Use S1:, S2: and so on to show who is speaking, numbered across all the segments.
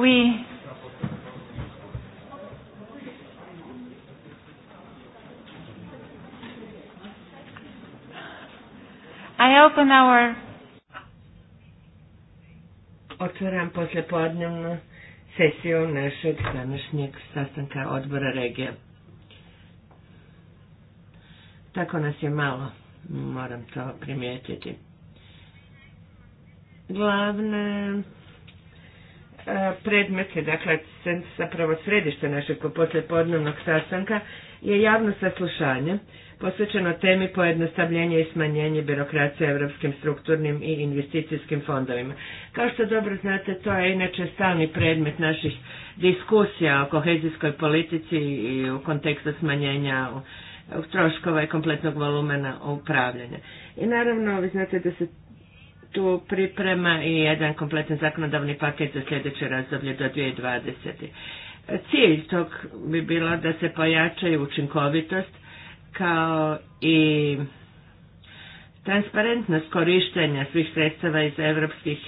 S1: We I open our
S2: Otvaram poslijepodnevnu sesiju našeg današnjeg sastanka odbora regija. Tako nas je malo, moram to primijetiti. Glavne E, predmete, dakle zapravo središte našeg poslijepodnevnog sastanka je javno saslušanje posvećeno temi pojednostavljenje i smanjenje birokracije europskim strukturnim i investicijskim fondovima. Kao što dobro znate, to je inače stalni predmet naših diskusija o kohezijskoj politici i u kontekstu smanjenja troškova i kompletnog volumena upravljanja. I naravno, vi znate da se tu priprema i jedan kompletan zakonodavni paket za sljedeće razdoblje do 2020. Cilj tog bi bilo da se pojačaju učinkovitost kao i transparentnost korištenja svih sredstava iz europskih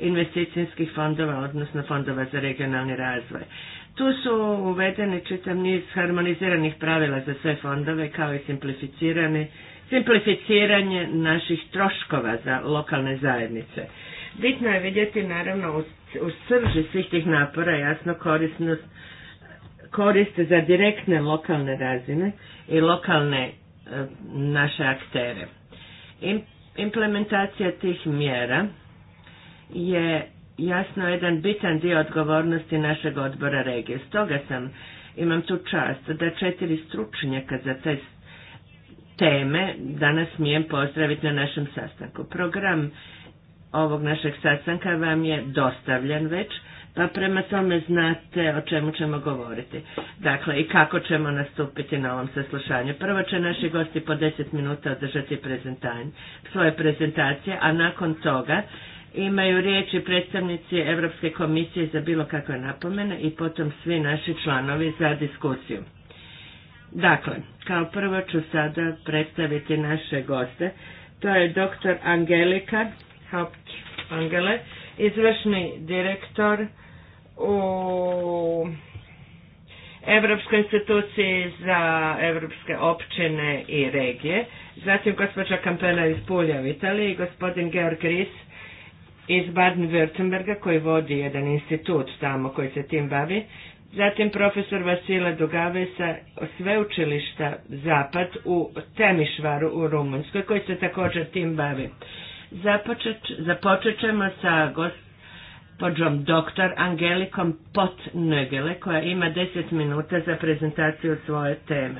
S2: investicijskih fondova, odnosno fondova za regionalni razvoj. Tu su uvedeni čitav niz harmoniziranih pravila za sve fondove, kao i simplificirani simplificiranje naših troškova za lokalne zajednice. Bitno je vidjeti naravno u srži svih tih napora jasno korisnost koriste za direktne lokalne razine i lokalne e, naše aktere. Implementacija tih mjera je jasno jedan bitan dio odgovornosti našeg odbora regije. Stoga sam, imam tu čast da četiri stručnjaka za te teme danas smijem pozdraviti na našem sastanku. Program ovog našeg sastanka vam je dostavljen već, pa prema tome znate o čemu ćemo govoriti. Dakle, i kako ćemo nastupiti na ovom saslušanju. Prvo će naši gosti po 10 minuta održati svoje prezentacije, a nakon toga imaju riječi predstavnici Europske komisije za bilo kakve napomene i potom svi naši članovi za diskusiju. Dakle, kao prvo ću sada predstaviti naše goste. To je dr. Angelika Haupt Angele, izvršni direktor u Europskoj instituciji za europske općine i regije, zatim gospođa Kampena iz Pulja u Italiji i gospodin Georg Ries iz Baden-Württemberga koji vodi jedan institut tamo koji se tim bavi Zatim profesor Vasile Dugavesa, sveučilišta Zapad u Temišvaru u Rumunjskoj, koji se također tim bavi. Započet, ćemo sa gospođom doktor Angelikom Potnögele, koja ima 10 minuta za prezentaciju svoje teme.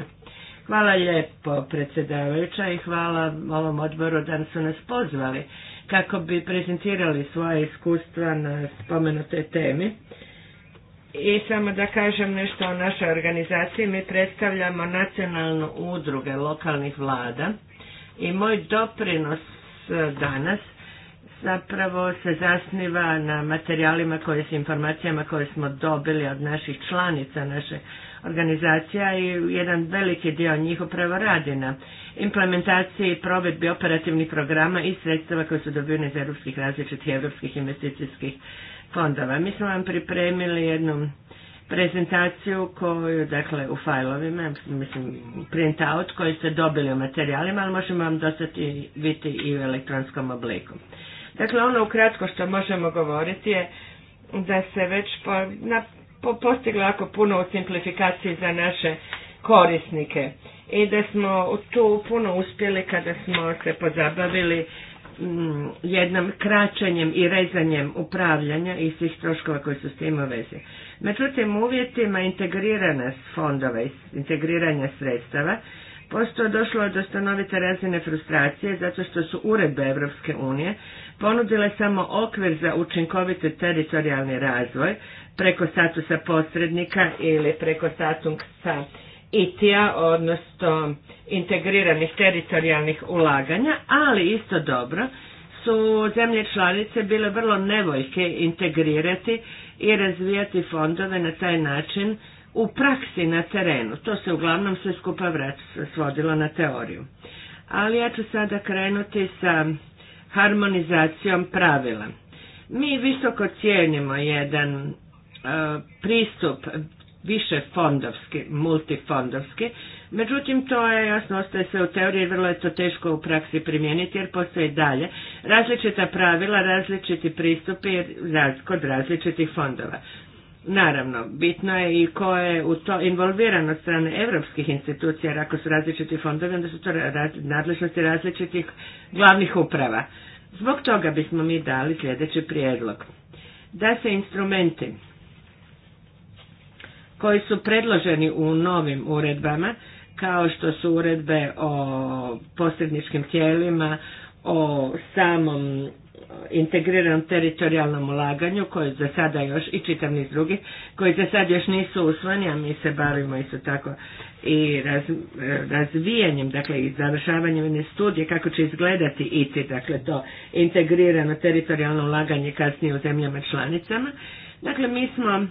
S2: Hvala lijepo predsjedavajuća i hvala ovom odboru da su nas pozvali kako bi prezentirali svoje iskustva na spomenute temi. I samo da kažem nešto o našoj organizaciji. Mi predstavljamo nacionalnu udruge lokalnih vlada i moj doprinos e, danas zapravo se zasniva na materijalima koje su informacijama koje smo dobili od naših članica naše organizacija i jedan veliki dio njih upravo radi na implementaciji i provedbi operativnih programa i sredstava koje su dobili iz europskih različitih europskih investicijskih fondova. Mi smo vam pripremili jednu prezentaciju koju, dakle, u fajlovima, mislim, printout koji ste dobili u materijalima, ali možemo vam dostati biti i u elektronskom obliku. Dakle, ono ukratko što možemo govoriti je da se već po, na, postiglo jako puno u simplifikaciji za naše korisnike i da smo tu puno uspjeli kada smo se pozabavili Mm, jednom kraćanjem i rezanjem upravljanja i svih troškova koji su s tim u vezi. Međutim, uvjetima integrirana fondova i integriranja sredstava postoje došlo do stanovite razine frustracije zato što su uredbe Europske unije ponudile samo okvir za učinkoviti teritorijalni razvoj preko statusa posrednika ili preko statusa ITIA, odnosno integriranih teritorijalnih ulaganja, ali isto dobro su zemlje članice bile vrlo nevojke integrirati i razvijati fondove na taj način u praksi na terenu. To se uglavnom sve skupa vrat svodilo na teoriju. Ali ja ću sada krenuti sa harmonizacijom pravila. Mi visoko cijenimo jedan e, pristup više fondovski, multifondovski. Međutim, to je jasno, ostaje sve u teoriji, vrlo je to teško u praksi primijeniti jer postoje dalje različita pravila, različiti pristupi kod različitih fondova. Naravno, bitno je i ko je u to involviran od strane evropskih institucija, jer ako su različiti fondovi, onda su to nadležnosti različitih glavnih uprava. Zbog toga bismo mi dali sljedeći prijedlog. Da se instrumenti koji su predloženi u novim uredbama, kao što su uredbe o posredničkim tijelima, o samom integriranom teritorijalnom ulaganju koji za sada još i čitav niz drugih koji za sada još nisu usvojeni a mi se bavimo isto tako i razvijanjem dakle i završavanjem jedne studije kako će izgledati iti, dakle to integrirano teritorijalno ulaganje kasnije u zemljama članicama dakle mi smo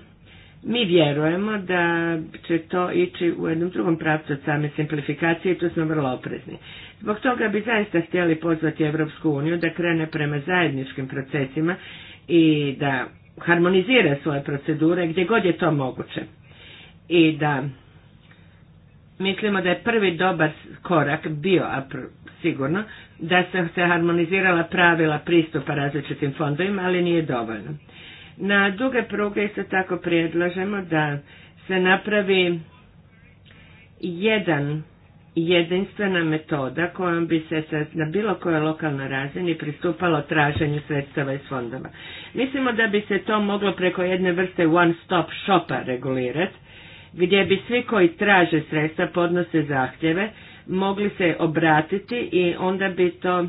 S2: mi vjerujemo da će to ići u jednom drugom pravcu od same simplifikacije i tu smo vrlo oprezni. Zbog toga bi zaista htjeli pozvati Europsku uniju da krene prema zajedničkim procesima i da harmonizira svoje procedure gdje god je to moguće. I da mislimo da je prvi dobar korak bio, a sigurno, da se, se harmonizirala pravila pristupa različitim fondovima, ali nije dovoljno. Na duge pruge isto tako predlažemo da se napravi jedan jedinstvena metoda kojom bi se na bilo kojoj lokalnoj razini pristupalo traženju sredstava iz fondova. Mislimo da bi se to moglo preko jedne vrste one stop shopa regulirati, gdje bi svi koji traže sredstva podnose zahtjeve, mogli se obratiti i onda bi to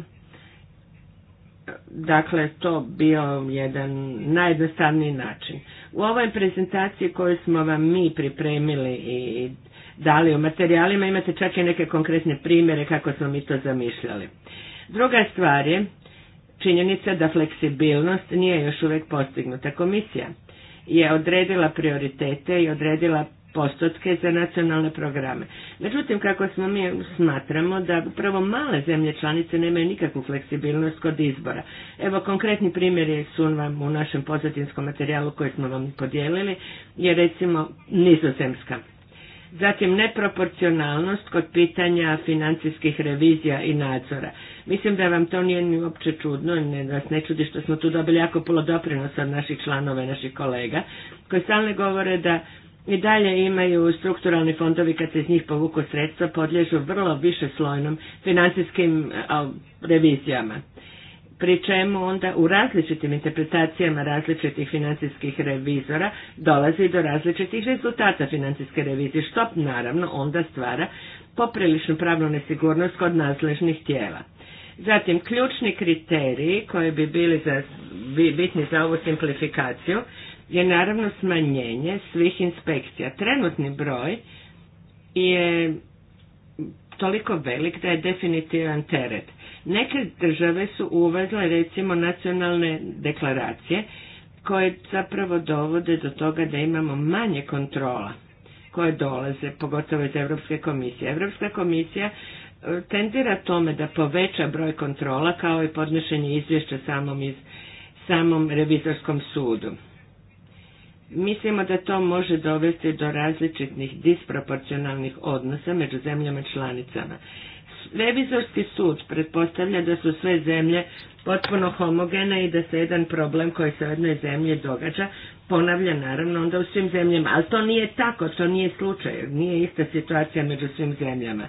S2: dakle to bio jedan najjednostavniji način. U ovoj prezentaciji koju smo vam mi pripremili i dali u materijalima imate čak i neke konkretne primjere kako smo mi to zamišljali. Druga stvar je činjenica da fleksibilnost nije još uvijek postignuta. Komisija je odredila prioritete i odredila postotke za nacionalne programe. Međutim, kako smo mi smatramo da upravo male zemlje članice nemaju nikakvu fleksibilnost kod izbora. Evo, konkretni primjeri su vam u našem pozadinskom materijalu koji smo vam podijelili, je recimo nizozemska. Zatim neproporcionalnost kod pitanja financijskih revizija i nadzora. Mislim da vam to nije ni uopće čudno, i vas ne čudi što smo tu dobili jako puno doprinosa od naših članova i naših kolega, koji stalno govore da i dalje imaju strukturalni fondovi kad se iz njih povuku sredstva podliježu vrlo više slojnom financijskim revizijama. Pri čemu onda u različitim interpretacijama različitih financijskih revizora dolazi do različitih rezultata financijske revizije, što naravno onda stvara popriličnu pravnu nesigurnost kod nadležnih tijela. Zatim, ključni kriteriji koji bi bili za, bitni za ovu simplifikaciju je naravno smanjenje svih inspekcija. Trenutni broj je toliko velik da je definitivan teret. Neke države su uvezle recimo nacionalne deklaracije koje zapravo dovode do toga da imamo manje kontrola koje dolaze, pogotovo iz Europske komisije. Europska komisija e, tendira tome da poveća broj kontrola kao i podnošenje izvješća samom iz samom revizorskom sudu. Mislimo da to može dovesti do različitih disproporcionalnih odnosa među zemljama članicama. Revizorski sud pretpostavlja da su sve zemlje potpuno homogene i da se jedan problem koji se u jednoj zemlji događa ponavlja naravno onda u svim zemljama, ali to nije tako, to nije slučaj, nije ista situacija među svim zemljama.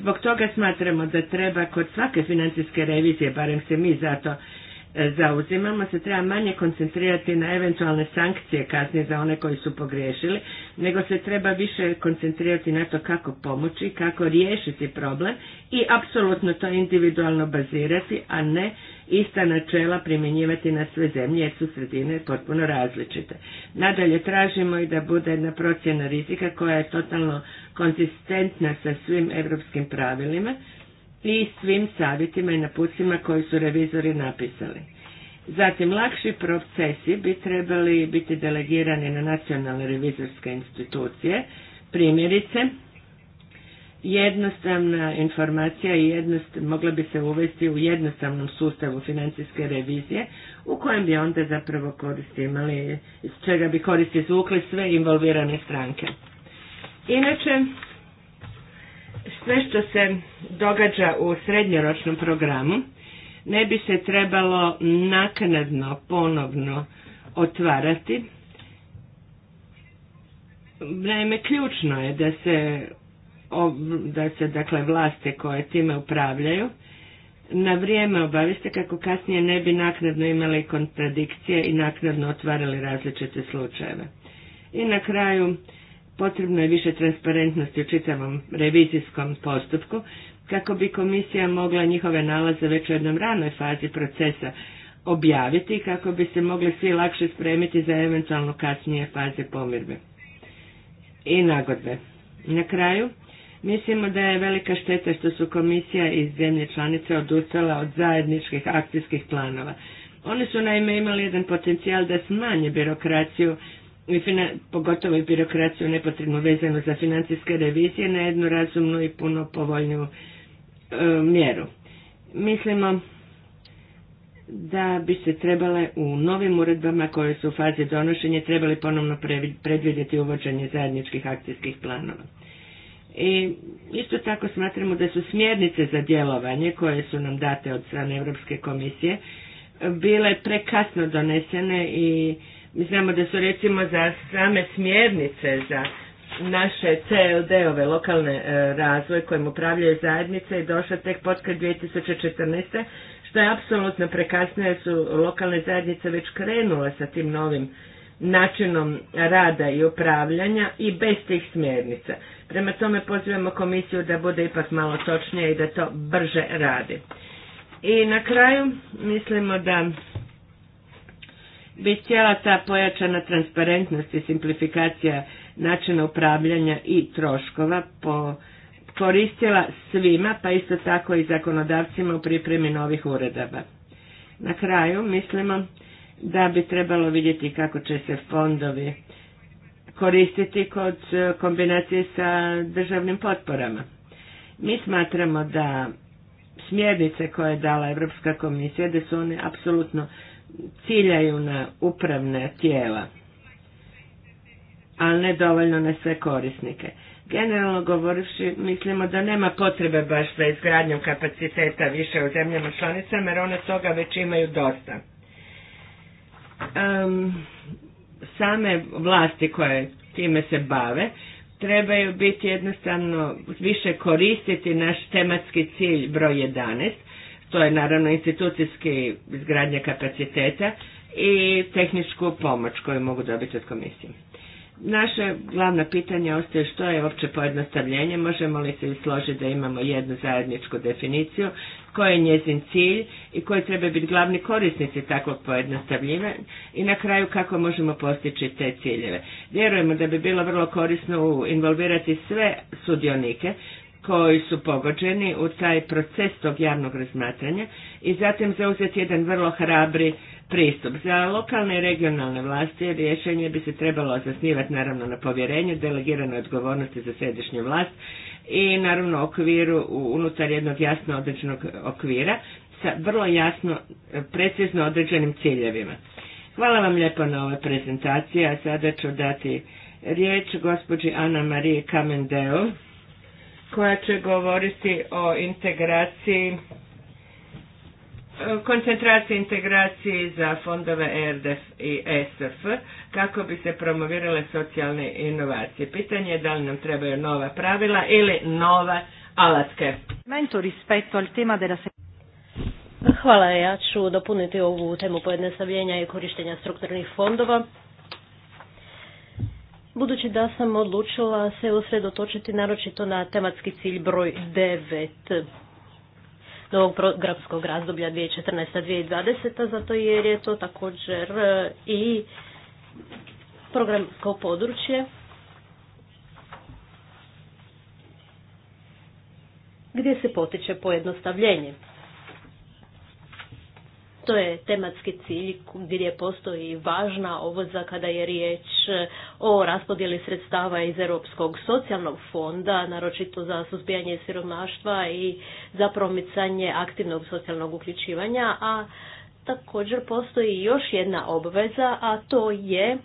S2: Zbog toga smatramo da treba kod svake financijske revizije, barem se mi zato E, zauzimamo se treba manje koncentrirati na eventualne sankcije kazne za one koji su pogriješili, nego se treba više koncentrirati na to kako pomoći, kako riješiti problem i apsolutno to individualno bazirati, a ne ista načela primjenjivati na sve zemlje jer su sredine potpuno različite. Nadalje tražimo i da bude jedna procjena rizika koja je totalno konzistentna sa svim europskim pravilima i svim savjetima i napucima koji su revizori napisali. Zatim, lakši procesi bi trebali biti delegirani na nacionalne revizorske institucije, primjerice, jednostavna informacija i mogla bi se uvesti u jednostavnom sustavu financijske revizije u kojem bi onda zapravo koristi imali, iz čega bi koristi zvukli sve involvirane stranke. Inače, sve što se događa u srednjoročnom programu ne bi se trebalo naknadno ponovno otvarati. Naime, ključno je da se, da se dakle vlasti koje time upravljaju na vrijeme obaviste kako kasnije ne bi naknadno imali kontradikcije i naknadno otvarali različite slučajeve. I na kraju potrebno je više transparentnosti u čitavom revizijskom postupku kako bi komisija mogla njihove nalaze već u jednom ranoj fazi procesa objaviti kako bi se mogli svi lakše spremiti za eventualno kasnije faze pomirbe i nagodbe. Na kraju, mislimo da je velika šteta što su komisija i zemlje članice odustala od zajedničkih akcijskih planova. Oni su naime imali jedan potencijal da smanje birokraciju i pogotovo i birokraciju nepotrebno vezano za financijske revizije na jednu razumnu i puno povoljniju e, mjeru. Mislimo da bi se trebale u novim uredbama koje su u fazi donošenja trebali ponovno predvidjeti uvođenje zajedničkih akcijskih planova. I isto tako smatramo da su smjernice za djelovanje koje su nam date od strane Europske komisije bile prekasno donesene i mi znamo da su recimo za same smjernice za naše CLD-ove, lokalne e, razvoj kojim upravljaju zajednice i došla tek potkad 2014. što je apsolutno prekasno jer su lokalne zajednice već krenule sa tim novim načinom rada i upravljanja i bez tih smjernica. Prema tome pozivamo komisiju da bude ipak malo točnija i da to brže radi. I na kraju mislimo da bi cijela ta pojačana transparentnost i simplifikacija načina upravljanja i troškova po koristila svima, pa isto tako i zakonodavcima u pripremi novih uredaba. Na kraju mislimo da bi trebalo vidjeti kako će se fondovi koristiti kod e, kombinacije sa državnim potporama. Mi smatramo da smjernice koje je dala Europska komisija, da su one apsolutno ciljaju na upravna tijela, ali ne dovoljno na sve korisnike. Generalno govorivši, mislimo da nema potrebe baš za izgradnjom kapaciteta više u zemljama članicama, jer one toga već imaju dosta. same vlasti koje time se bave, trebaju biti jednostavno više koristiti naš tematski cilj broj 11, to je naravno institucijski izgradnje kapaciteta i tehničku pomoć koju mogu dobiti od komisije. Naše glavna pitanja ostaje što je uopće pojednostavljenje, možemo li se složiti da imamo jednu zajedničku definiciju, koji je njezin cilj i koji treba biti glavni korisnici takvog pojednostavljivanja i na kraju kako možemo postići te ciljeve. Vjerujemo da bi bilo vrlo korisno involvirati sve sudionike, koji su pogođeni u taj proces tog javnog razmatranja i zatim zauzeti jedan vrlo hrabri pristup. Za lokalne i regionalne vlasti rješenje bi se trebalo zasnivati naravno na povjerenju, delegiranoj odgovornosti za središnju vlast i naravno okviru unutar jednog jasno određenog okvira sa vrlo jasno, precizno određenim ciljevima. Hvala vam lijepo na ovoj prezentaciji, a sada ću dati riječ gospođi Ana Marije Kamendeu koja će govoriti o integraciji koncentraciji integraciji za fondove ERDF i ESF kako bi se promovirale socijalne inovacije. Pitanje je da li nam trebaju nova pravila ili nove alatke.
S1: Hvala, ja ću dopuniti ovu temu pojednostavljenja i korištenja strukturnih fondova. Budući da sam odlučila se usredotočiti naročito na tematski cilj broj 9 novog programskog razdoblja 2014-2020, zato jer je to također e, i programsko područje gdje se potiče pojednostavljenje. To je tematski cilj gdje postoji važna ovoza kada je riječ o raspodjeli sredstava iz Europskog socijalnog fonda, naročito za suzbijanje siromaštva i za promicanje aktivnog socijalnog uključivanja, a također postoji još jedna obveza, a to je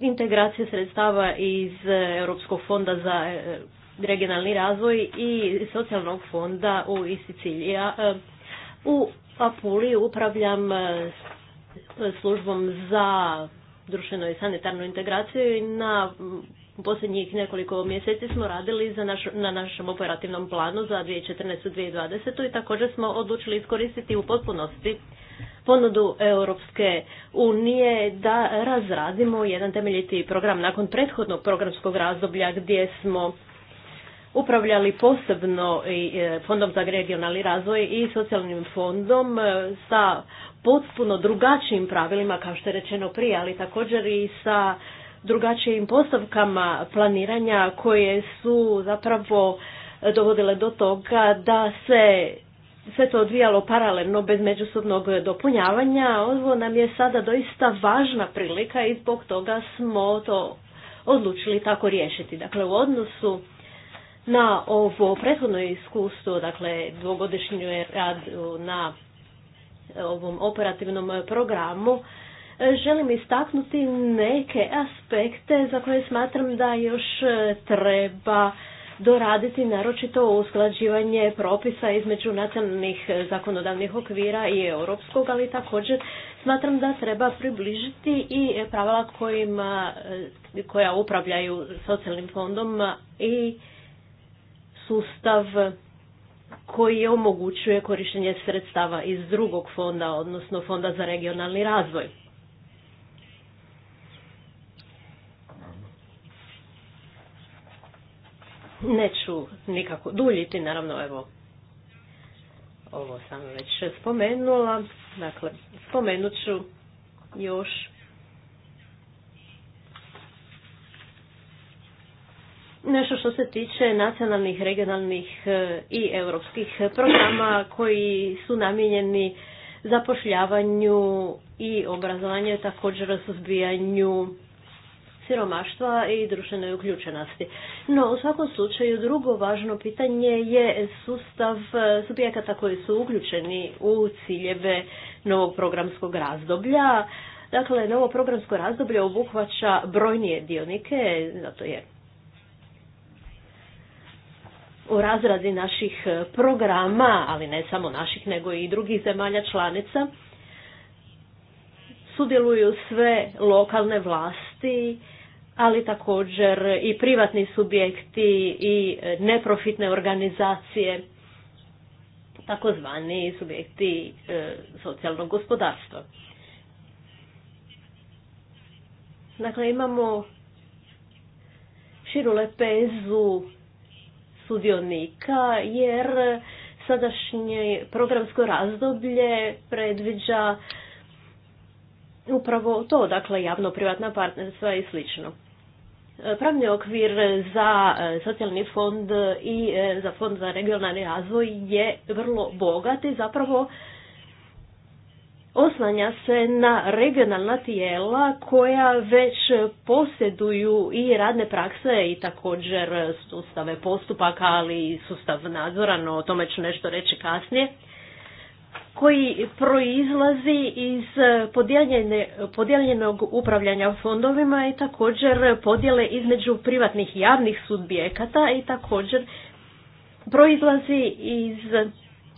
S1: integracija sredstava iz Europskog fonda za regionalni razvoj i socijalnog fonda u Sicilija. E, u Apuli upravljam e, službom za društveno i sanitarnu integraciju i na posljednjih nekoliko mjeseci smo radili na našem operativnom planu za 2014-2020 i također smo odlučili iskoristiti u potpunosti ponudu Europske unije da razradimo jedan temeljiti program nakon prethodnog programskog razdoblja gdje smo upravljali posebno e, Fondom za regionalni razvoj i socijalnim fondom e, sa potpuno drugačijim pravilima, kao što je rečeno prije, ali također i sa drugačijim postavkama planiranja koje su zapravo dovodile do toga da se sve to odvijalo paralelno bez međusobnog dopunjavanja. Ovo nam je sada doista važna prilika i zbog toga smo to odlučili tako riješiti. Dakle, u odnosu na ovo prethodno iskustvo, dakle dvogodišnju rad na ovom operativnom programu, želim istaknuti neke aspekte za koje smatram da još treba doraditi naročito usklađivanje propisa između nacionalnih zakonodavnih okvira i europskog, ali također smatram da treba približiti i pravila kojima, koja upravljaju socijalnim fondom i sustav koji omogućuje korištenje sredstava iz drugog fonda, odnosno fonda za regionalni razvoj. Neću nikako duljiti, naravno evo, ovo sam već spomenula, dakle spomenut ću još nešto što se tiče nacionalnih, regionalnih e, i europskih programa koji su namijenjeni zapošljavanju i obrazovanju, također suzbijanju siromaštva i društvenoj uključenosti. No, u svakom slučaju, drugo važno pitanje je sustav e, subjekata koji su uključeni u ciljeve novog programskog razdoblja. Dakle, novo programsko razdoblje obuhvaća brojnije dionike, zato je u razradi naših e, programa, ali ne samo naših nego i drugih zemalja članica, sudjeluju sve lokalne vlasti, ali također i privatni subjekti i e, neprofitne organizacije, takozvani subjekti e, socijalnog gospodarstva. Dakle, imamo širu lepezu sudionika jer sadašnje programsko razdoblje predviđa upravo to, dakle javno-privatna partnerstva i slično. Pravni okvir za e, socijalni fond i e, za fond za regionalni razvoj je vrlo bogat i zapravo oslanja se na regionalna tijela koja već posjeduju i radne prakse i također sustave postupaka, ali i sustav nadzora, no o tome ću nešto reći kasnije, koji proizlazi iz podijeljenog upravljanja fondovima i također podjele između privatnih i javnih subjekata i također proizlazi iz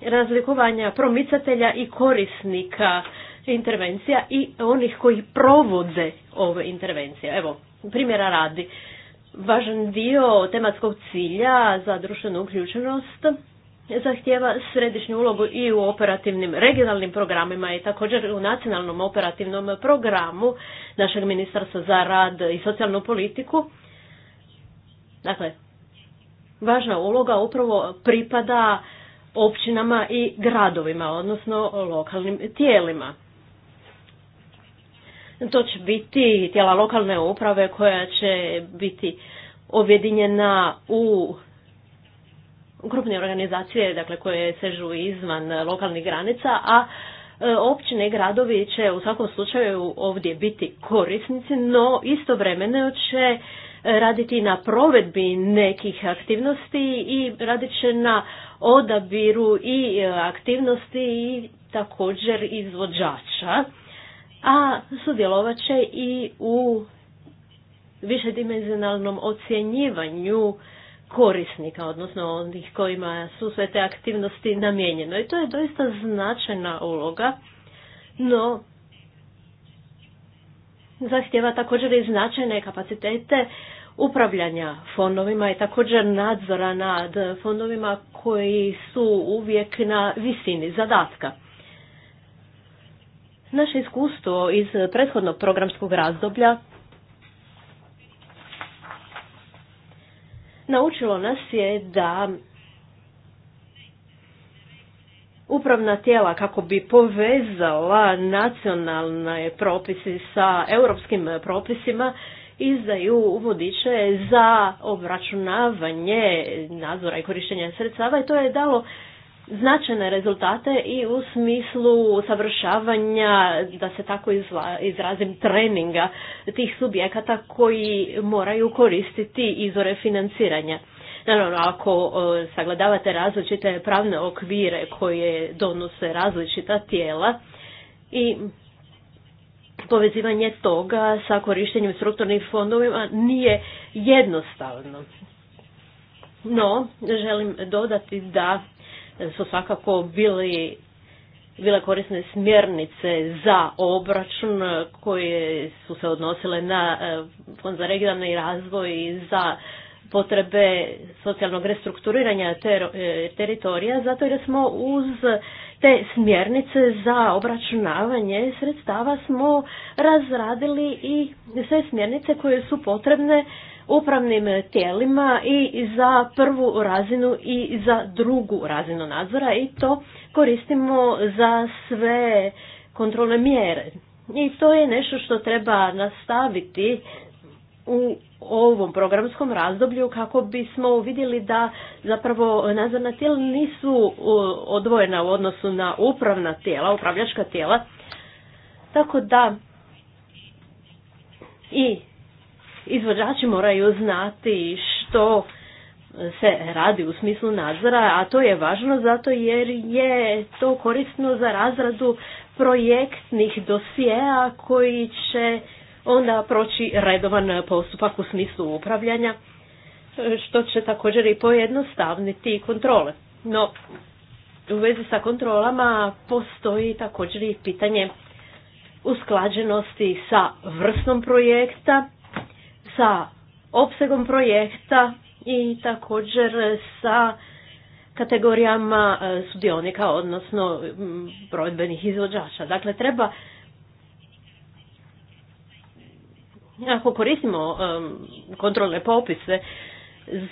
S1: razlikovanja promicatelja i korisnika intervencija i onih koji provode ove intervencije. Evo, primjera radi. Važan dio tematskog cilja za društvenu uključenost zahtjeva središnju ulogu i u operativnim regionalnim programima i također u nacionalnom operativnom programu našeg ministarstva za rad i socijalnu politiku. Dakle, važna uloga upravo pripada općinama i gradovima, odnosno lokalnim tijelima. To će biti tijela lokalne uprave koja će biti objedinjena u grupne organizacije dakle, koje sežu izvan lokalnih granica, a E, općine i gradovi će u svakom slučaju ovdje biti korisnici, no istovremeno će e, raditi na provedbi nekih aktivnosti i radit će na odabiru i e, aktivnosti i također izvođača, a sudjelovat će i u višedimenzionalnom ocjenjivanju korisnika, odnosno onih kojima su sve te aktivnosti namijenjeno. I to je doista značajna uloga, no zahtjeva također i značajne kapacitete upravljanja fondovima i također nadzora nad fondovima koji su uvijek na visini zadatka. Naše iskustvo iz prethodnog programskog razdoblja naučilo nas je da upravna tijela kako bi povezala nacionalne propise sa europskim propisima izdaju uvodiče za obračunavanje nadzora i korištenja sredstava i to je dalo značajne rezultate i u smislu savršavanja, da se tako izrazim, treninga tih subjekata koji moraju koristiti izore financiranja. Naravno, ako e, sagledavate različite pravne okvire koje donose različita tijela i povezivanje toga sa korištenjem strukturnih fondovima nije jednostavno. No, želim dodati da su svakako bili bile korisne smjernice za obračun koje su se odnosile na e, fond za regionalni razvoj i za potrebe socijalnog restrukturiranja e, teritorija, zato jer smo uz te smjernice za obračunavanje sredstava smo razradili i sve smjernice koje su potrebne upravnim tijelima i za prvu razinu i za drugu razinu nadzora i to koristimo za sve kontrolne mjere. I to je nešto što treba nastaviti u ovom programskom razdoblju kako bismo vidjeli da zapravo nadzorna tijela nisu odvojena u odnosu na upravna tijela, upravljačka tijela. Tako da i izvođači moraju znati što se radi u smislu nadzora, a to je važno zato jer je to korisno za razradu projektnih dosjea koji će onda proći redovan postupak u smislu upravljanja, što će također i pojednostavniti kontrole. No, u vezi sa kontrolama postoji također i pitanje usklađenosti sa vrstom projekta, sa opsegom projekta i također sa kategorijama e, sudionika, odnosno provedbenih izvođača. Dakle, treba ako koristimo e, kontrolne popise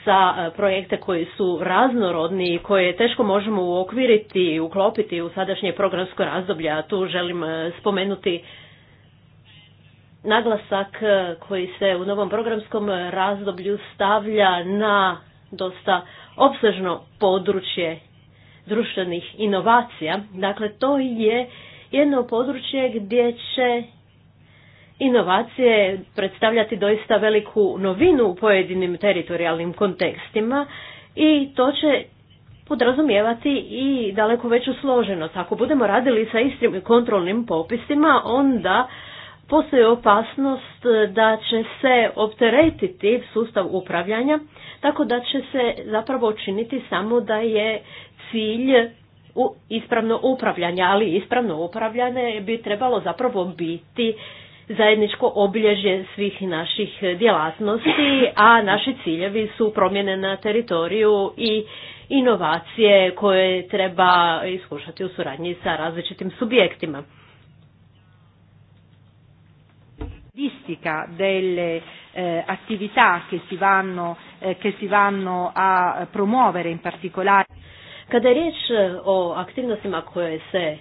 S1: za e, projekte koji su raznorodni i koje teško možemo uokviriti i uklopiti u sadašnje programsko razdoblje, a tu želim spomenuti naglasak e, koji se u novom programskom razdoblju stavlja na dosta obsežno područje društvenih inovacija. Dakle, to je jedno područje gdje će inovacije predstavljati doista veliku novinu u pojedinim teritorijalnim kontekstima i to će podrazumijevati i daleko veću složenost. Ako budemo radili sa istim kontrolnim popisima, onda postoji opasnost e, da će se opteretiti sustav upravljanja, tako da će se zapravo činiti samo da je cilj ispravno upravljanje, ali ispravno upravljanje bi trebalo zapravo biti zajedničko obilježje svih naših djelatnosti, a naši ciljevi su promjene na teritoriju i inovacije koje treba iskušati u suradnji sa različitim subjektima. istika delle eh, attività che si vanno, eh, che si vanno a promuovere in particolare. Kada je riječ o aktivnostima koje se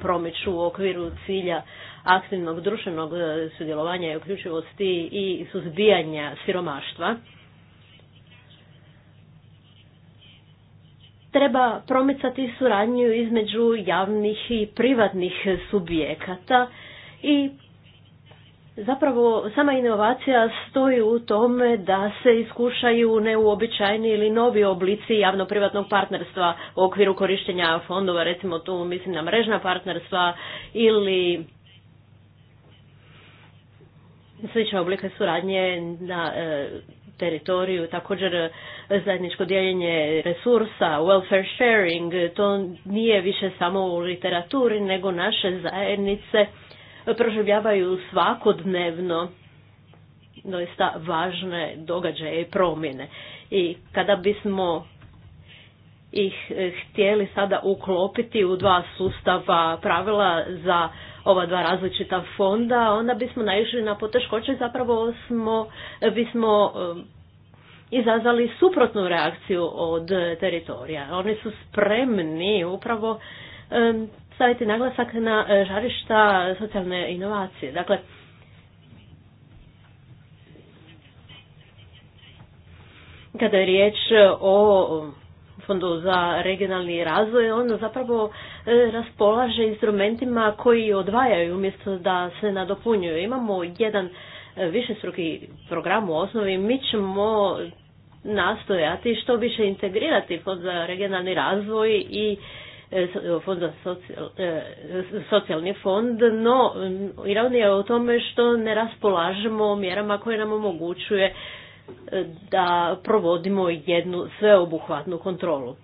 S1: promiču u okviru cilja aktivnog društvenog eh, sudjelovanja i uključivosti i suzbijanja siromaštva, treba promicati suradnju između javnih i privatnih subjekata i Zapravo, sama inovacija stoji u tome da se iskušaju neuobičajni ili novi oblici javno-privatnog partnerstva u okviru korištenja fondova, recimo tu mislim na mrežna partnerstva ili slične oblike suradnje na e, teritoriju, također zajedničko dijeljenje resursa, welfare sharing, to nije više samo u literaturi, nego naše zajednice proživljavaju svakodnevno doista važne događaje i promjene. I kada bismo ih eh, htjeli sada uklopiti u dva sustava pravila za ova dva različita fonda, onda bismo naišli na poteškoće, zapravo smo, bismo eh, izazvali suprotnu reakciju od teritorija. Oni su spremni upravo eh, staviti naglasak na e, žarišta socijalne inovacije. Dakle, kada je riječ o fondu za regionalni razvoj, on zapravo e, raspolaže instrumentima koji odvajaju umjesto da se nadopunjuju. Imamo jedan e, višestruki program u osnovi, mi ćemo nastojati što više integrirati fond za regionalni razvoj i E, fond socijal, e, socijalni fond, no ironija je u tome što ne raspolažemo mjerama koje nam omogućuje e, da provodimo jednu sveobuhvatnu kontrolu.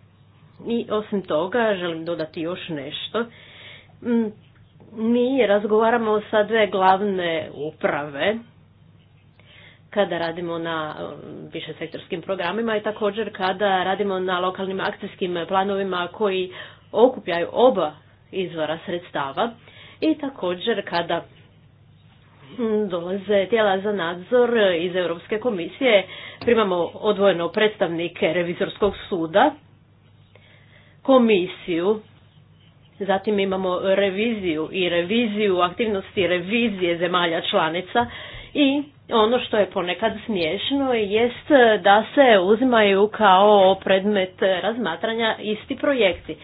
S1: I osim toga želim dodati još nešto. Mi razgovaramo sa dve glavne uprave kada radimo na više sektorskim programima i također kada radimo na lokalnim akcijskim planovima koji okupljaju oba izvora sredstava i također kada mm, dolaze tijela za nadzor iz Europske komisije, primamo odvojeno predstavnike revizorskog suda, komisiju, zatim imamo reviziju i reviziju aktivnosti revizije zemalja članica i ono što je ponekad smiješno jest da se uzimaju kao predmet razmatranja isti projekti.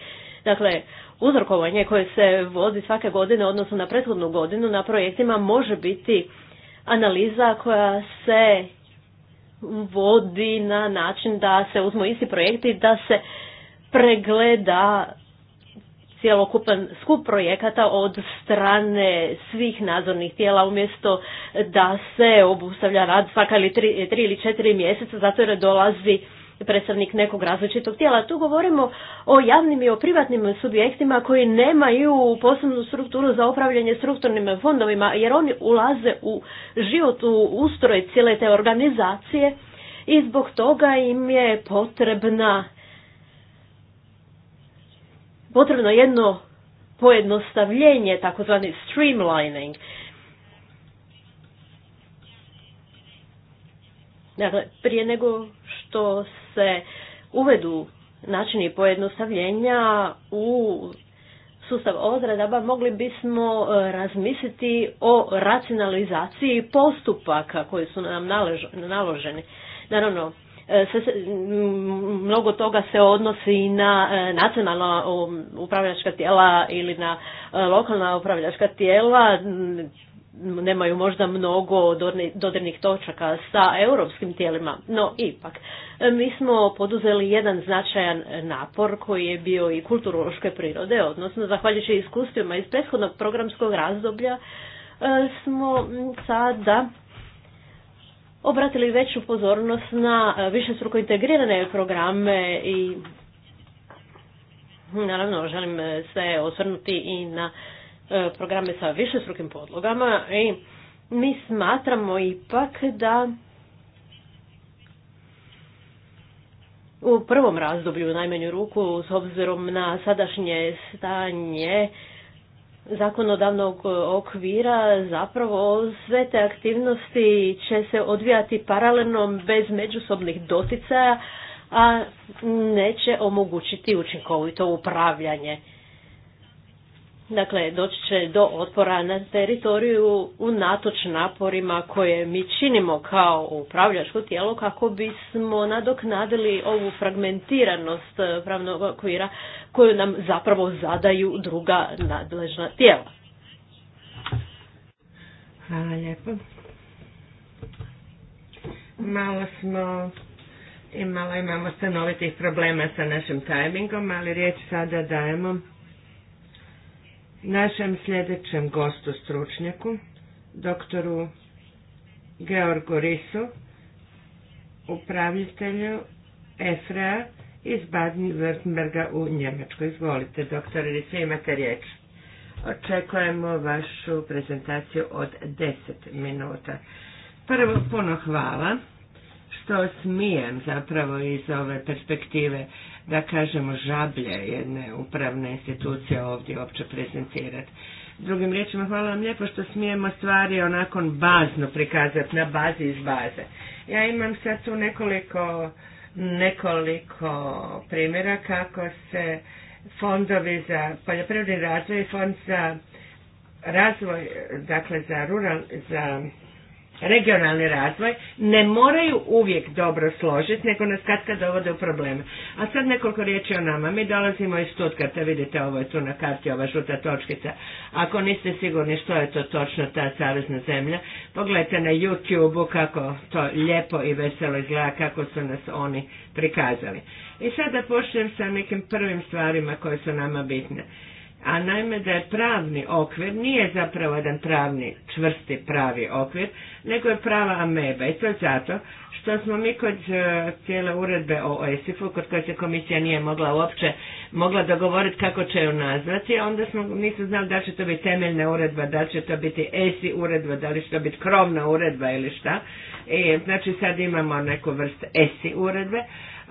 S1: Dakle, uzrokovanje koje se vodi svake godine odnosno na prethodnu godinu na projektima može biti analiza koja se vodi na način da se uzmu isti projekti da se pregleda cjelokupan skup projekata od strane svih nadzornih tijela umjesto da se obustavlja rad svaka ili tri ili četiri mjeseca zato jer dolazi predstavnik nekog različitog tijela. Tu govorimo o javnim i o privatnim subjektima koji nemaju posebnu strukturu za upravljanje strukturnim fondovima, jer oni ulaze u život, u ustroj cijele te organizacije i zbog toga im je potrebna potrebno jedno pojednostavljenje, takozvani streamlining. Dakle, prije nego što se uvedu načini pojednostavljenja u sustav odredaba mogli bismo e, razmisliti o racionalizaciji postupaka koji su nam naloženi. Naravno, e, mnogo toga se odnosi i na e, nacionalna um, upravljačka tijela ili na lokalna upravljačka tijela nemaju možda mnogo dodirnih točaka sa europskim tijelima, no ipak. E, mi smo poduzeli jedan značajan napor koji je bio i kulturološke prirode, odnosno zahvaljujući iskustvima iz prethodnog programskog razdoblja e, smo sada obratili veću pozornost na struko integrirane programe i naravno želim se osvrnuti i na E, programe sa višestrukim podlogama i mi smatramo ipak da u prvom razdoblju u najmanju ruku s obzirom na sadašnje stanje zakonodavnog okvira zapravo sve te aktivnosti će se odvijati paralelno bez međusobnih doticaja, a neće omogućiti učinkovito upravljanje. Dakle, doći će do otpora na teritoriju unatoč naporima koje mi činimo kao upravljačko tijelo kako bismo nadoknadili ovu fragmentiranost pravnog okvira koju nam zapravo zadaju druga nadležna tijela.
S2: Hvala lijepo. Malo smo i imamo stanovitih problema sa našim tajmingom, ali riječ sada dajemo našem sljedećem gostu stručnjaku, doktoru Georgu Risu, upravitelju EFRA iz Baden-Württemberga u Njemačkoj. Izvolite, doktor Risu, imate riječ. Očekujemo vašu prezentaciju od 10 minuta. Prvo, puno hvala što smijem zapravo iz ove perspektive da kažemo, žablje jedne upravne institucije ovdje uopće prezentirati. Drugim riječima, hvala vam lijepo što smijemo stvari onako bazno prikazati, na bazi iz baze. Ja imam sad tu nekoliko, nekoliko primjera kako se fondovi za poljoprivredni razvoj i fond za razvoj, dakle za rural, za regionalni razvoj ne moraju uvijek dobro složiti, nego nas kad dovode u probleme. A sad nekoliko riječi o nama. Mi dolazimo iz Stuttgarta, vidite ovo je tu na karti, ova žuta točkica. Ako niste sigurni što je to točno ta savezna zemlja, pogledajte na YouTube-u kako to lijepo i veselo izgleda, kako su nas oni prikazali. I sada počnem sa nekim prvim stvarima koje su nama bitne a najme da je pravni okvir nije zapravo jedan pravni, čvrsti pravi okvir, nego je prava ameba i to je zato što smo mi kod e, cijele uredbe o ESIF-u, kod koje se komisija nije mogla uopće mogla dogovoriti kako će ju nazvati, onda smo, nisu znali da će to biti temeljna uredba, da će to biti ESI uredba, da li će to biti krovna uredba ili šta. I, e, znači sad imamo neku vrstu ESI uredbe,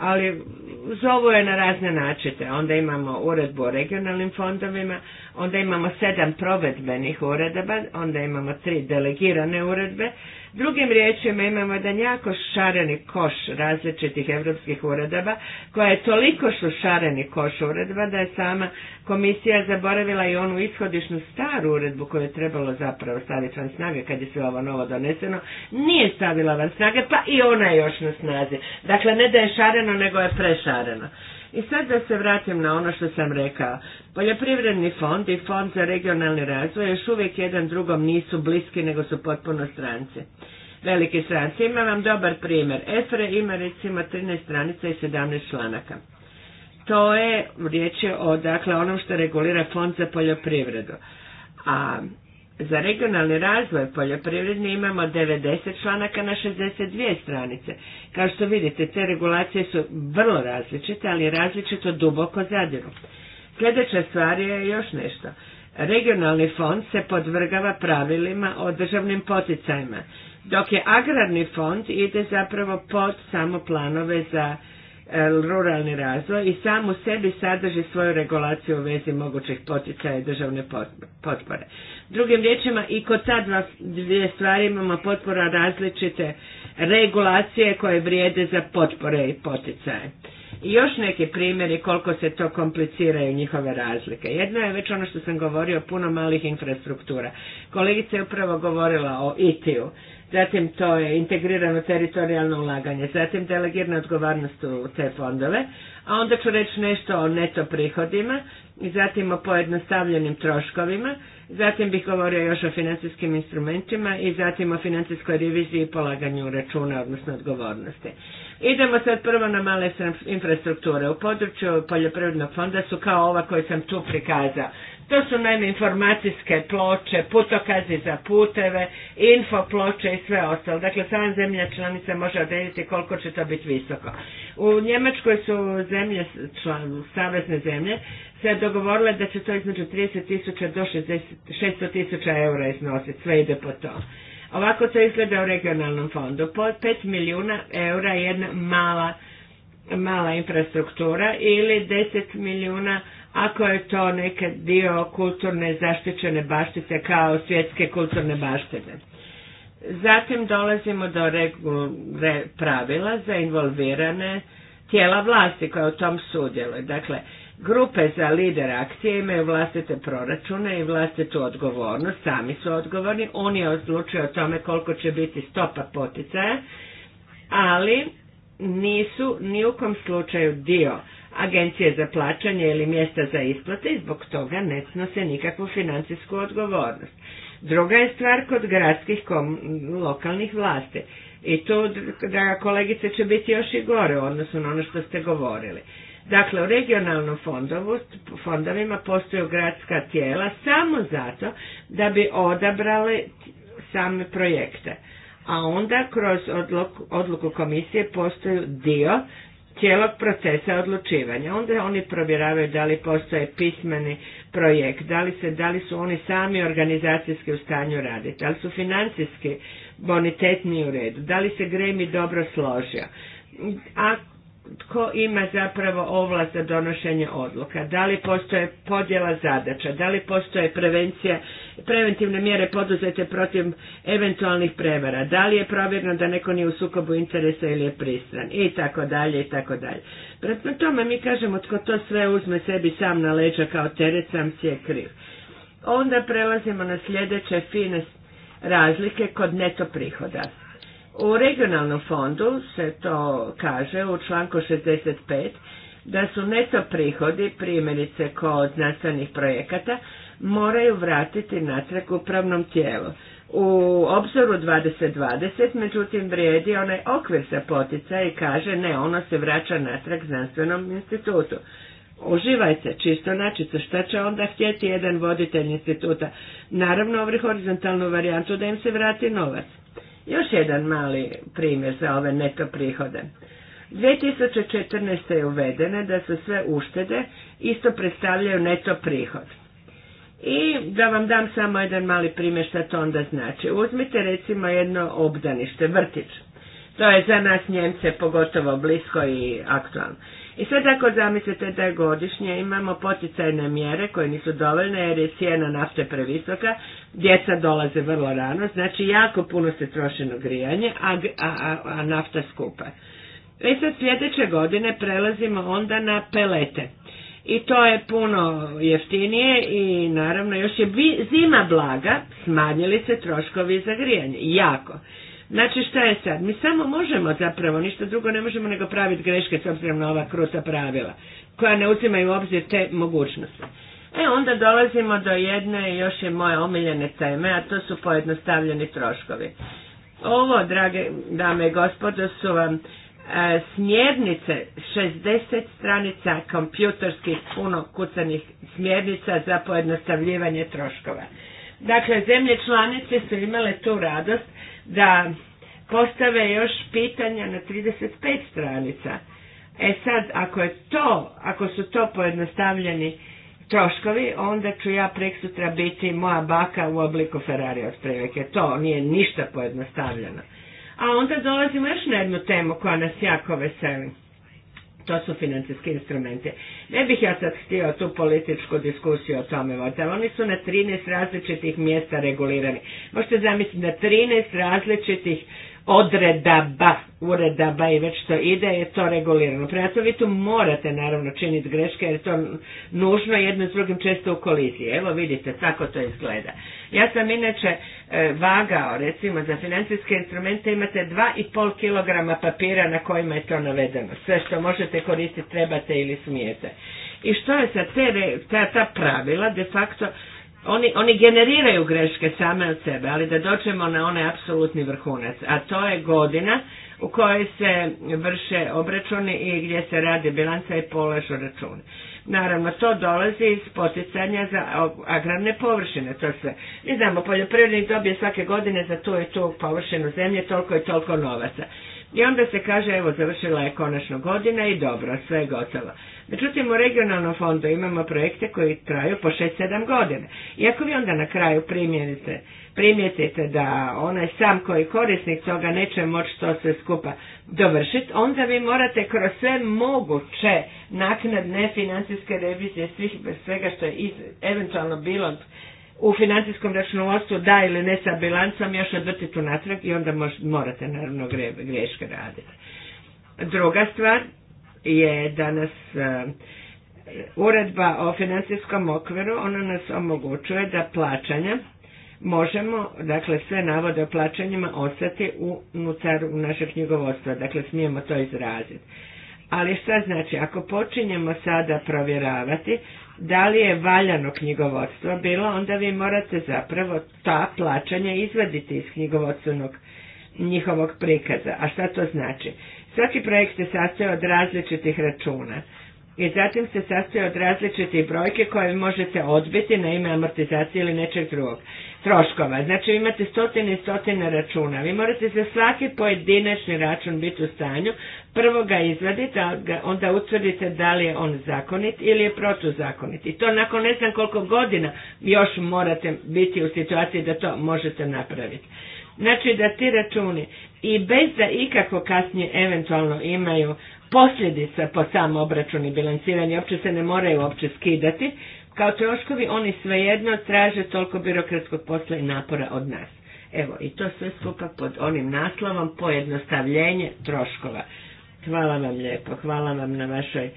S2: ali zovu je na razne načine. Onda imamo uredbu o regionalnim fondovima, onda imamo sedam provedbenih uredba, onda imamo tri delegirane uredbe Drugim riječima imamo da jako šareni koš različitih europskih uredaba, koja je toliko što šareni koš uredba da je sama komisija zaboravila i onu ishodišnu staru uredbu koju je trebalo zapravo staviti van snage kad je sve ovo novo doneseno, nije stavila van snage pa i ona je još na snazi. Dakle, ne da je šareno, nego je prešareno. I sad da se vratim na ono što sam rekao. Poljoprivredni fond i fond za regionalni razvoj još uvijek jedan drugom nisu bliski nego su potpuno stranci. Veliki stranci. Ima vam dobar primjer. EFRE ima recimo 13 stranica i 17 članaka. To je riječ o dakle, onom što regulira fond za poljoprivredu. A za regionalni razvoj poljoprivredni imamo 90 članaka na 62 stranice. Kao što vidite, te regulacije su vrlo različite, ali različito duboko zadiru. Sljedeća stvar je još nešto. Regionalni fond se podvrgava pravilima o državnim poticajima, dok je agrarni fond ide zapravo pod samo planove za e, ruralni razvoj i sam u sebi sadrži svoju regulaciju u vezi mogućih poticaja i državne potpore. Drugim riječima i kod ta dva, dvije stvari imamo potpora različite regulacije koje vrijede za potpore i poticaje. I još neki primjeri koliko se to kompliciraju njihove razlike. Jedno je već ono što sam govorio, puno malih infrastruktura. Kolegica je upravo govorila o ITU, zatim to je integrirano teritorijalno ulaganje, zatim delegirana odgovornost u te fondove, a onda ću reći nešto o neto prihodima i zatim o pojednostavljenim troškovima, Zatim bih govorio još o financijskim instrumentima i zatim o financijskoj reviziji i polaganju računa, odnosno odgovornosti. Idemo sad prvo na male infrastrukture. U području poljoprivrednog fonda su kao ova koju sam tu prikazao. To su naime informacijske ploče, putokazi za puteve, info ploče i sve ostalo. Dakle, sama zemlja članica može odrediti koliko će to biti visoko. U Njemačkoj su zemlje, savezne zemlje, se dogovorile da će to između 30.000 tisuća do 60, 600 tisuća eura iznositi, sve ide po to. Ovako to izgleda u regionalnom fondu. Po 5 milijuna eura jedna mala, mala infrastruktura ili 10 milijuna ako je to neki dio kulturne zaštićene baštice kao svjetske kulturne baštine. Zatim dolazimo do pravila za involvirane tijela vlasti koja u tom sudjeluje. Dakle, grupe za lider akcije imaju vlastite proračune i vlastitu odgovornost, sami su odgovorni, oni odlučuju o tome koliko će biti stopa poticaja, ali nisu ni u kom slučaju dio agencije za plaćanje ili mjesta za isplate i zbog toga ne snose nikakvu financijsku odgovornost. Druga je stvar kod gradskih lokalnih vlasti. I tu, da kolegice, će biti još i gore u odnosu na ono što ste govorili. Dakle, u regionalnom fondovu, fondovima postoju gradska tijela samo zato da bi odabrali same projekte. A onda kroz odluku komisije postoju dio cijelog procesa odlučivanja. Onda oni provjeravaju da li postoje pismeni projekt, da li, se, da li su oni sami organizacijski u stanju raditi, da li su financijski bonitetni u redu, da li se gremi dobro složio. A tko ima zapravo ovlast za donošenje odluka, da li postoje podjela zadaća, da li postoje prevencija, preventivne mjere poduzete protiv eventualnih prevara, da li je provjerno da neko nije u sukobu interesa ili je pristran i tako dalje i tako dalje. Prema tome mi kažemo tko to sve uzme sebi sam na leđa kao teret sam si je kriv. Onda prelazimo na sljedeće fine razlike kod neto prihoda. U regionalnom fondu se to kaže u članku 65 da su neto prihodi, primjerice kod znanstvenih projekata, moraju vratiti natrag upravnom tijelu. U obzoru 2020, međutim, vrijedi onaj okvir se potica i kaže ne, ono se vraća natrag znanstvenom institutu. Uživajte, čisto znači šta će onda htjeti jedan voditelj instituta? Naravno, ovri horizontalnu varijantu da im se vrati novac. Još jedan mali primjer za ove neto prihode. 2014. je uvedene da se sve uštede isto predstavljaju neto prihod. I da vam dam samo jedan mali primjer što to onda znači. Uzmite recimo jedno obdanište, vrtić. To je za nas Njemce pogotovo blisko i aktualno. I sve ako zamislite da godišnje imamo poticajne mjere koje nisu dovoljne jer je cijena nafte previsoka, djeca dolaze vrlo rano, znači jako puno se troši na grijanje, a, a, a nafta skupa. I e sad sljedeće godine prelazimo onda na pelete. I to je puno jeftinije i naravno još je zima blaga, smanjili se troškovi za grijanje, jako. Znači šta je sad? Mi samo možemo zapravo, ništa drugo ne možemo nego praviti greške s obzirom na ova kruta pravila koja ne uzimaju u obzir te mogućnosti. E onda dolazimo do jedne, još je moje omiljene teme, a to su pojednostavljeni troškovi. Ovo, drage dame i gospodo, su vam e, smjernice, 60 stranica kompjutorskih puno kucanih smjernica za pojednostavljivanje troškova. Dakle, zemlje članice su imale tu radost da postave još pitanja na 35 stranica. E sad, ako je to, ako su to pojednostavljeni troškovi, onda ću ja preksutra biti moja baka u obliku Ferrari otprilike. To nije ništa pojednostavljeno. A onda dolazimo još na jednu temu koja nas jako veseli to su financijske instrumente. Ne bih ja sad htio tu političku diskusiju o tome ali oni su na 13 različitih mjesta regulirani. Možete zamisliti na 13 različitih odredaba, uredaba i već što ide je to regulirano. Prema vi tu morate naravno činiti greške jer je to nužno jedno s drugim često u koliziji. Evo vidite tako to izgleda. Ja sam inače e, vagao recimo za financijske instrumente imate 2,5 kg papira na kojima je to navedeno. Sve što možete koristiti trebate ili smijete. I što je sa te, ta, ta pravila de facto oni, oni generiraju greške same od sebe, ali da dođemo na onaj apsolutni vrhunac, a to je godina u kojoj se vrše obračuni i gdje se radi bilanca i polažu račune. Naravno, to dolazi iz poticanja za agrarne površine. To sve. mi znamo, poljoprivrednik dobije svake godine za tu i tu površinu zemlje toliko i toliko novaca. I onda se kaže, evo, završila je konačno godina i dobro, sve je gotovo. Međutim, u regionalnom fondu imamo projekte koji traju po 6 sedam godina. I ako vi onda na kraju primijenite, primijetite da onaj sam koji korisnik toga neće moći to sve skupa dovršiti, onda vi morate kroz sve moguće naknadne financijske revizije svih, svega što je eventualno bilo u financijskom računovodstvu da ili ne sa bilancom još tu natrag i onda mož, morate naravno gre, greške raditi. Druga stvar je da nas eh, uredba o financijskom okviru, ona nas omogućuje da plaćanja možemo, dakle sve navode o plaćanjima ostati unutar u našeg knjigovodstva, dakle smijemo to izraziti. Ali šta znači, ako počinjemo sada provjeravati da li je valjano knjigovodstvo bilo, onda vi morate zapravo ta plaćanja izvaditi iz knjigovodstvenog njihovog prikaza. A šta to znači? Svaki projekt se sastoji od različitih računa i zatim se sastoje od različite brojke koje možete odbiti na ime amortizacije ili nečeg drugog troškova. Znači imate stotine i stotine računa. Vi morate za svaki pojedinačni račun biti u stanju. Prvo ga izvadite, onda utvrdite da li je on zakonit ili je protuzakonit. I to nakon ne znam koliko godina još morate biti u situaciji da to možete napraviti. Znači da ti računi i bez da ikako kasnije eventualno imaju posljedica po sam obračun i bilanciranje uopće se ne moraju uopće skidati. Kao troškovi oni svejedno traže toliko birokratskog posla i napora od nas. Evo, i to sve skupa pod onim naslovom pojednostavljenje troškova. Hvala vam lijepo, hvala vam na vašoj e,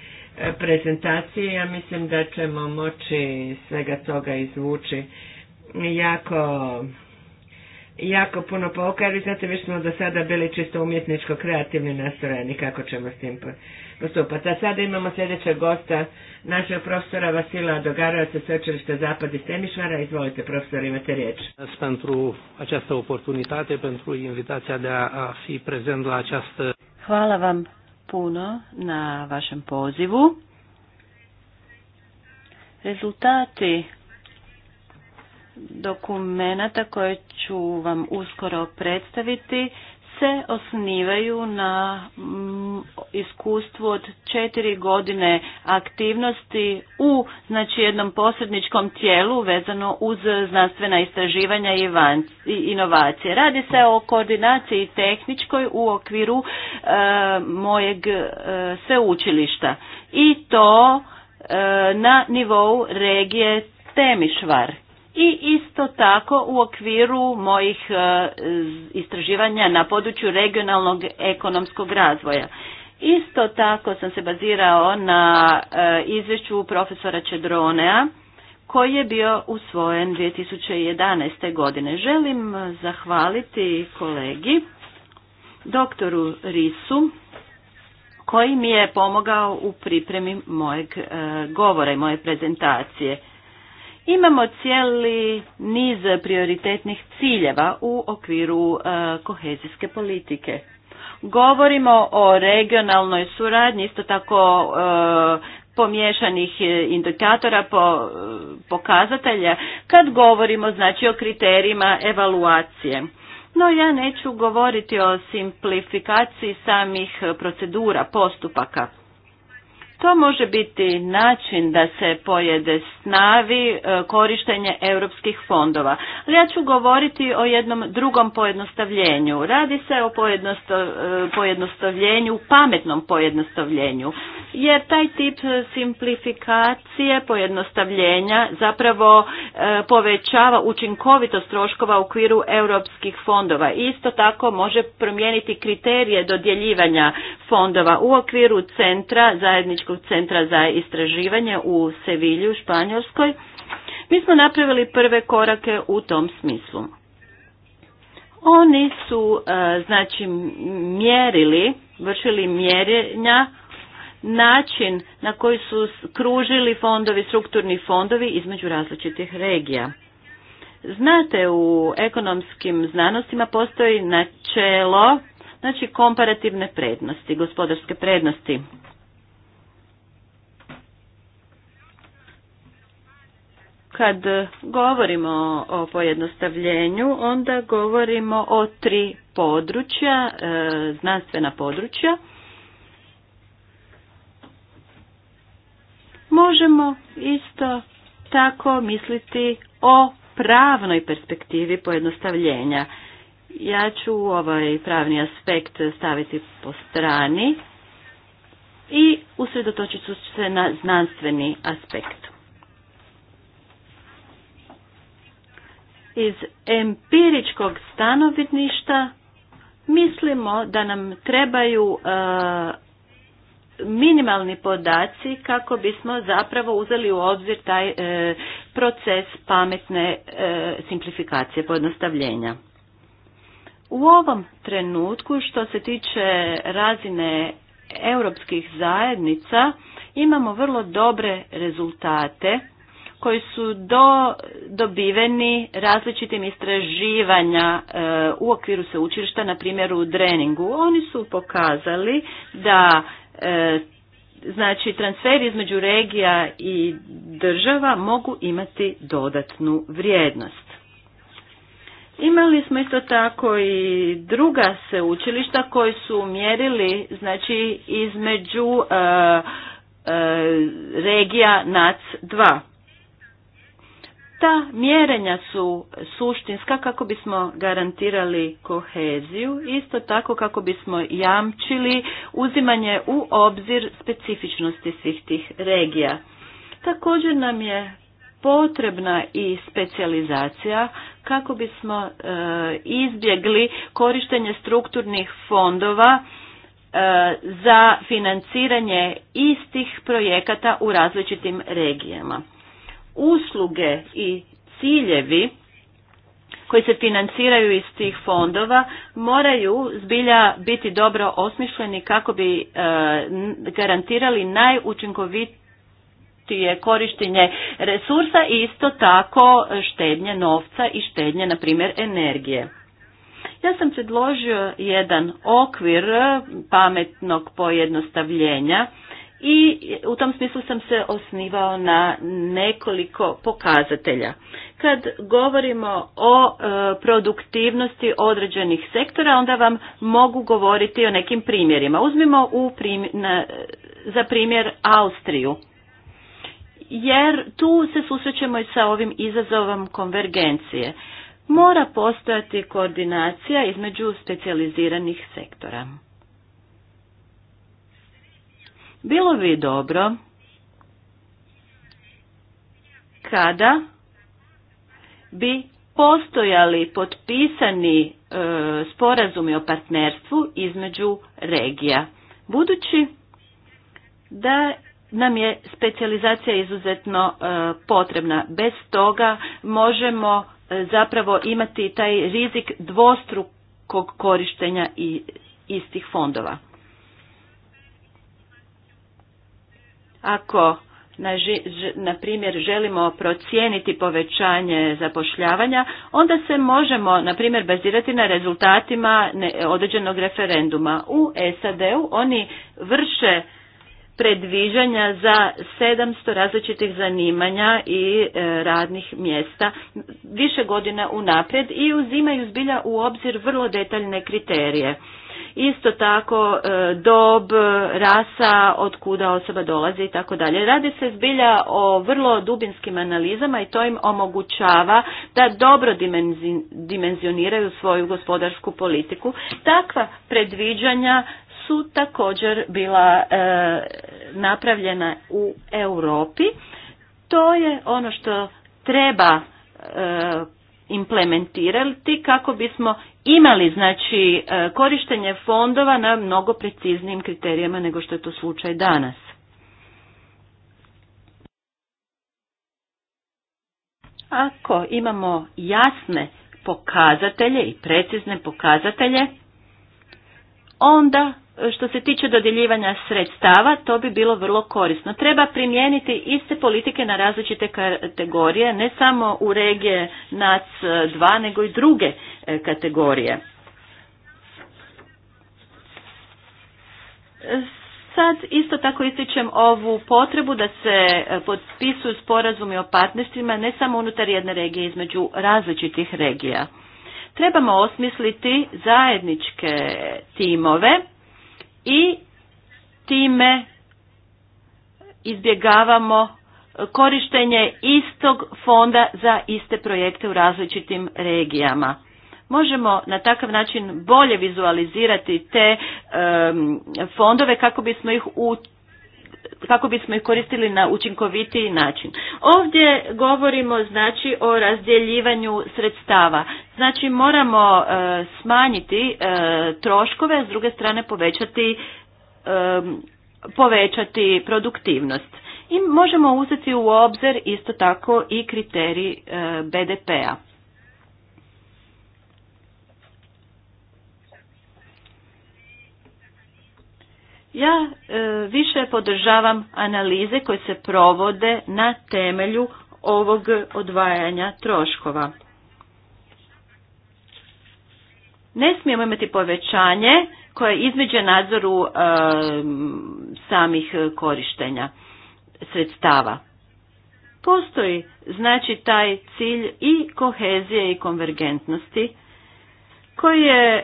S2: prezentaciji. Ja mislim da ćemo moći svega toga izvući jako jako puno pouka, jer znate, mi smo do sada bili čisto umjetničko kreativni nastrojeni kako ćemo s tim postupati. A sada imamo sljedećeg gosta, našeg profesora Vasila Dogarova sa Zapad i Temišvara. Izvolite, profesor, imate riječ. Pentru această oportunitate, pentru invitația de a fi prezent la această...
S1: Hvala vam puno na vašem pozivu. Rezultati dokumenata koje ću vam uskoro predstaviti se osnivaju na mm, iskustvu od četiri godine aktivnosti u znači jednom posredničkom tijelu vezano uz znanstvena istraživanja i inovacije. Radi se o koordinaciji tehničkoj u okviru e, mojeg e, sveučilišta i to e, na nivou regije Temišvar i isto tako u okviru mojih e, istraživanja na području regionalnog ekonomskog razvoja. Isto tako sam se bazirao na e, izvješću profesora Čedronea koji je bio usvojen 2011. godine. Želim zahvaliti kolegi doktoru Risu koji mi je pomogao u pripremi mojeg e, govora i moje prezentacije. Imamo cijeli niz prioritetnih ciljeva u okviru e, kohezijske politike. Govorimo o regionalnoj suradnji, isto tako e, pomiješanih e, indikatora, po, pokazatelja, kad govorimo znači o kriterijima evaluacije. No ja neću govoriti o simplifikaciji samih procedura, postupaka. To može biti način da se pojede snavi e, korištenje europskih fondova. Ali ja ću govoriti o jednom drugom pojednostavljenju. Radi se o e, pojednostavljenju, pametnom pojednostavljenju. Jer taj tip simplifikacije, pojednostavljenja zapravo e, povećava učinkovitost troškova u okviru europskih fondova. Isto tako može promijeniti kriterije dodjeljivanja fondova u okviru centra zajedničkog centra za istraživanje u Sevilju, Španjolskoj, mi smo napravili prve korake u tom smislu. Oni su e, znači mjerili, vršili mjerenja način na koji su kružili fondovi, strukturni fondovi između različitih regija. Znate, u ekonomskim znanostima postoji načelo, znači komparativne prednosti, gospodarske prednosti. Kad govorimo o pojednostavljenju, onda govorimo o tri područja, e, znanstvena područja. Možemo isto tako misliti o pravnoj perspektivi pojednostavljenja. Ja ću ovaj pravni aspekt staviti po strani i usredotočit ću se na znanstveni aspekt. iz empiričkog stanovitništa mislimo da nam trebaju e, minimalni podaci kako bismo zapravo uzeli u obzir taj e, proces pametne e, simplifikacije pojednostavljenja. U ovom trenutku što se tiče razine europskih zajednica imamo vrlo dobre rezultate koji su do, dobiveni različitim istraživanja e, u okviru sveučilišta, na primjer u Dreningu. Oni su pokazali da e, znači transfer između regija i država mogu imati dodatnu vrijednost. Imali smo isto tako i druga sveučilišta koji su mjerili znači između e, e, regija NAC 2 ta mjerenja su suštinska kako bismo garantirali koheziju, isto tako kako bismo jamčili uzimanje u obzir specifičnosti svih tih regija. Također nam je potrebna i specijalizacija kako bismo e, izbjegli korištenje strukturnih fondova e, za financiranje istih projekata u različitim regijama usluge i ciljevi koji se financiraju iz tih fondova moraju zbilja biti dobro osmišljeni kako bi e, garantirali najučinkovitije korištenje resursa i isto tako štednje novca i štednje na primjer energije. Ja sam predložio jedan okvir pametnog pojednostavljenja i u tom smislu sam se osnivao na nekoliko pokazatelja. Kad govorimo o e, produktivnosti određenih sektora, onda vam mogu govoriti o nekim primjerima. Uzmimo u za primjer Austriju. Jer tu se susrećemo i sa ovim izazovom konvergencije. Mora postojati koordinacija između specijaliziranih sektora. Bilo bi dobro kada bi postojali potpisani e, sporazumi o partnerstvu između regija. Budući da nam je specijalizacija izuzetno e, potrebna. Bez toga možemo e, zapravo imati taj rizik dvostrukog korištenja istih fondova. Ako na, primjer želimo procijeniti povećanje zapošljavanja, onda se možemo na primjer bazirati na rezultatima određenog referenduma. U SAD-u oni vrše predviđanja za 700 različitih zanimanja i e, radnih mjesta više godina unaprijed i uzimaju zbilja u obzir vrlo detaljne kriterije isto tako e, dob, rasa, od kuda osoba dolazi i tako dalje. Radi se zbilja o vrlo dubinskim analizama i to im omogućava da dobro dimenzioniraju svoju gospodarsku politiku. Takva predviđanja su također bila e, napravljena u Europi. To je ono što treba e, implementirati kako bismo imali znači e, korištenje fondova na mnogo preciznijim kriterijama nego što je to slučaj danas. Ako imamo jasne pokazatelje i precizne pokazatelje, onda što se tiče dodjeljivanja sredstava, to bi bilo vrlo korisno. Treba primijeniti iste politike na različite kategorije, ne samo u regije NAC 2, nego i druge e, kategorije. Sad isto tako ističem ovu potrebu da se e, potpisuju sporazumi o partnerstvima ne samo unutar jedne regije, između različitih regija. Trebamo osmisliti zajedničke timove i time izbjegavamo korištenje istog fonda za iste projekte u različitim regijama. Možemo na takav način bolje vizualizirati te fondove kako bismo ih u kako bismo ih koristili na učinkovitiji način. Ovdje govorimo znači o razdjeljivanju sredstava. Znači moramo e, smanjiti e, troškove, a s druge strane povećati e, povećati produktivnost. I možemo uzeti u obzir isto tako i kriterij BDP-a. Ja e, više podržavam analize koje se provode na temelju ovog odvajanja troškova. Ne smijemo imati povećanje koje između nadzoru e, samih korištenja sredstava. Postoji znači taj cilj i kohezije i konvergentnosti koji je e,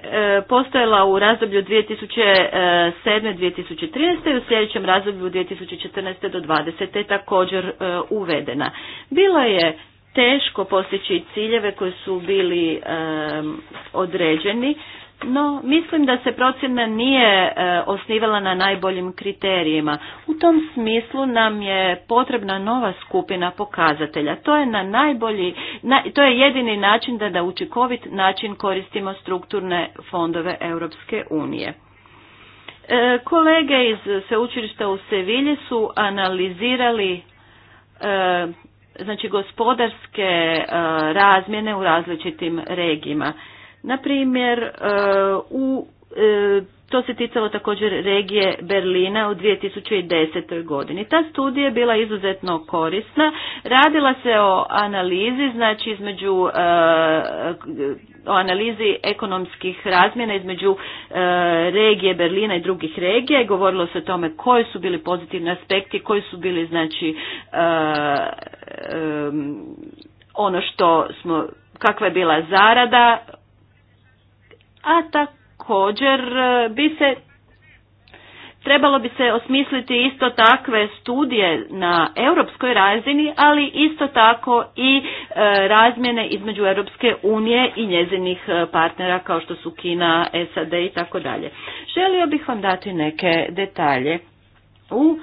S1: postojala u razdoblju 2007-2013 i u sljedećem razdoblju 2014. do 2020. također e, uvedena. Bilo je teško postići ciljeve koji su bili e, određeni no mislim da se procjena nije e, osnivala na najboljim kriterijima. U tom smislu nam je potrebna nova skupina pokazatelja. To je na najbolji, to je jedini način da na učinkovit način koristimo strukturne fondove Europske unije. E, kolege iz sveučilišta u Sevilji su analizirali e, znači gospodarske razmjene u različitim regijima. Na primjer, e, u e, to se ticalo također regije Berlina u 2010. godini. Ta studija je bila izuzetno korisna. Radila se o analizi, znači između e, o analizi ekonomskih razmjena između regije Berlina i drugih regija i govorilo se o tome koji su bili pozitivni aspekti, koji su bili znači ono što smo kakva je bila zarada a također e, bi se Trebalo bi se osmisliti isto takve studije na europskoj razini, ali isto tako i e, razmjene između Europske unije i njezinih e, partnera kao što su Kina, SAD i tako dalje. Želio bih vam dati neke detalje. U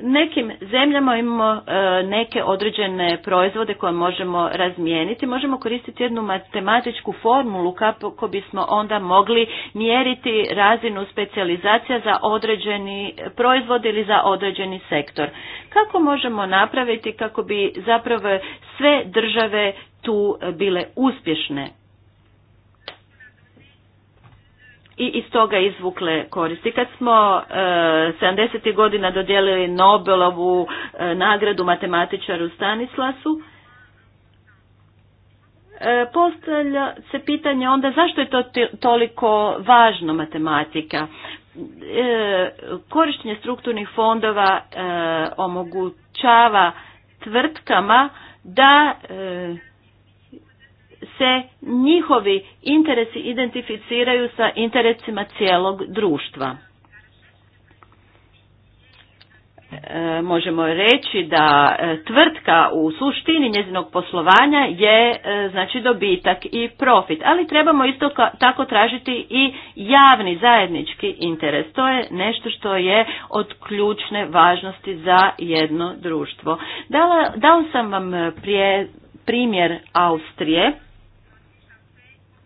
S1: nekim zemljama imamo e, neke određene proizvode koje možemo razmijeniti. Možemo koristiti jednu matematičku formulu kako bismo onda mogli mjeriti razinu specijalizacija za određeni proizvod ili za određeni sektor. Kako možemo napraviti kako bi zapravo sve države tu bile uspješne? i iz toga izvukle koristi. Kad smo e, eh, 70. godina dodijelili Nobelovu eh, nagradu matematičaru Stanislasu, e, postavlja se pitanje onda zašto je to toliko važno matematika. Korištenje strukturnih fondova omogućava tvrtkama da se njihovi interesi identificiraju sa interesima cijelog društva. E, možemo reći da e, tvrtka u suštini njezinog poslovanja je e, znači dobitak i profit, ali trebamo isto tako tražiti i javni zajednički interes. To je nešto što je od ključne važnosti za jedno društvo. Dala, dao sam vam prije primjer Austrije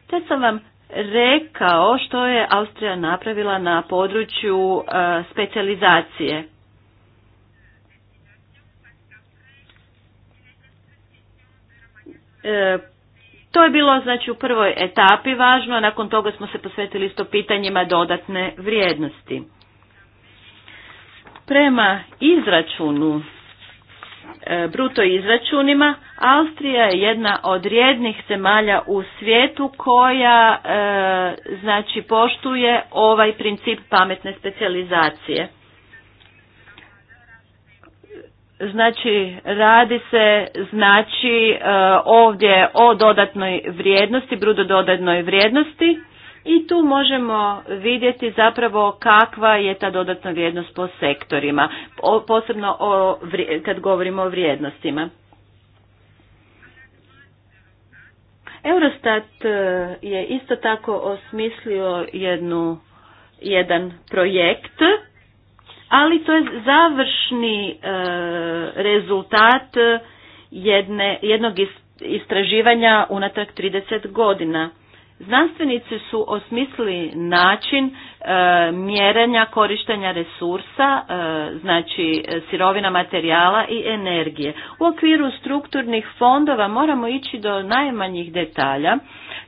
S1: te sam vam rekao što je Austrija napravila na području e, specijalizacije. E, to je bilo znači u prvoj etapi važno, a nakon toga smo se posvetili isto pitanjima dodatne vrijednosti. Prema izračunu E, bruto izračunima, Austrija je jedna od rijednih zemalja u svijetu koja e, znači poštuje ovaj princip pametne specijalizacije. Znači, radi se znači e, ovdje o dodatnoj vrijednosti, bruto dodatnoj vrijednosti i tu možemo vidjeti zapravo kakva je ta dodatna vrijednost po sektorima, posebno o, kad govorimo o vrijednostima. Eurostat e, je isto tako osmislio jednu, jedan projekt, ali to je završni e, rezultat jedne, jednog istraživanja unatrag 30 godina. Znanstvenici su osmislili način e, mjerenja korištenja resursa, e, znači e, sirovina materijala i energije. U okviru strukturnih fondova moramo ići do najmanjih detalja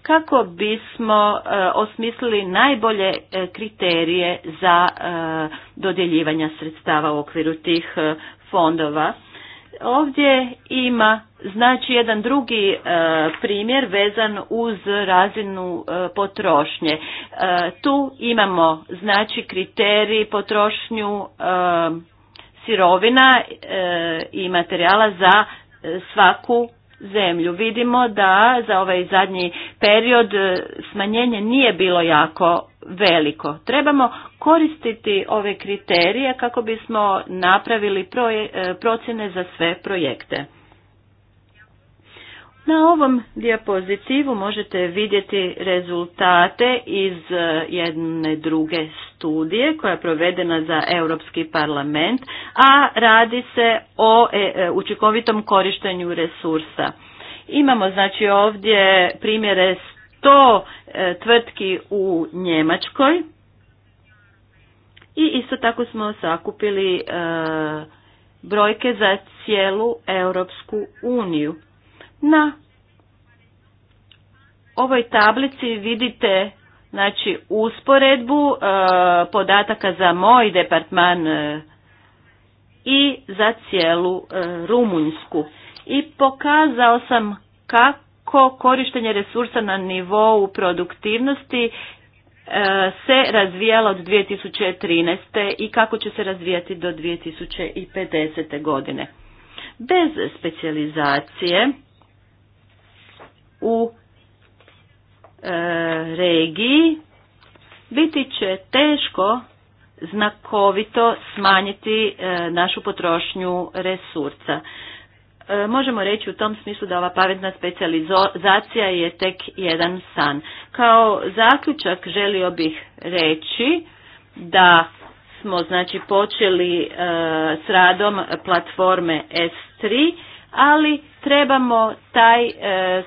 S1: kako bismo osmislili najbolje kriterije za dodjeljivanje sredstava u okviru tih fondova Ovdje ima znači jedan drugi e, primjer vezan uz razinu e, potrošnje. E, tu imamo znači kriterij potrošnju sirovina i materijala za svaku zemlju. Vidimo da za ovaj zadnji period e, smanjenje nije bilo jako veliko. Trebamo koristiti ove kriterije kako bismo napravili e, procjene za sve projekte. Na ovom diapozitivu možete vidjeti rezultate iz e, jedne druge studije koja je provedena za Europski parlament, a radi se o e, e, učinkovitom korištenju resursa. Imamo znači ovdje primjere 100 tvrtki u Njemačkoj i isto tako smo sakupili brojke za cijelu Europsku uniju. Na ovoj tablici vidite znači usporedbu e, podataka za moj departman e, i za cijelu e, Rumunjsku. I pokazao sam kako korištenje resursa na nivou produktivnosti e, se razvijalo od 2013. i kako će se razvijati do 2050. godine. Bez specijalizacije u e, regiji biti će teško znakovito smanjiti e, našu potrošnju resursa. E, možemo reći u tom smislu da ova pavetna specijalizacija je tek jedan san. Kao zaključak želio bih reći da smo znači počeli s radom platforme S3 ali trebamo taj e,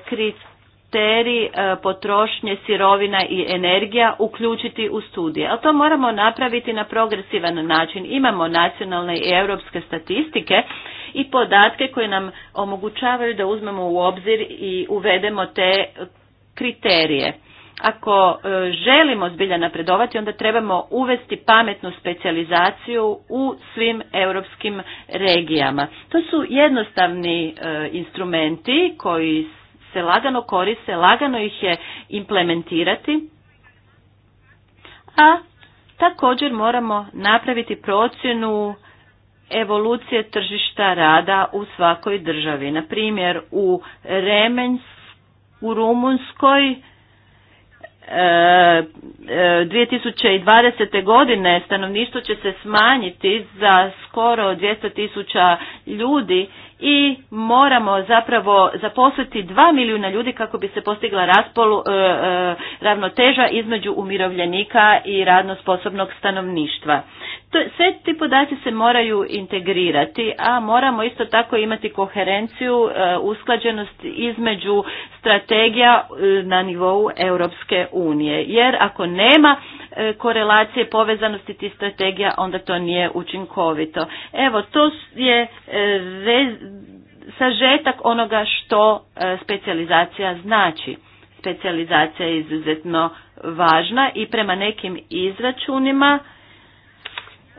S1: kriterij e, potrošnje sirovina i energija uključiti u studije. Ali to moramo napraviti na progresivan način. Imamo nacionalne i europske statistike i podatke koje nam omogućavaju da uzmemo u obzir i uvedemo te kriterije. Ako e, želimo zbilja napredovati, onda trebamo uvesti pametnu specijalizaciju u svim europskim regijama. To su jednostavni e, instrumenti koji se lagano koriste, lagano ih je implementirati, a također moramo napraviti procjenu evolucije tržišta rada u svakoj državi. Na primjer, u Remens, u Rumunskoj 2020. E, e, godine stanovništvo će se smanjiti za skoro 200 tisuća ljudi i moramo zapravo zaposliti 2 milijuna ljudi kako bi se postigla raspolu, e, ravnoteža između umirovljenika i radno sposobnog stanovništva to, sve ti podaci se moraju integrirati, a moramo isto tako imati koherenciju, e, usklađenost između strategija e, na nivou Europske unije. Jer ako nema e, korelacije povezanosti tih strategija, onda to nije učinkovito. Evo, to je e, sažetak onoga što specijalizacija znači. Specijalizacija je izuzetno važna i prema nekim izračunima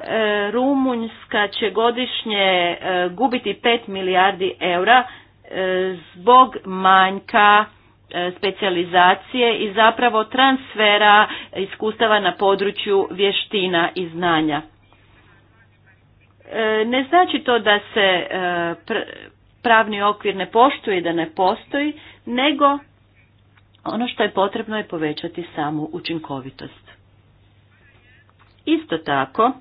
S1: E, Rumunjska će godišnje e, gubiti 5 milijardi eura e, zbog manjka specijalizacije i zapravo transfera iskustava na području vještina i znanja. Ne znači to da se pravni okvir ne poštuje i da ne postoji, nego ono što je potrebno je povećati samu učinkovitost. Isto tako,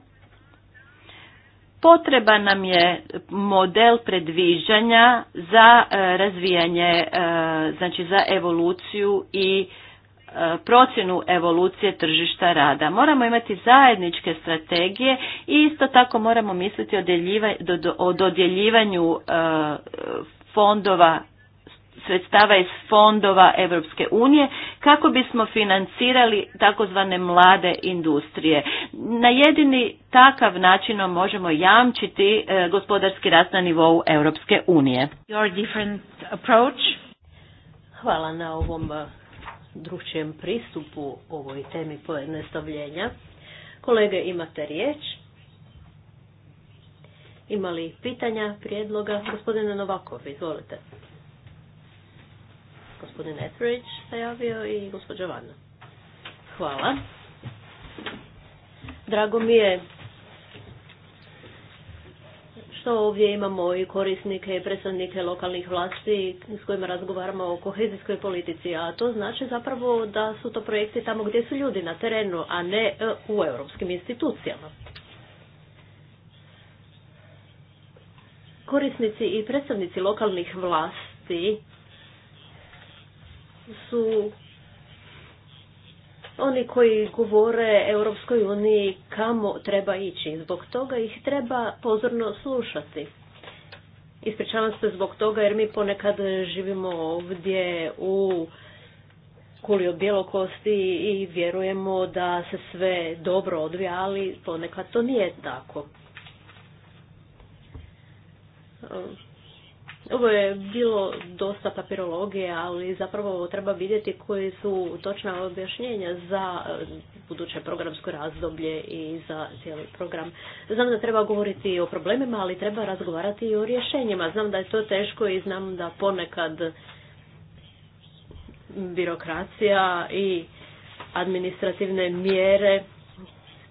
S1: Potreba nam je model predviđanja za e, razvijanje, e, znači za evoluciju i e, procjenu evolucije tržišta rada. Moramo imati zajedničke strategije i isto tako moramo misliti o dodjeljivanju fondova sredstava iz fondova Europske unije kako bismo financirali takozvane mlade industrije. Na jedini takav način možemo jamčiti e, gospodarski rast na nivou Europske unije. Hvala na ovom e, drugčijem pristupu ovoj temi pojednostavljenja. Kolege, imate riječ. Imali pitanja, prijedloga? Gospodine Novakov, izvolite gospodin Etheridge se javio i gospođa Vanna. Hvala. Drago mi je što ovdje imamo i korisnike i predstavnike lokalnih vlasti s kojima razgovaramo o kohezijskoj politici, a to znači zapravo da su to projekti tamo gdje su ljudi na terenu, a ne e, u europskim institucijama. Korisnici i predstavnici lokalnih vlasti su oni koji govore Europskoj uniji kamo treba ići. Zbog toga ih treba pozorno slušati. Ispričavam se zbog toga jer mi ponekad živimo ovdje u od bjelokosti i vjerujemo da se sve dobro odvija, ali ponekad to nije tako. Ovo je bilo dosta papirologije, ali zapravo treba vidjeti koji su točna objašnjenja za e, buduće programsko razdoblje i za cijeli program. Znam da treba govoriti o problemima, ali treba razgovarati i o rješenjima. Znam da je to teško i znam da ponekad birokracija i administrativne mjere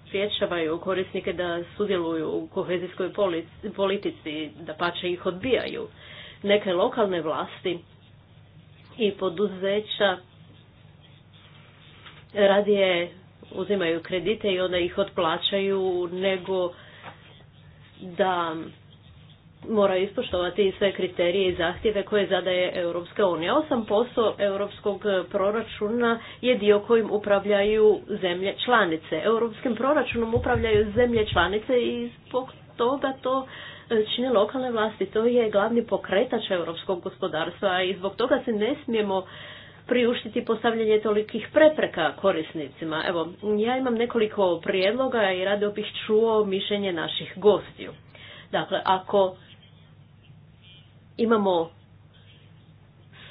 S1: spriječavaju korisnike da sudjeluju u kohezijskoj politici, da pače ih odbijaju neke lokalne vlasti i poduzeća radije uzimaju kredite i onda ih otplaćaju nego da moraju ispoštovati sve kriterije i zahtjeve koje zadaje Europska unija. 8% europskog proračuna je dio kojim upravljaju zemlje članice. Europskim proračunom upravljaju zemlje članice i zbog toga to čine lokalne vlasti. To je glavni pokretač europskog gospodarstva i zbog toga se ne smijemo priuštiti postavljanje tolikih prepreka korisnicima. Evo, ja imam nekoliko prijedloga i rado bih čuo mišljenje naših gostiju. Dakle, ako imamo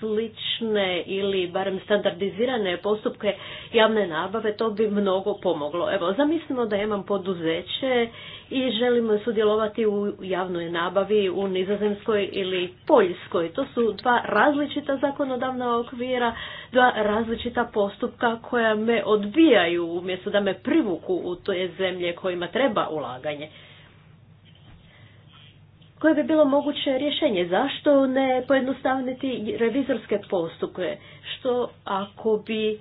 S1: slične ili barem standardizirane postupke javne nabave, to bi mnogo pomoglo. Evo, zamislimo da imam poduzeće i želim sudjelovati u javnoj nabavi u Nizozemskoj ili Poljskoj. To su dva različita zakonodavna okvira, dva različita postupka koja me odbijaju umjesto da me privuku u te zemlje kojima treba ulaganje koje bi bilo moguće rješenje. Zašto ne pojednostavniti revizorske postupke? Što ako bi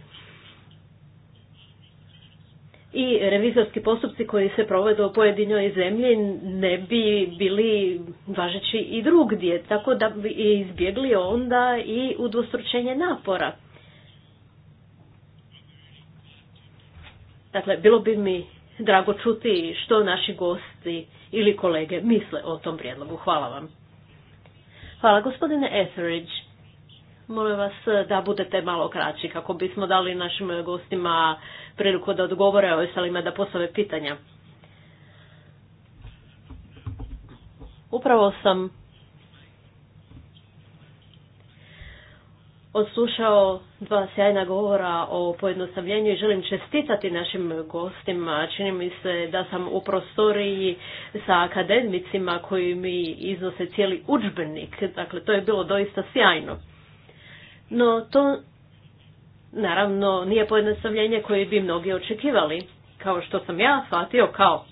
S1: i revizorski postupci koji se provode u pojedinoj zemlji ne bi bili važeći i drugdje, tako da bi izbjegli onda i udvostručenje napora. Dakle, bilo bi mi drago čuti što naši gosti ili kolege misle o tom prijedlogu. Hvala vam. Hvala gospodine Etheridge. Molim vas da budete malo kraći kako bismo dali našim gostima priliku da odgovore, o ostalima da postave pitanja. Upravo sam odslušao dva sjajna govora o pojednostavljenju i želim čestitati našim gostima. Čini mi se da sam u prostoriji sa akademicima koji mi iznose cijeli udžbenik. Dakle, to je bilo doista sjajno. No, to naravno nije pojednostavljenje koje bi mnogi očekivali. Kao što sam ja shvatio kao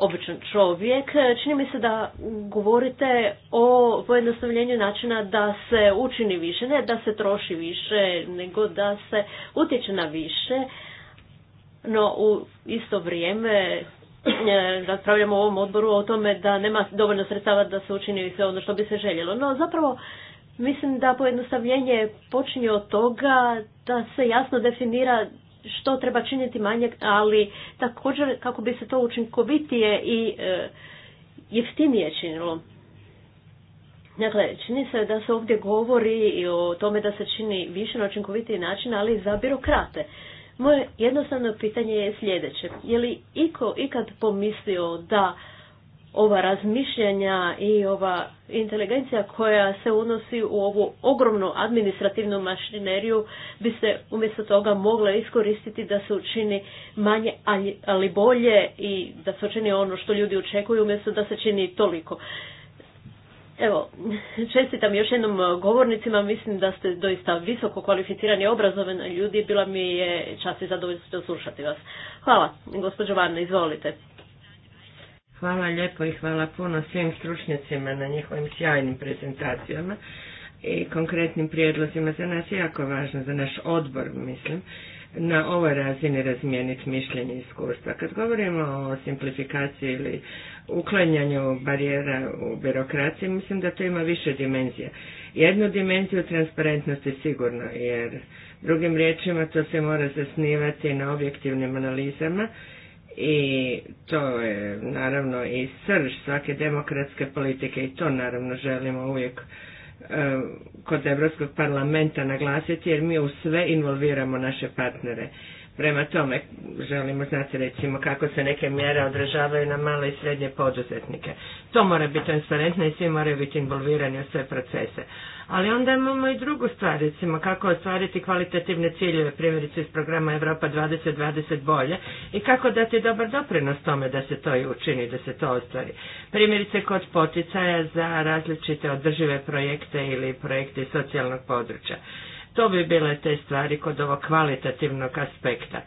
S1: običan čovjek. Čini mi se da govorite o pojednostavljenju načina da se učini više, ne da se troši više, nego da se utječe na više. No u isto vrijeme eh, raspravljamo u ovom odboru o tome da nema dovoljno sredstava da se učini sve ono što bi se željelo. No zapravo mislim da pojednostavljenje počinje od toga da se jasno definira što treba činiti manje, ali također kako bi se to učinkovitije i e, jeftinije činilo. Dakle, čini se da se ovdje govori i o tome da se čini više na učinkovitiji način, ali i za birokrate. Moje jednostavno pitanje je sljedeće. Je li iko ikad pomislio da ova razmišljanja i ova inteligencija koja se unosi u ovu ogromnu administrativnu mašineriju bi se umjesto toga mogla iskoristiti da se učini manje ali bolje i da se učini ono što ljudi očekuju umjesto da se čini toliko. Evo, čestitam još jednom govornicima, mislim da ste doista visoko kvalificirani i obrazovani ljudi, bila mi je čast i zadovoljstvo slušati vas. Hvala, gospođo Varna, izvolite.
S2: Hvala lijepo i hvala puno svim stručnjacima na njihovim sjajnim prezentacijama i konkretnim prijedlozima. Za nas je jako važno, za naš odbor, mislim, na ovoj razini razmijeniti mišljenje i iskustva. Kad govorimo o simplifikaciji ili uklanjanju barijera u birokraciji, mislim da to ima više dimenzija. Jednu dimenziju transparentnosti sigurno, jer drugim riječima to se mora zasnivati na objektivnim analizama i to je naravno i srž svake demokratske politike i to naravno želimo uvijek e, kod Europskog parlamenta naglasiti jer mi u sve involviramo naše partnere. Prema tome želimo znati recimo kako se neke mjere odražavaju na male i srednje poduzetnike. To mora biti transparentno i svi moraju biti involvirani u sve procese. Ali onda imamo i drugu stvar, recimo kako ostvariti kvalitativne ciljeve, primjerice iz programa Europa 2020 bolje i kako dati dobar doprinos tome da se to i učini, da se to ostvari. Primjerice kod poticaja za različite održive projekte ili projekte socijalnog područja. To bi bile te stvari kod ovog kvalitativnog aspekta.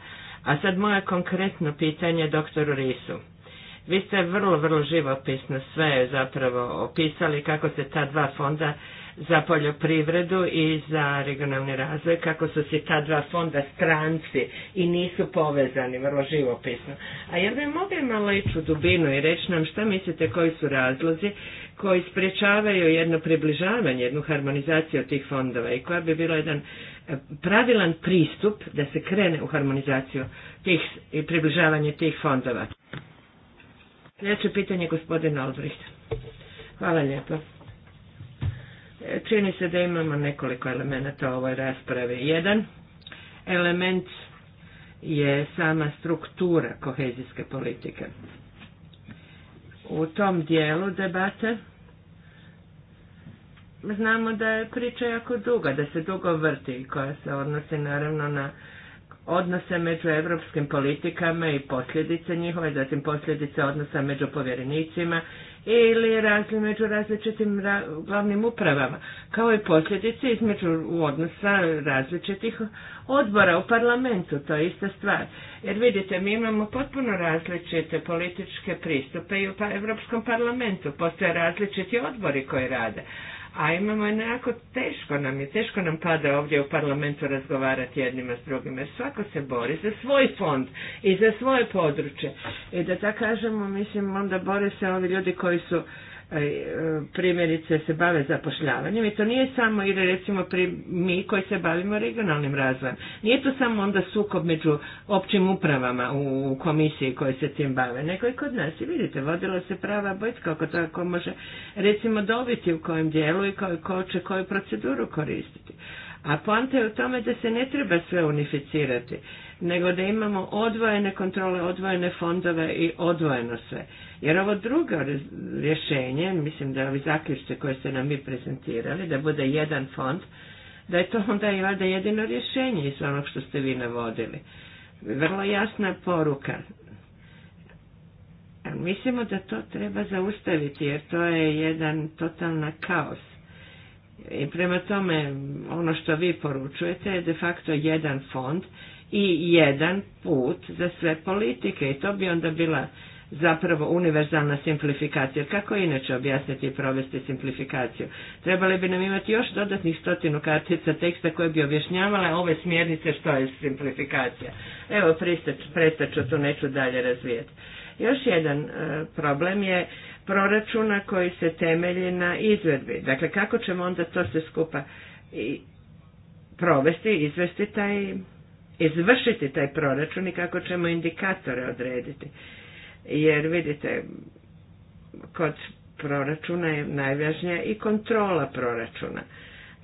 S2: A sad moje konkretno pitanje doktoru Risu. Vi ste vrlo, vrlo živopisno sve zapravo opisali kako se ta dva fonda za poljoprivredu i za regionalni razvoj, kako su se ta dva fonda stranci i nisu povezani, vrlo živopisno. A jer bi mogli malo ići u dubinu i reći nam šta mislite koji su razlozi koji sprečavaju jedno približavanje, jednu harmonizaciju tih fondova i koja bi bila jedan e, pravilan pristup da se krene u harmonizaciju tih i približavanje tih fondova. Sljedeće pitanje gospodin Albrecht. Hvala lijepo. Čini se da imamo nekoliko elemenata u ovoj raspravi. Jedan element je sama struktura kohezijske politike. U tom dijelu debate znamo da je priča jako duga, da se dugo vrti i koja se odnosi naravno na odnose među evropskim politikama i posljedice njihove, zatim posljedice odnosa među povjerenicima ili razli među različitim glavnim upravama, kao i posljedice između odnosa različitih odbora u parlamentu, to je ista stvar. Jer vidite, mi imamo potpuno različite političke pristupe i u pa Europskom parlamentu, postoje različiti odbori koji rade, a imamo jednako teško nam je, teško nam pada ovdje u parlamentu razgovarati jednima s drugima, svako se bori za svoj fond i za svoje područje. I da tako kažemo, mislim, onda bore se ovi ljudi koji su E, primjerice se bave zapošljavanjem i to nije samo ili recimo pri, mi koji se bavimo regionalnim razvojem. Nije to samo onda sukob među općim upravama u komisiji koje se tim bave, nego i kod nas. I vidite, vodilo se prava bojska oko toga može recimo dobiti u kojem dijelu i ko, ko će koju proceduru koristiti. A poanta je u tome da se ne treba sve unificirati nego da imamo odvojene kontrole, odvojene fondove i odvojeno sve. Jer ovo drugo rješenje, mislim da ovi zaključci koje ste nam mi prezentirali, da bude jedan fond, da je to onda i valjda jedino rješenje iz onog što ste vi navodili. Vrlo jasna poruka. Mislimo da to treba zaustaviti jer to je jedan totalna kaos. I prema tome ono što vi poručujete je de facto jedan fond i jedan put za sve politike i to bi onda bila zapravo univerzalna simplifikacija. Kako inače objasniti i provesti simplifikaciju? Trebali bi nam imati još dodatnih stotinu kartica teksta koje bi objašnjavale ove smjernice što je simplifikacija. Evo, prestaću, tu neću dalje razvijeti. Još jedan e, problem je proračuna koji se temelji na izvedbi. Dakle, kako ćemo onda to sve skupa i provesti, izvesti taj izvršiti taj proračun i kako ćemo indikatore odrediti. Jer vidite, kod proračuna je najvažnija i kontrola proračuna.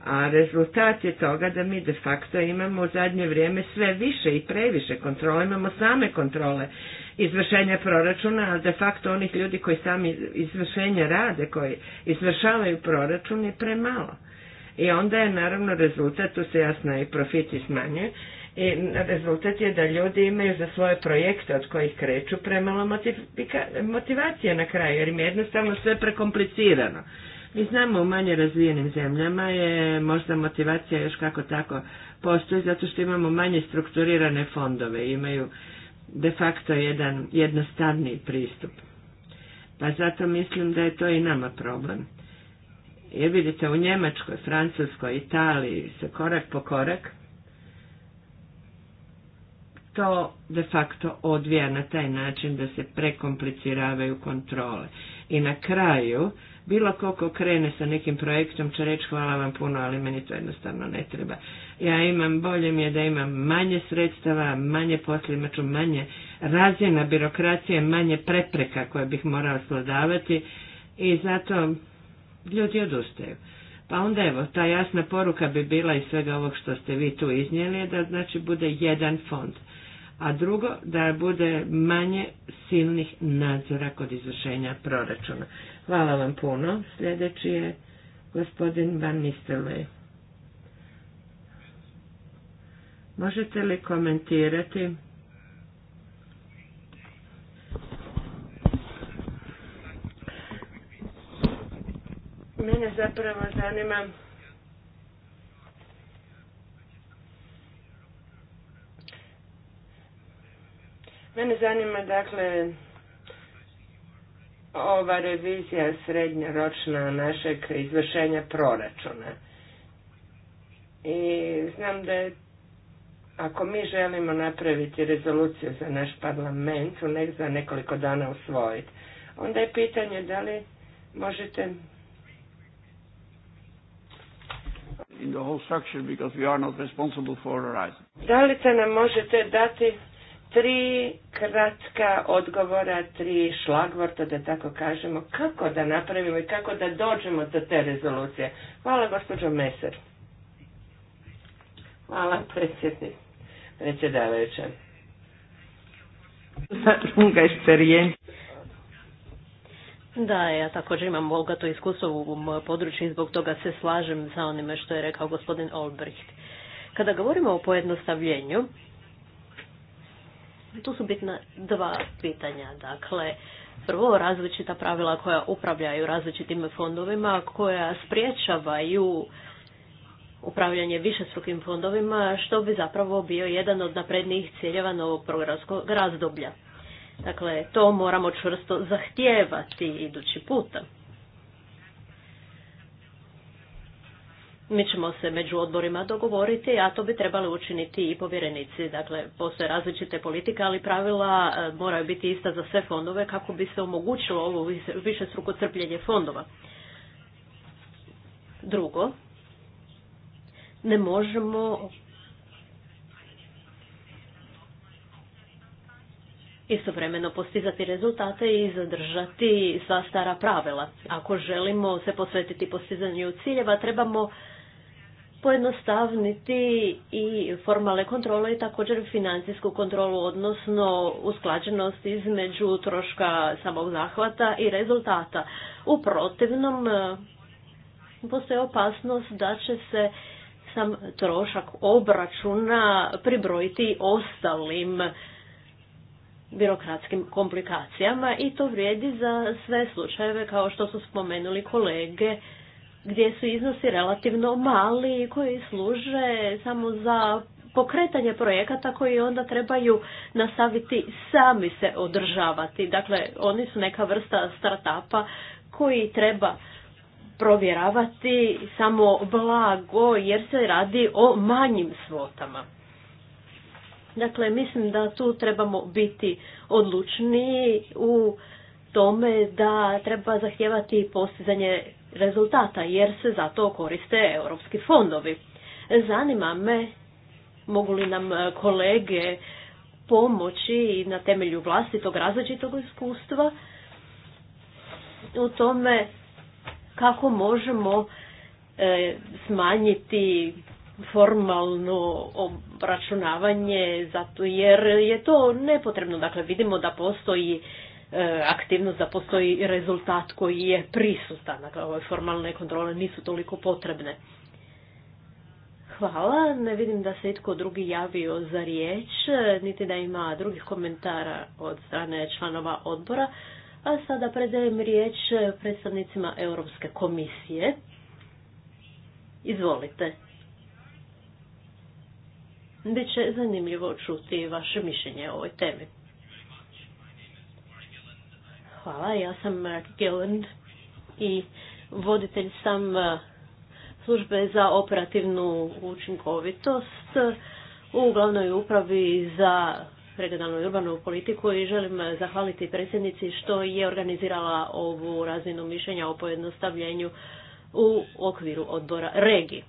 S2: A rezultat je toga da mi de facto imamo u zadnje vrijeme sve više i previše kontrole, imamo same kontrole izvršenja proračuna, a de facto onih ljudi koji sami izvršenja rade, koji izvršavaju proračun je premalo. I onda je naravno rezultat, tu se jasno i profiti smanjuje, i rezultat je da ljudi imaju za svoje projekte od kojih kreću premalo motivacije na kraju, jer im je jednostavno sve prekomplicirano. Mi znamo u manje razvijenim zemljama je možda motivacija još kako tako postoji, zato što imamo manje strukturirane fondove, imaju de facto jedan jednostavni pristup. Pa zato mislim da je to i nama problem. Jer vidite, u Njemačkoj, Francuskoj, Italiji se korak po korak to de facto odvija na taj način da se prekompliciravaju kontrole. I na kraju, bilo koliko krene sa nekim projektom će reći hvala vam puno, ali meni to jednostavno ne treba. Ja imam, bolje mi je da imam manje sredstava, manje posla, manje razina birokracije, manje prepreka koje bih morala sladavati i zato ljudi odustaju. Pa onda evo, ta jasna poruka bi bila iz svega ovog što ste vi tu iznijeli, da znači bude jedan fond a drugo da bude manje silnih nadzora kod izvršenja proračuna. Hvala vam puno. Sljedeći je gospodin Van Nistelvej. Možete li komentirati Mene zapravo zanima Mene zanima, dakle, ova revizija srednjoročna našeg izvršenja proračuna. I znam da je, ako mi želimo napraviti rezoluciju za naš parlament, u nek za nekoliko dana usvojiti, onda je pitanje da li možete... In Da li te nam možete dati tri kratka odgovora, tri šlagvorta, da tako kažemo, kako da napravimo i kako da dođemo do te rezolucije. Hvala gospođo Meser. Hvala predsjednik, predsjedavajuća.
S1: Da, ja također imam bogato iskustvo u mojoj području i zbog toga se slažem sa onime što je rekao gospodin Olbricht. Kada govorimo o pojednostavljenju, tu su bitna dva pitanja. Dakle, prvo različita pravila koja upravljaju različitim fondovima, koja spriječavaju upravljanje višestrukim fondovima, što bi zapravo bio jedan od naprednijih ciljeva novog programskog razdoblja. Dakle, to moramo čvrsto zahtijevati idući puta. Mi ćemo se među odborima dogovoriti, a to bi trebali učiniti i povjerenici. Dakle, postoje različite politike, ali pravila e, moraju biti ista za sve fondove kako bi se omogućilo ovo više struko crpljenje fondova. Drugo, ne možemo istovremeno postizati rezultate i zadržati sva stara pravila. Ako želimo se posvetiti postizanju ciljeva, trebamo pojednostavniti i formalne kontrole i također financijsku kontrolu, odnosno usklađenost između troška samog zahvata i rezultata. U protivnom, postoji opasnost da će se sam trošak obračuna pribrojiti ostalim birokratskim komplikacijama i to vrijedi za sve slučajeve kao što su spomenuli kolege gdje su iznosi relativno mali i koji služe samo za pokretanje projekata koji onda trebaju nastaviti sami se održavati. Dakle, oni su neka vrsta startupa koji treba provjeravati samo blago jer se radi o manjim svotama. Dakle, mislim da tu trebamo biti odlučniji u tome da treba zahtijevati postizanje rezultata jer se za to koriste europski fondovi. Zanima me mogu li nam e, kolege pomoći na temelju vlastitog različitog iskustva u tome kako možemo e, smanjiti formalno obračunavanje zato jer je to nepotrebno. Dakle, vidimo da postoji E, aktivnost, da postoji rezultat koji je prisutan. Dakle, ove formalne kontrole nisu toliko potrebne. Hvala. Ne vidim da se itko drugi javio za riječ, niti da ima drugih komentara od strane članova odbora. A sada predajem riječ predstavnicima Europske komisije. Izvolite. Biće zanimljivo čuti vaše mišljenje o ovoj temi. Hvala, ja sam eh, Gilland i voditelj sam eh, službe za operativnu učinkovitost eh, u glavnoj upravi za regionalnu i urbanu politiku i želim zahvaliti predsjednici što je organizirala ovu razinu mišljenja o pojednostavljenju u okviru odbora regije.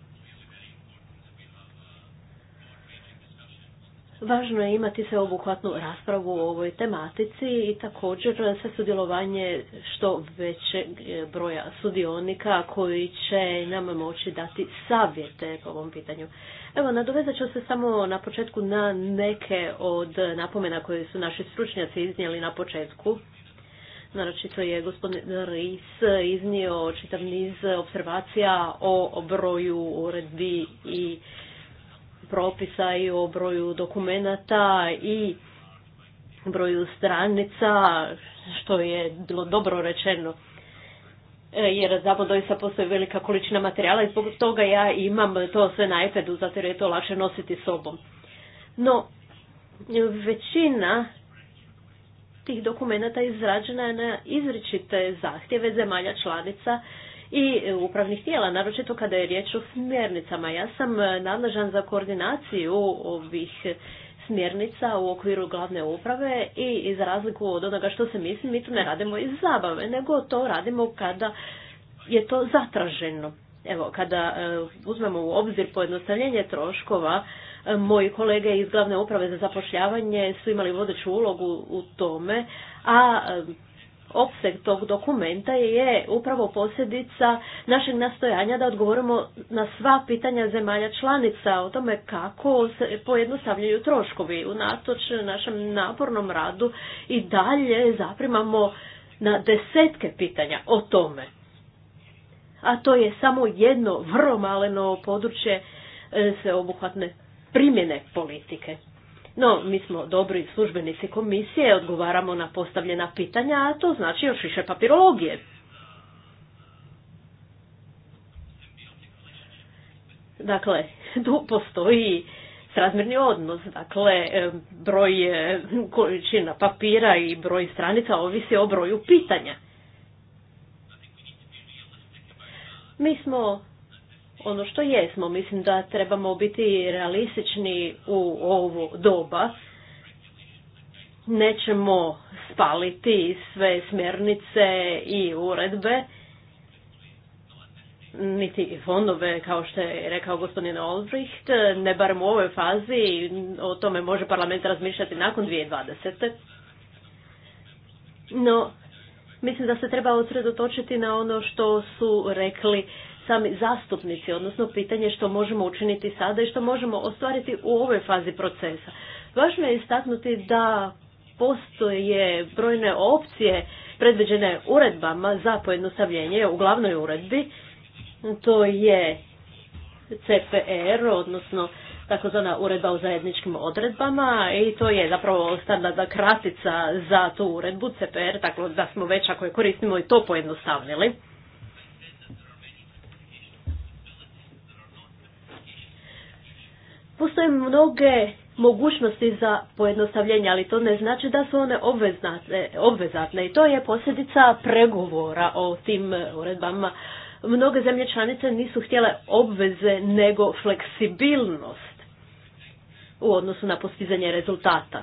S1: Važno je imati obuhvatnu raspravu o ovoj tematici i također sve sudjelovanje što većeg e, broja sudionika koji će nam moći dati savjete po ovom pitanju. Evo, nadovezat ću se samo na početku na neke od napomena koje su naši stručnjaci iznijeli na početku. Naročito je gospodin Ris iznio čitav niz observacija o broju uredbi i propisa i o broju dokumenata i broju stranica, što je bilo dobro rečeno. E, jer zapravo doista postoji velika količina materijala i zbog toga ja imam to sve na iPadu, zato jer je to lakše nositi sobom. No, većina tih dokumenata izrađena je na izričite zahtjeve zemalja članica i e, upravnih tijela, naročito kada je riječ o smjernicama. Ja sam e, nadležan za koordinaciju ovih smjernica u okviru glavne uprave i za razliku od onoga što se misli, mi to ne radimo iz zabave, nego to radimo kada je to zatraženo. Evo, kada e, uzmemo u obzir pojednostavljenje troškova, moji kolege iz glavne uprave za zapošljavanje su imali vodeću ulogu u tome, a opseg tog dokumenta je upravo posljedica našeg nastojanja da odgovorimo na sva pitanja zemalja članica o tome kako se pojednostavljaju troškovi. Unatoč našem napornom radu i dalje zaprimamo na desetke pitanja o tome. A to je samo jedno vrlo maleno područje e, sveobuhvatne primjene politike. No, mi smo dobri službenici komisije, odgovaramo na postavljena pitanja, a to znači još više papirologije. Dakle, tu postoji srazmjerni odnos, dakle, e, broj e, količina papira i broj stranica ovisi o broju pitanja. Mi smo ono što jesmo. Mislim da trebamo biti realistični u ovo doba. Nećemo spaliti sve smjernice i uredbe, niti fondove, kao što je rekao gospodin Olbricht, ne barem u ovoj fazi, o tome može parlament razmišljati nakon 2020. No, mislim da se treba usredotočiti na ono što su rekli sami zastupnici, odnosno pitanje što možemo učiniti sada i što možemo ostvariti u ovoj fazi procesa. Važno je istaknuti da postoje brojne opcije predviđene uredbama za pojednostavljenje u glavnoj uredbi. To je CPR, odnosno takozvana uredba o zajedničkim odredbama i to je zapravo standardna kratica za tu uredbu CPR, tako da smo već ako je koristimo i to pojednostavnili. Postoje mnoge mogućnosti za pojednostavljenje, ali to ne znači da su one obvezatne i to je posljedica pregovora o tim e, uredbama. Mnoge zemlje članice nisu htjele obveze nego fleksibilnost u odnosu na postizanje rezultata.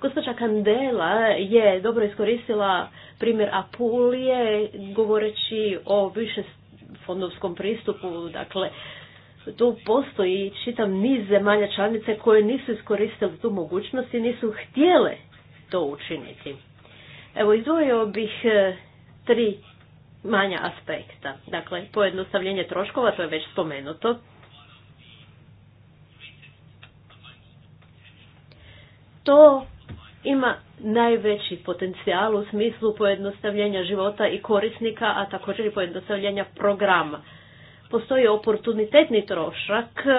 S1: Gospođa Kandela je dobro iskoristila primjer Apulije govoreći o više fondovskom pristupu, dakle tu postoji čitav niz zemalja članice koje nisu iskoristile tu mogućnost i nisu htjele to učiniti. Evo, izdvojio bih e, tri manja aspekta. Dakle, pojednostavljenje troškova, to je već spomenuto. To ima najveći potencijal u smislu pojednostavljenja života i korisnika, a također i pojednostavljenja programa postoji oportunitetni trošak e,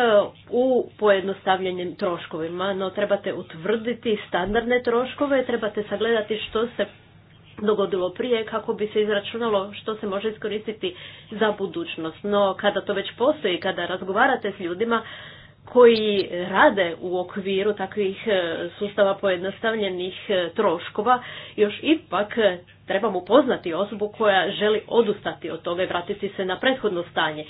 S1: u pojednostavljenim troškovima, no trebate utvrditi standardne troškove, trebate sagledati što se dogodilo prije kako bi se izračunalo što se može iskoristiti za budućnost. No kada to već postoji, kada razgovarate s ljudima, koji rade u okviru takvih e, sustava pojednostavljenih e, troškova, još ipak e, trebamo poznati osobu koja želi odustati od toga i vratiti se na prethodno stanje.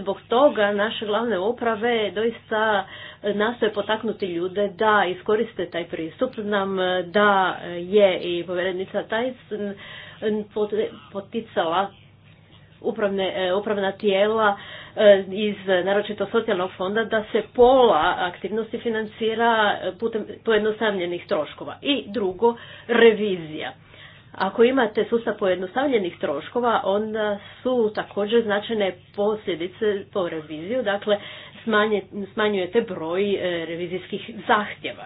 S1: Zbog toga naše glavne uprave doista nastoje potaknuti ljude da iskoriste taj pristup. Znam da je i povjerenica taj poticala upravne, upravna tijela E, iz naročito socijalnog fonda da se pola aktivnosti financira e, putem pojednostavljenih troškova. I drugo, revizija. Ako imate sustav pojednostavljenih troškova, onda su također značajne posljedice po reviziju, dakle smanjujete broj e, revizijskih zahtjeva.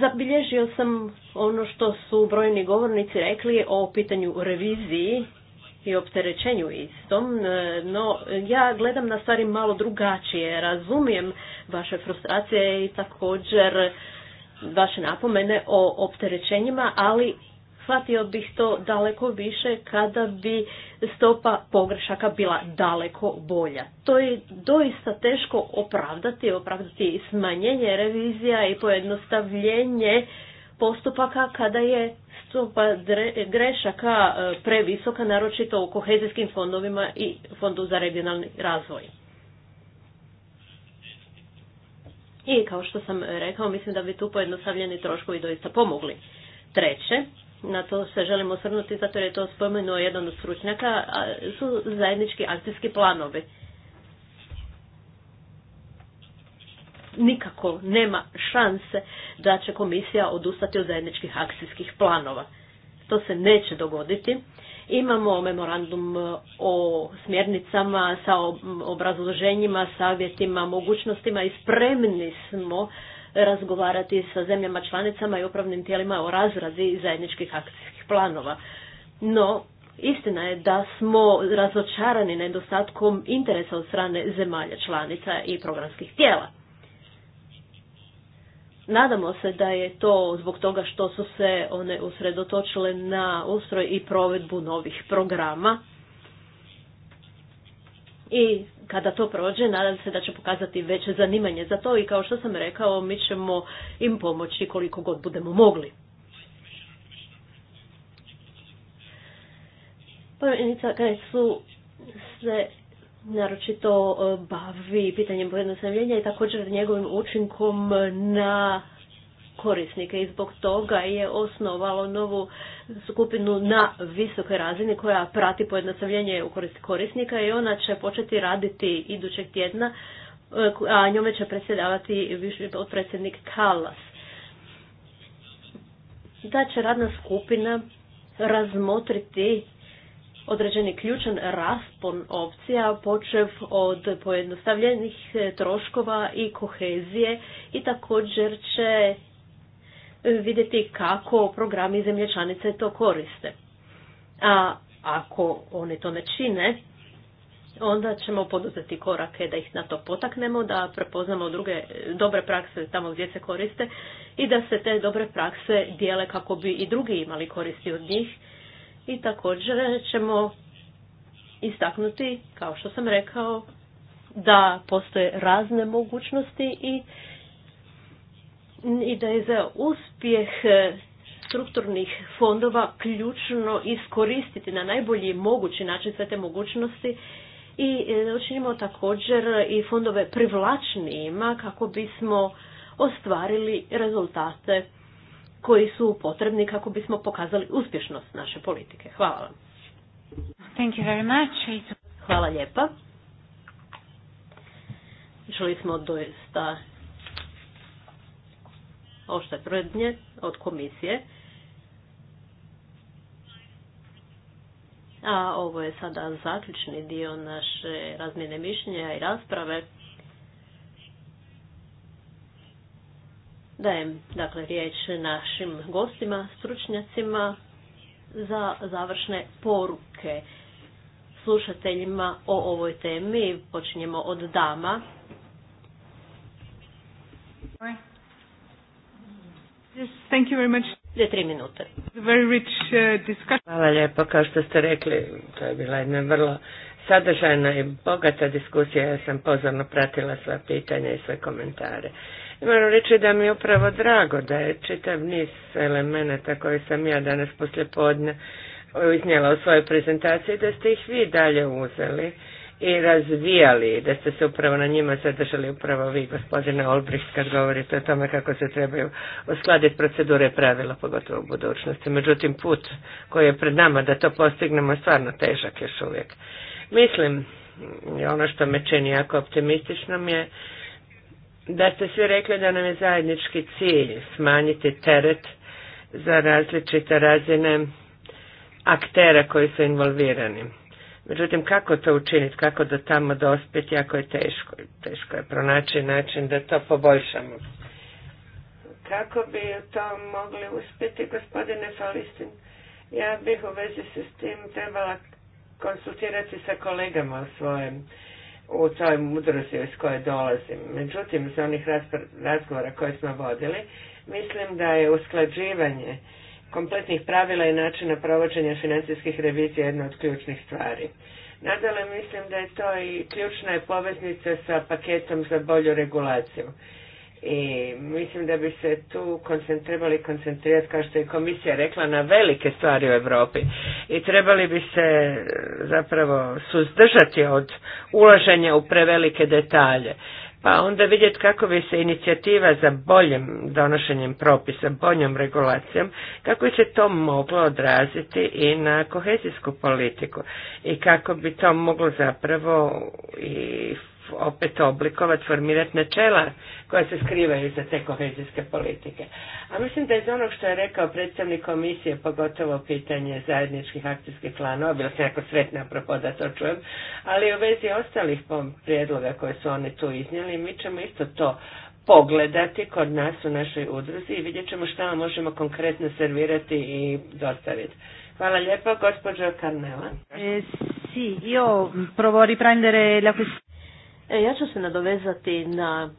S1: Zabilježio sam ono što su brojni govornici rekli o pitanju reviziji i opterećenju istom, e, no ja gledam na stvari malo drugačije, razumijem vaše frustracije i također vaše napomene o opterećenjima, ali shvatio bih to daleko više kada bi stopa pogrešaka bila daleko bolja. To je doista teško opravdati, opravdati smanjenje revizija i pojednostavljenje postupaka kada je stopa grešaka e, previsoka, naročito u kohezijskim fondovima i fondu za regionalni razvoj. I kao što sam rekao, mislim da bi tu pojednostavljeni troškovi doista pomogli. Treće, na to se želim osvrnuti zato jer je to spomenuo jedan od stručnjaka, su zajednički akcijski planovi. nikako nema šanse da će komisija odustati od zajedničkih akcijskih planova. To se neće dogoditi. Imamo memorandum e, o smjernicama, sa obrazloženjima, savjetima, mogućnostima i spremni smo razgovarati sa zemljama članicama i upravnim tijelima o razrazi zajedničkih akcijskih planova. No, Istina je da smo razočarani nedostatkom interesa od strane zemalja članica i programskih tijela. Nadamo se da je to zbog toga što su se one usredotočile na ustroj i provedbu novih programa. I kada to prođe, nadam se da će pokazati veće zanimanje za to i kao što sam rekao, mi ćemo im pomoći koliko god budemo mogli. Prvenica pa, su se naročito e, bavi pitanjem pojednostavljenja i također njegovim učinkom na korisnike i zbog toga je osnovalo novu skupinu na visokoj razini koja prati pojednostavljenje u korist korisnika i ona će početi raditi idućeg tjedna, e, a njome će predsjedavati predsjednik Kalas. Da će radna skupina razmotriti određeni ključan raspon opcija počev od pojednostavljenih e, troškova i kohezije i također će e, vidjeti kako programi zemlje članice to koriste. A ako oni to ne čine, onda ćemo poduzeti korake da ih na to potaknemo, da prepoznamo druge e, dobre prakse tamo gdje se koriste i da se te dobre prakse dijele kako bi i drugi imali koristi od njih i također ćemo istaknuti, kao što sam rekao, da postoje razne mogućnosti i, i da je za uspjeh strukturnih fondova ključno iskoristiti na najbolji mogući način sve te mogućnosti i e, učinimo također i fondove privlačnijima kako bismo ostvarili rezultate koji su potrebni kako bismo pokazali uspješnost naše politike. Hvala vam. Thank you very much. Hvala lijepa. Čuli smo doista ošte prednje od komisije. A ovo je sada zaključni dio naše razmjene mišljenja i rasprave. Dajem dakle riječ našim gostima, stručnjacima za završne poruke slušateljima o ovoj temi. Počinjemo od dama. Thank tri minute. Uh, Hvala lijepo,
S2: kao što ste rekli, to je bila jedna vrlo sadržajna i bogata diskusija. Ja sam pozorno pratila sva pitanja i sve komentare. Moram reći da mi je upravo drago da je čitav niz elemenata koje sam ja danas poslje podne e, iznijela u svojoj prezentaciji, da ste ih vi dalje uzeli i razvijali, da ste se upravo na njima zadržali upravo vi, gospodine Olbrich kad govorite o tome kako se trebaju uskladiti procedure pravila, pogotovo u budućnosti. Međutim, put koji je pred nama da to postignemo je stvarno težak još uvijek. Mislim, ono što me čini jako optimističnom je da ste svi rekli da nam je zajednički cilj smanjiti teret za različite razine aktera koji su involvirani. Međutim, kako to učiniti, kako da tamo dospjeti, ako je teško. Teško je pronaći način da to poboljšamo. Kako bi to mogli uspjeti, gospodine Falistin? Ja bih u vezi se s tim trebala konsultirati sa kolegama o svojem u toj mudrosti iz koje dolazim. Međutim, iz onih razgovora koje smo vodili, mislim da je usklađivanje kompletnih pravila i načina provođenja financijskih revizija jedna od ključnih stvari. Nadalje, mislim da je to i ključna je poveznica sa paketom za bolju regulaciju. I mislim da bi se tu trebali koncentrirati, kao što je komisija rekla, na velike stvari u Europi. I trebali bi se e, zapravo suzdržati od ulaženja u prevelike detalje. Pa onda vidjeti kako bi se inicijativa za boljim donošenjem propisa, boljom regulacijom, kako bi se to moglo odraziti i na kohezijsku politiku i kako bi to moglo zapravo i opet oblikovati, formirati načela koja se skrivaju iza te kohezijske politike. A mislim da iz onog što je rekao predstavnik komisije, pogotovo pitanje zajedničkih akcijskih planova, bilo sam jako sretna apropo da to čujem, ali u vezi ostalih prijedloga koje su oni tu iznijeli, mi ćemo isto to pogledati kod nas u našoj udruzi i vidjet ćemo šta vam možemo konkretno servirati i dostaviti. Hvala lijepo, gospođo
S1: Karnela. Eh, si, io provo riprendere la questione. E, ja ću se nadovezati na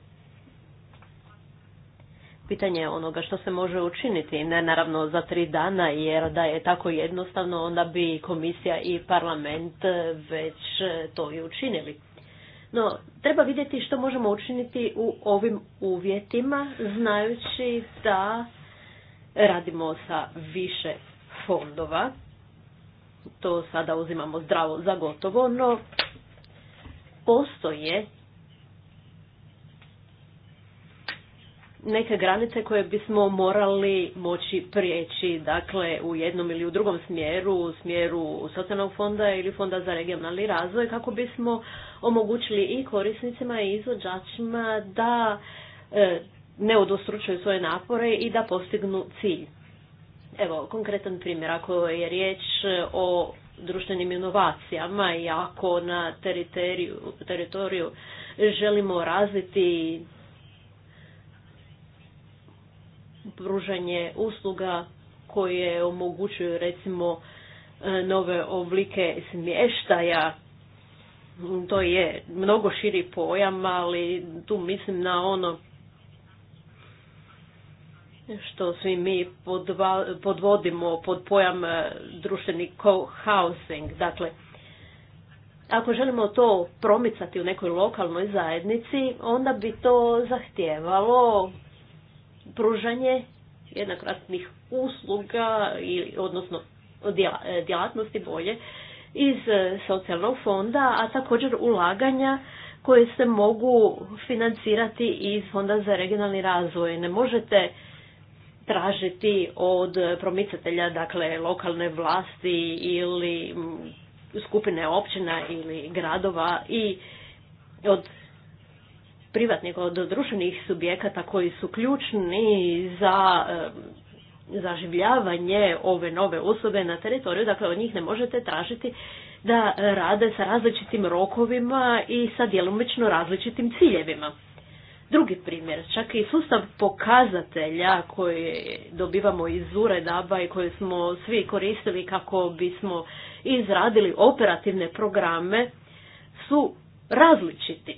S1: pitanje onoga što se može učiniti. Ne naravno za tri dana, jer da je tako jednostavno, onda bi komisija i parlament e, već e, to i učinili. No, treba vidjeti što možemo učiniti u ovim uvjetima, znajući da radimo sa više fondova. To sada uzimamo zdravo za gotovo, no postoje neke granice koje bismo morali moći prijeći, dakle u jednom ili u drugom smjeru, u smjeru socijalnog fonda ili fonda za regionalni razvoj, kako bismo omogućili i korisnicima i izvođačima da e, ne odostručuju svoje napore i da postignu cilj. Evo, konkretan primjer, ako je riječ o društvenim inovacijama i ako na teritoriju, želimo razviti pružanje usluga koje omogućuju recimo e, nove oblike smještaja. To je mnogo širi pojam, ali tu mislim na ono što svi mi podvodimo pod pojam e, društveni co-housing. Dakle, ako želimo to promicati u nekoj lokalnoj zajednici, onda bi to zahtijevalo pružanje jednokratnih usluga, ili, odnosno e, djelatnosti bolje, iz e, socijalnog fonda, a također ulaganja koje se mogu financirati iz Fonda za regionalni razvoj. Ne možete tražiti od promicatelja, dakle lokalne vlasti ili skupine općina ili gradova i od privatnih, od društvenih subjekata koji su ključni za e, zaživljavanje ove nove osobe na teritoriju, dakle od njih ne možete tražiti da rade sa različitim rokovima i sa djelomično različitim ciljevima. Drugi primjer, čak i sustav pokazatelja koji dobivamo iz uredaba i koje smo svi koristili kako bismo izradili operativne programe su različiti.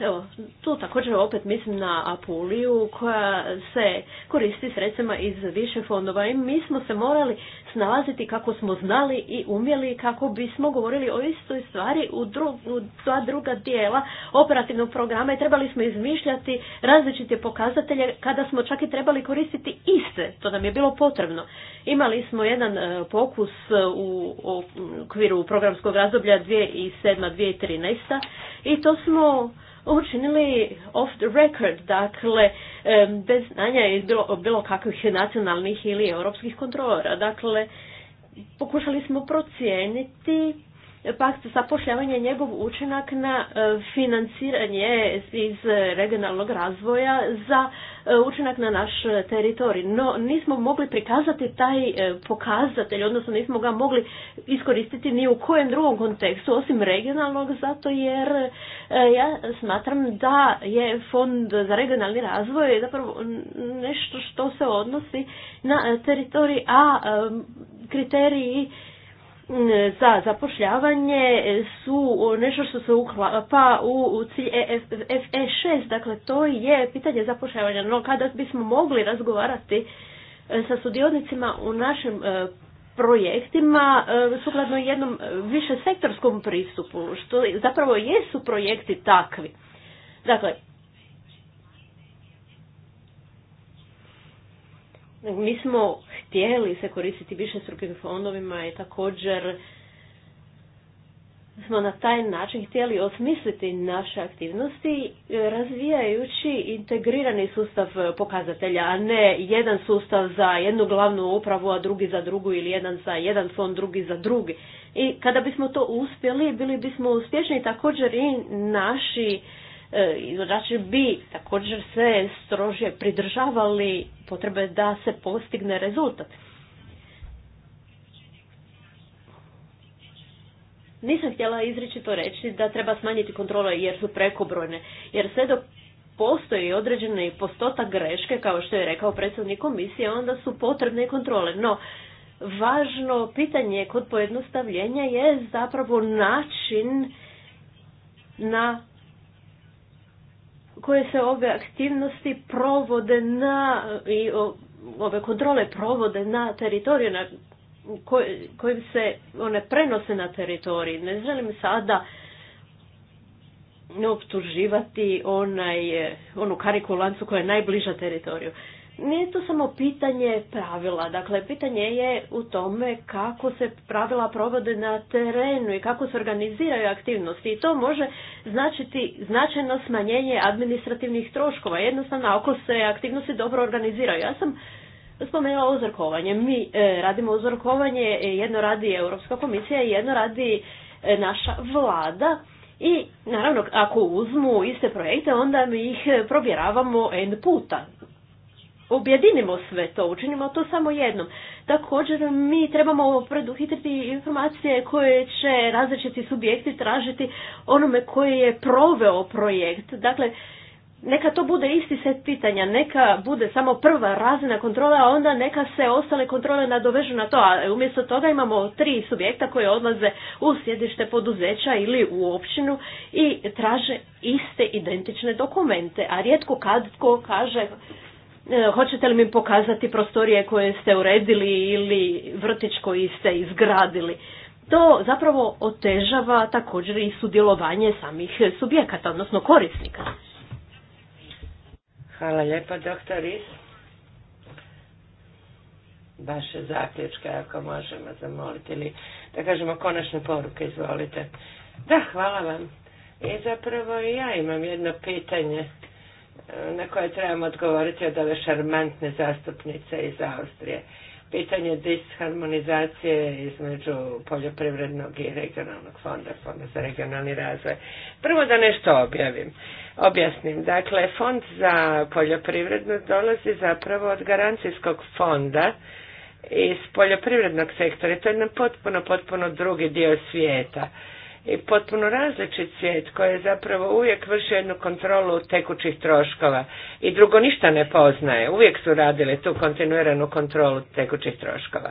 S1: Evo, tu također opet mislim na Apuliju koja se koristi sredstvima iz više fondova i mi smo se morali snalaziti kako smo znali i umjeli kako bismo govorili o istoj stvari u, dru, u dva druga dijela operativnog programa i trebali smo izmišljati različite pokazatelje kada smo čak i trebali koristiti iste, to nam je bilo potrebno. Imali smo jedan e, pokus e, u okviru programskog razdoblja 2007-2013 i to smo učinili off the record, dakle bez znanja iz bilo, bilo kakvih nacionalnih ili europskih kontrolora. Dakle, pokušali smo procijeniti pak zapošljavanja je njegov učinak na e, financiranje iz regionalnog razvoja za e, učinak na naš teritorij. No nismo mogli prikazati taj e, pokazatelj, odnosno nismo ga mogli iskoristiti ni u kojem drugom kontekstu osim regionalnog, zato jer ja smatram da je fond za regionalni razvoj zapravo nešto što se odnosi na teritorij, a kriteriji za zapošljavanje su nešto što se uklapa u cilj e FE6, dakle to je pitanje zapošljavanja. No kada bismo mogli razgovarati e, sa sudionicima u našim e, projektima sukladno jednom više sektorskom pristupu, što zapravo jesu projekti takvi. Dakle, Mi smo htjeli se koristiti više strukim fondovima i također smo na taj način htjeli osmisliti naše aktivnosti razvijajući integrirani sustav pokazatelja, a ne jedan sustav za jednu glavnu upravu, a drugi za drugu ili jedan za jedan fond, drugi za drugi. I kada bismo to uspjeli, bili bismo uspješni također i naši E, izvođači bi također se strožije pridržavali potrebe da se postigne rezultat. Nisam htjela izričito reći da treba smanjiti kontrole jer su prekobrojne, jer sve dok postoji određeni postotak greške, kao što je rekao predsjednik komisije, onda su potrebne kontrole. No, važno pitanje kod pojednostavljenja je zapravo način na koje se ove aktivnosti provode na i ove kontrole provode na teritoriju na kojim se one prenose na teritoriji Ne želim sada optuživati onaj, onu karikulancu koja je najbliža teritoriju. Nije to samo pitanje pravila, dakle pitanje je u tome kako se pravila provode na terenu i kako se organiziraju aktivnosti i to može značiti značajno smanjenje administrativnih troškova, jednostavno ako se aktivnosti dobro organiziraju. Ja sam spomenula uzorkovanje, mi e, radimo uzorkovanje, e, jedno radi Europska komisija i jedno radi e, naša vlada. I naravno, ako uzmu iste projekte, onda mi ih provjeravamo N puta objedinimo sve to, učinimo to samo jednom. Također mi trebamo preduhitriti informacije koje će različiti subjekti tražiti onome koji je proveo projekt. Dakle, neka to bude isti set pitanja, neka bude samo prva razina kontrola, a onda neka se ostale kontrole nadovežu na to, a umjesto toga imamo tri subjekta koje odlaze u sjedište poduzeća ili u općinu i traže iste identične dokumente, a rijetko kad tko kaže E, hoćete li mi pokazati prostorije koje ste uredili ili vrtić koji ste izgradili. To zapravo otežava također i sudjelovanje samih subjekata, odnosno korisnika.
S2: Hvala lijepa, doktor Is. Vaše zaključke, ako možemo, zamoliti ili da kažemo konačne poruke, izvolite. Da, hvala vam. I zapravo i ja imam jedno pitanje na koje trebamo odgovoriti od ove šarmantne zastupnice iz Austrije. Pitanje disharmonizacije između poljoprivrednog i regionalnog fonda, fonda za regionalni razvoj. Prvo da nešto objavim, objasnim. Dakle, fond za poljoprivrednu dolazi zapravo od garancijskog fonda iz poljoprivrednog sektora. To je nam potpuno, potpuno drugi dio svijeta i potpuno različit svijet koji je zapravo uvijek vršio jednu kontrolu tekućih troškova i drugo ništa ne poznaje. Uvijek su radili tu kontinuiranu kontrolu tekućih troškova.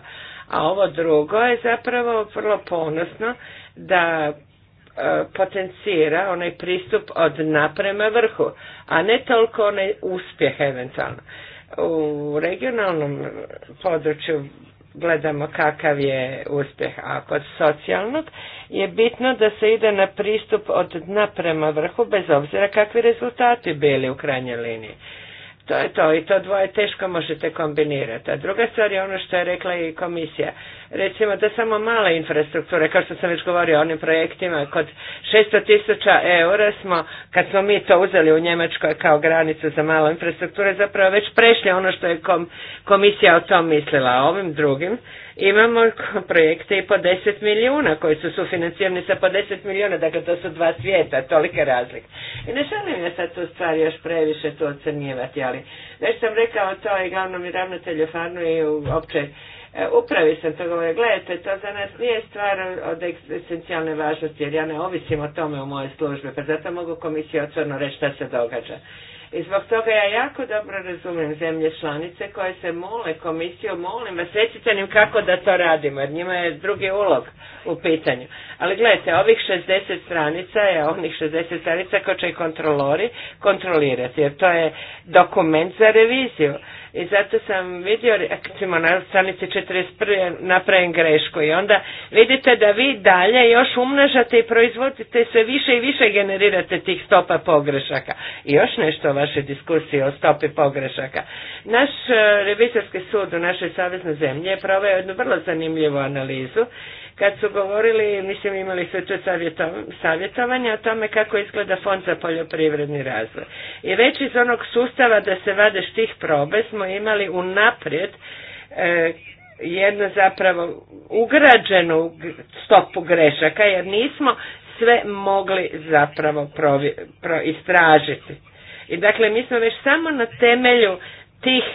S2: A ovo drugo je zapravo vrlo ponosno da e, potencira onaj pristup od naprema vrhu, a ne toliko onaj uspjeh eventualno. U regionalnom području gledamo kakav je uspjeh. A kod socijalnog je bitno da se ide na pristup od dna prema vrhu bez obzira kakvi rezultati bili u krajnjoj liniji. To je to i to dvoje teško možete kombinirati. A druga stvar je ono što je rekla i komisija. Recimo da samo male infrastrukture, kao što sam već govorio o onim projektima, kod 600 tisuća eura smo, kad smo mi to uzeli u Njemačkoj kao granicu za malo infrastrukture, zapravo već prešli ono što je komisija o tom mislila, a ovim drugim Imamo projekte i po 10 milijuna koji su sufinancirani sa po 10 milijuna, dakle to su dva svijeta, tolike razlike. I ne želim ja sad tu stvar još previše tu ocrnjivati, ali već sam rekao to i glavnom i ravnatelju Farnu i uopće upravi sam to govorio, gledajte, to za nas nije stvar od esencijalne važnosti, jer ja ne ovisim o tome u moje službe, pa zato mogu komisija otvorno reći šta se događa. I zbog toga ja jako dobro razumijem zemlje članice koje se mole komisiju, molim vas, recite njim kako da to radimo, jer njima je drugi ulog u pitanju. Ali gledajte, ovih 60 stranica je onih 60 stranica koje će kontrolori kontrolirati, jer to je dokument za reviziju. I zato sam vidio, recimo na stranici 41. E, napravim grešku i onda vidite da vi dalje još umnažate i proizvodite sve više i više generirate tih stopa pogrešaka. I još nešto o vašoj diskusiji o stopi pogrešaka. Naš e, revizorski sud u našoj saveznoj zemlji je proveo jednu vrlo zanimljivu analizu kad su govorili, mislim imali su to savjetovanje o tome kako izgleda fond za poljoprivredni razvoj. I već iz onog sustava da se vade štih probe smo imali unaprijed e, jednu zapravo ugrađenu stopu grešaka jer nismo sve mogli zapravo istražiti. I dakle mi smo već samo na temelju tih,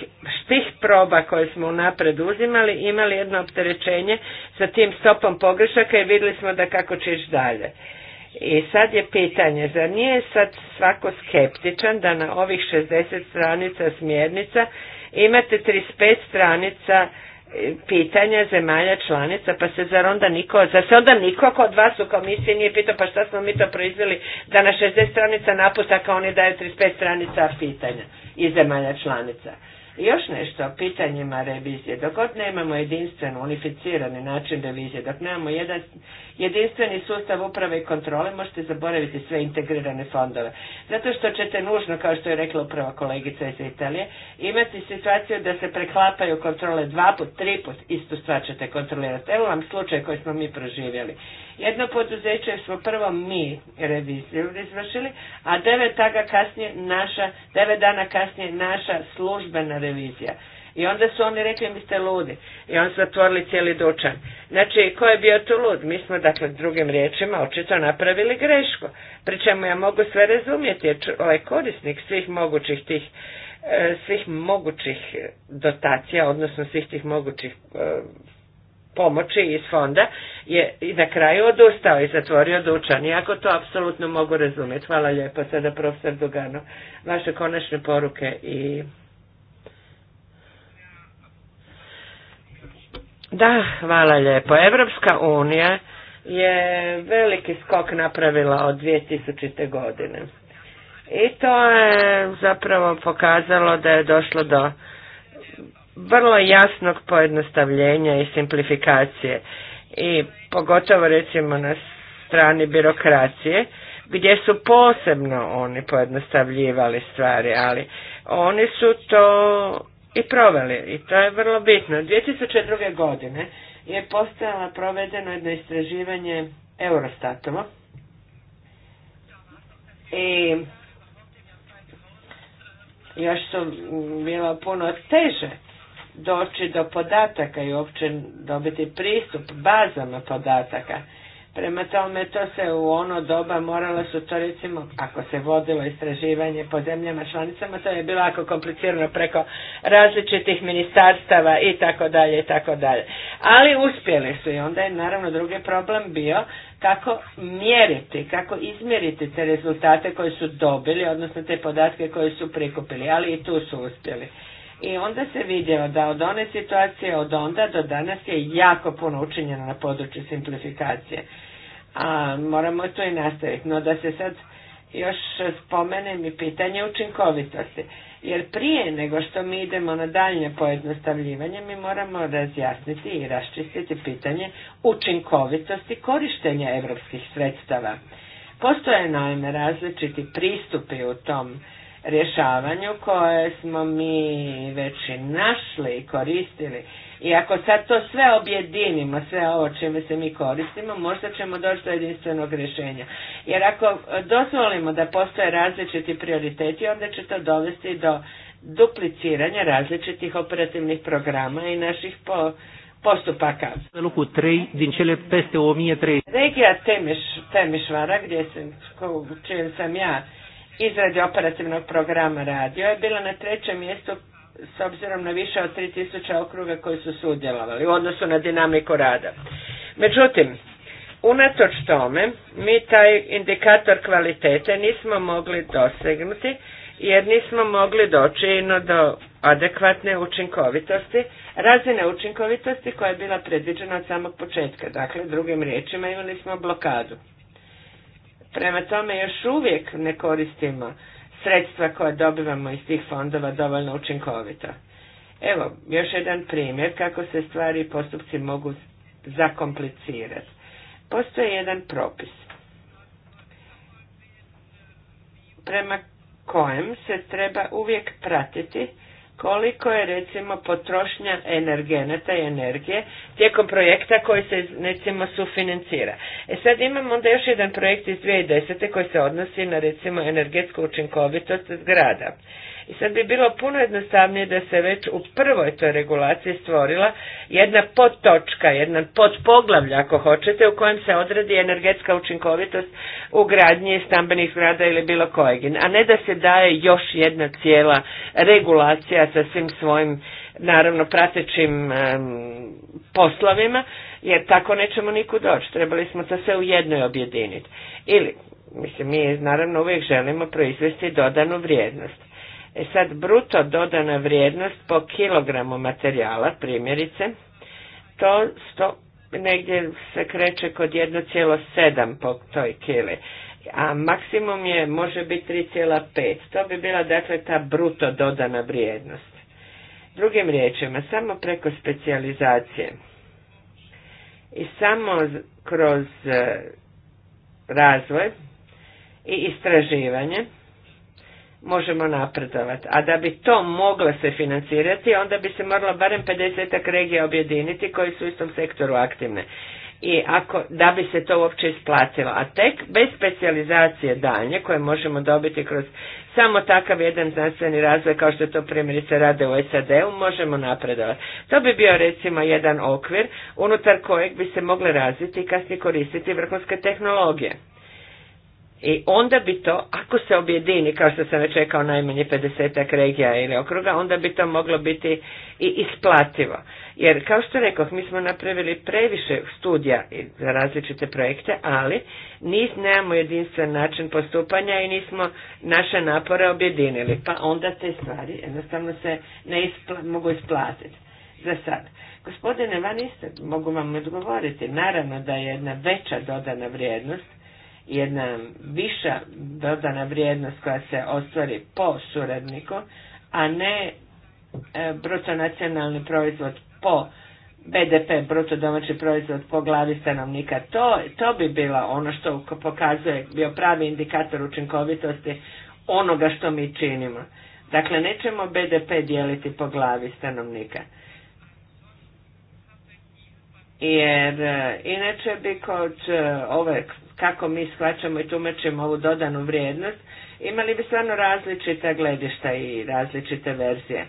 S2: tih proba koje smo unapred uzimali imali jedno opterećenje sa tim stopom pogrešaka i vidjeli smo da kako će ići dalje. I sad je pitanje, zar nije sad svako skeptičan da na ovih 60 stranica smjernica imate 35 stranica pitanja zemalja članica, pa se zar onda niko, za se onda niko kod vas u komisiji nije pitao pa šta smo mi to proizveli da na 60 stranica naputaka oni daju 35 stranica pitanja i zemalja članica. Još nešto o pitanjima revizije. Dok god nemamo jedinstven, unificirani način revizije, dok nemamo jedan jedinstveni sustav uprave i kontrole, možete zaboraviti sve integrirane fondove. Zato što ćete nužno, kao što je rekla upravo kolegica iz Italije, imati situaciju da se preklapaju kontrole dva put, tri put, istu stvar ćete kontrolirati. Evo vam slučaj koji smo mi proživjeli. Jedno poduzeće smo prvo mi reviziju izvršili, a devet taga kasnije naša, devet dana kasnije naša službena revizija. I onda su oni rekli mi ste ludi. I onda su otvorili cijeli dučan. Znači, ko je bio tu lud? Mi smo, dakle, drugim riječima očito napravili grešku. Pri čemu ja mogu sve razumjeti, jer ovaj korisnik svih mogućih tih e, svih mogućih dotacija, odnosno svih tih mogućih e, pomoći iz fonda je i na kraju odustao i zatvorio dučan. Iako to apsolutno mogu razumjeti. Hvala lijepo sada profesor Dugano. Vaše konačne poruke i... Da, hvala lijepo. Evropska unija je veliki skok napravila od 2000. godine. I to je zapravo pokazalo da je došlo do vrlo jasnog pojednostavljenja i simplifikacije i pogotovo recimo na strani birokracije gdje su posebno oni pojednostavljivali stvari, ali oni su to i proveli i to je vrlo bitno. 2002. godine je postojala provedeno jedno istraživanje Eurostatova i još su bila puno teže doći do podataka i uopće dobiti pristup bazama podataka. Prema tome to se u ono doba moralo su to recimo, ako se vodilo istraživanje po zemljama članicama, to je bilo jako komplicirano preko različitih ministarstava i tako dalje i tako dalje. Ali uspjeli su i onda je naravno drugi problem bio kako mjeriti, kako izmjeriti te rezultate koje su dobili, odnosno te podatke koje su prikupili, ali i tu su uspjeli. I onda se vidjelo da od one situacije od onda do danas je jako puno učinjeno na području simplifikacije. A moramo to i nastaviti. No da se sad još spomenem i pitanje učinkovitosti. Jer prije nego što mi idemo na daljnje pojednostavljivanje, mi moramo razjasniti i raščistiti pitanje učinkovitosti korištenja europskih sredstava. Postoje naime različiti pristupi u tom rješavanju koje smo mi već i našli i koristili. I ako sad to sve objedinimo, sve ovo čime se mi koristimo, možda ćemo doći do jedinstvenog rješenja. Jer ako dozvolimo da postoje različiti prioriteti, onda će to dovesti do dupliciranja različitih operativnih programa i naših po, postupaka. Regija Temišvara, gdje sam, ko, čijem sam ja izradi operativnog programa radio je bila na trećem mjestu s obzirom na više od 3000 okruga koji su sudjelovali u odnosu na dinamiku rada. Međutim, unatoč tome mi taj indikator kvalitete nismo mogli dosegnuti jer nismo mogli doći do adekvatne učinkovitosti, razine učinkovitosti koja je bila predviđena od samog početka. Dakle, drugim riječima imali smo blokadu. Prema tome još uvijek ne koristimo sredstva koja dobivamo iz tih fondova dovoljno učinkovito. Evo, još jedan primjer kako se stvari i postupci mogu zakomplicirati. Postoji jedan propis prema kojem se treba uvijek pratiti koliko je recimo potrošnja energeneta i energije tijekom projekta koji se recimo sufinancira. E sad imamo onda još jedan projekt iz 2010. koji se odnosi na recimo energetsku učinkovitost zgrada. I sad bi bilo puno jednostavnije da se već u prvoj toj regulaciji stvorila jedna podtočka, jedna podpoglavlja ako hoćete u kojem se odredi energetska učinkovitost u gradnji stambenih zgrada ili bilo kojeg. A ne da se daje još jedna cijela regulacija sa svim svojim naravno pratećim poslovima, jer tako nećemo niku doći. Trebali smo to sve u jednoj objediniti. Ili, mislim, mi naravno uvijek želimo proizvesti dodanu vrijednost. E sad, bruto dodana vrijednost po kilogramu materijala, primjerice, to sto, negdje se kreće kod 1,7 po toj kili, a maksimum je, može biti 3,5. To bi bila, dakle, ta bruto dodana vrijednost. Drugim riječima, samo preko specijalizacije i samo kroz e, razvoj i istraživanje možemo napredovati. A da bi to moglo se financirati, onda bi se moralo barem 50 regija objediniti koji su u istom sektoru aktivne. I ako, da bi se to uopće isplatilo. A tek bez specijalizacije danje koje možemo dobiti kroz samo takav jedan znanstveni razvoj kao što to primjerice rade u SAD-u možemo napredovati. To bi bio recimo jedan okvir unutar kojeg bi se mogle razviti i kasnije koristiti vrhunske tehnologije. I onda bi to, ako se objedini, kao što sam već rekao, najmanje 50 regija ili okruga, onda bi to moglo biti i isplativo. Jer, kao što rekao, mi smo napravili previše studija za različite projekte, ali nis, nemamo jedinstven način postupanja i nismo naše napore objedinili. Pa onda te stvari jednostavno se ne ispla, mogu isplatiti za sad. Gospodine Van mogu vam odgovoriti. Naravno da je jedna veća dodana vrijednost jedna viša dodana vrijednost koja se ostvari po suradniku, a ne e, bruto nacionalni proizvod po BDP, bruto domaći proizvod po glavi stanovnika. To, to bi bila ono što pokazuje, bio pravi indikator učinkovitosti onoga što mi činimo. Dakle, nećemo BDP dijeliti po glavi stanovnika jer e, inače bi kod e, ove, kako mi shvaćamo i tumačimo ovu dodanu vrijednost, imali bi stvarno različita gledišta i različite verzije.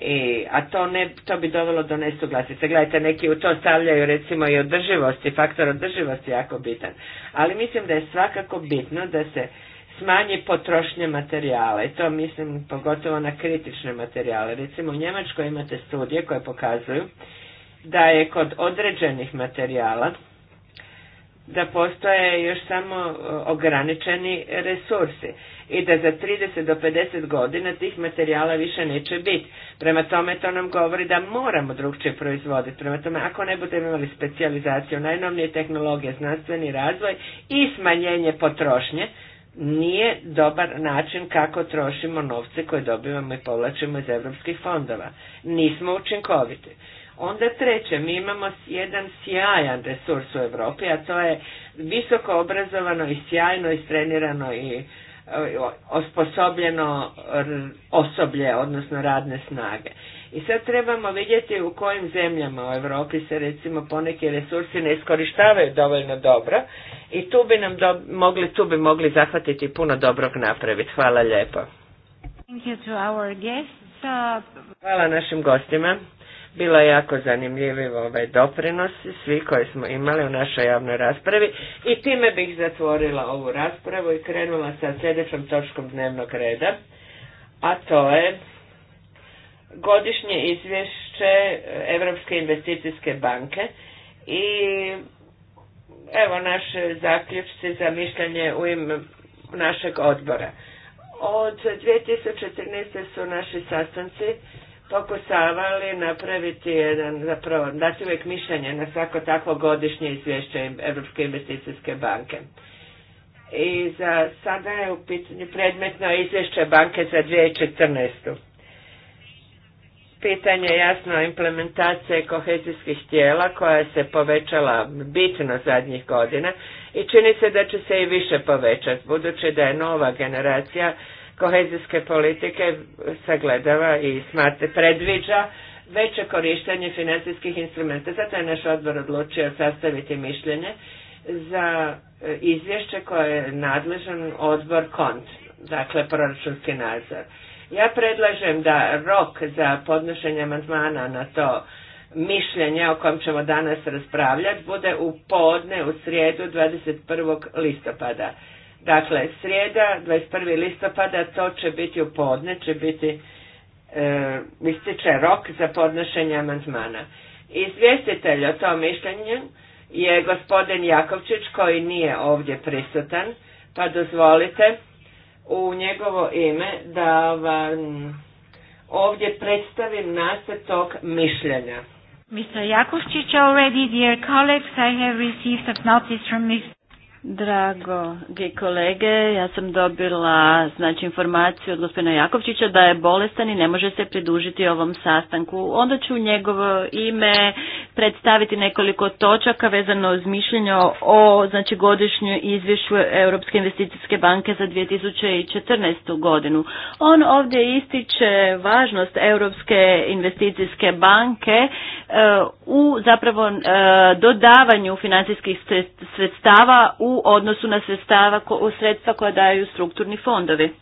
S2: I, a to, ne, to bi dovelo do nesuglasice. Gledajte, neki u to stavljaju recimo i održivost i faktor održivosti jako bitan. Ali mislim da je svakako bitno da se smanji potrošnje materijala i to mislim pogotovo na kritične materijale. Recimo u Njemačkoj imate studije koje pokazuju da je kod određenih materijala da postoje još samo e, ograničeni resursi i da za 30 do 50 godina tih materijala više neće biti. Prema tome to nam govori da moramo drugčije proizvoditi. Prema tome ako ne budemo imali specijalizaciju najnovnije tehnologije, znanstveni razvoj i smanjenje potrošnje, nije dobar način kako trošimo novce koje dobivamo i povlačimo iz europskih fondova. Nismo učinkoviti. Onda treće, mi imamo jedan sjajan resurs u Europi, a to je visoko obrazovano i sjajno istrenirano i e, osposobljeno osoblje, odnosno radne snage. I sad trebamo vidjeti u kojim zemljama u Europi se recimo poneki resursi ne iskorištavaju dovoljno dobro i tu bi nam do, mogli, tu bi mogli zahvatiti puno dobrog napraviti. Hvala lijepo. Uh, Hvala našim gostima. Bila je jako zanimljiv ovaj doprinos svi koje smo imali u našoj javnoj raspravi i time bih zatvorila ovu raspravu i krenula sa sljedećom točkom dnevnog reda, a to je godišnje izvješće Europske investicijske banke i evo naše zaključci za mišljenje u ime našeg odbora. Od 2014. su naši sastanci pokušavali napraviti jedan, zapravo dati uvijek mišljenje na svako takvo godišnje izvješće Europske investicijske banke. I za sada je u pitanju predmetno izvješće banke za 2014. Pitanje jasno implementacije kohezijskih tijela koja se povećala bitno zadnjih godina i čini se da će se i više povećati budući da je nova generacija kohezijske politike sagledava i smate, predviđa veće korištenje financijskih instrumenta. Zato je naš odbor odlučio sastaviti mišljenje za e, izvješće koje je nadležan odbor KONT, dakle proračunski nadzor. Ja predlažem da rok za podnošenje amandmana na to mišljenje o kojem ćemo danas raspravljati bude u podne u srijedu 21. listopada. Dakle, srijeda 21. listopada to će biti u podne, će biti e, rok za podnošenje amandmana. Izvjestitelj o tom mišljenju je gospodin Jakovčić koji nije ovdje prisutan, pa dozvolite u njegovo ime da vam ovdje predstavim nacrt tog mišljenja.
S1: Mr. Jakovčić already, dear colleagues, I have received a notice from Mr. Drago kolege, ja sam dobila znači, informaciju od gospodina Jakovčića da je bolestan i ne može se pridužiti ovom sastanku. Onda ću u njegovo ime predstaviti nekoliko točaka vezano uz mišljenje o znači, godišnju izvješću Europske investicijske banke za 2014. godinu. On ovdje ističe važnost Europske investicijske banke e, u zapravo e, dodavanju financijskih sredstava u u odnosu na sredstava, sredstva koja daju strukturni fondovi.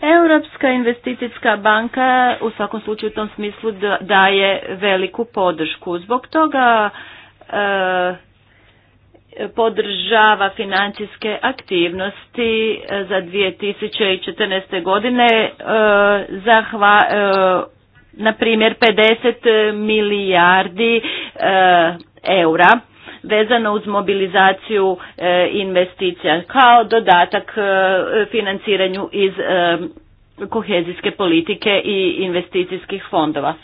S1: Europska investicijska banka u svakom slučaju u tom smislu daje veliku podršku. Zbog toga e, podržava financijske aktivnosti e, za 2014. godine e, za hva, e, na primjer 50 milijardi e, eura vezano uz mobilizaciju e, investicija kao dodatak e, financiranju iz e, kohezijske politike i investicijskih fondova.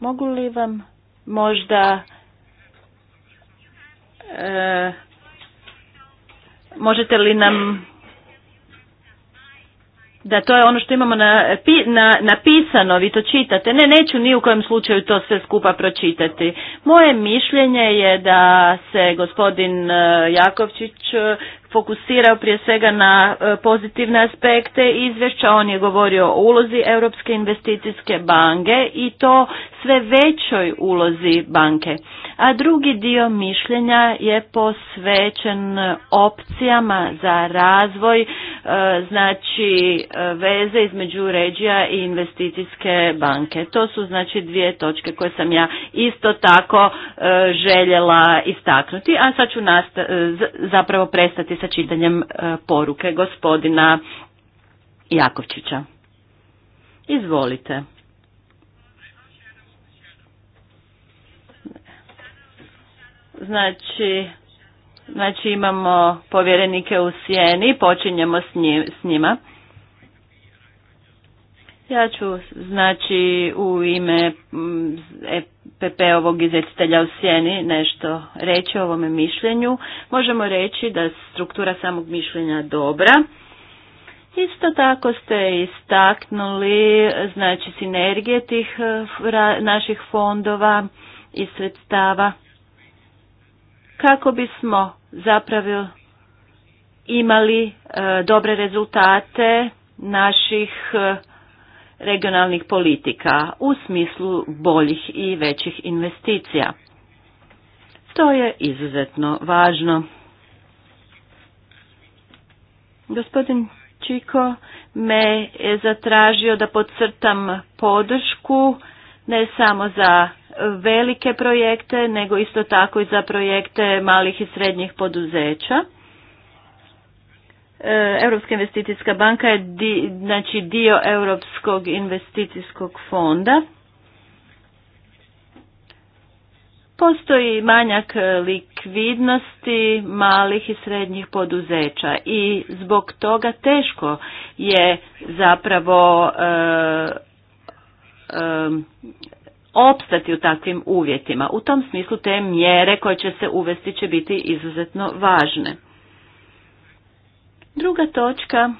S1: Mogu li vam možda možete li nam da to je ono što imamo na, na, napisano, vi to čitate. Ne, neću ni u kojem slučaju to sve skupa pročitati. Moje mišljenje je da se gospodin eh, Jakovčić eh, fokusirao prije svega na e, pozitivne aspekte izvješća, on je govorio o ulozi Europske investicijske banke i to sve većoj ulozi banke. A drugi dio mišljenja je posvećen opcijama za razvoj, e, znači e, veze između ređija i investicijske banke. To su znači dvije točke koje sam ja isto tako željela istaknuti, a sad ću zapravo prestati sa sa čitanjem e, poruke gospodina Jakovčića. Izvolite. Znači, znači imamo povjerenike u sjeni, počinjemo s njima. Ja ću znači u ime mm, EPP-ovog izvjestitelja u sjeni nešto reći o ovome mišljenju. Možemo reći da struktura samog mišljenja dobra. Isto tako ste istaknuli znači sinergije tih e, naših fondova i sredstava kako bismo zapravo imali e, dobre rezultate naših e, regionalnih politika u smislu boljih i većih investicija. To je izuzetno važno. Gospodin Čiko me je zatražio da podcrtam podršku ne samo za velike projekte, nego isto tako i za projekte malih i srednjih poduzeća. E, Europska investicijska banka je znači dio Europskog investicijskog fonda. Postoji manjak likvidnosti malih i srednjih poduzeća i zbog toga teško je zapravo e, e opstati u takvim uvjetima. U tom smislu te mjere koje će se uvesti će biti izuzetno važne. Druga točka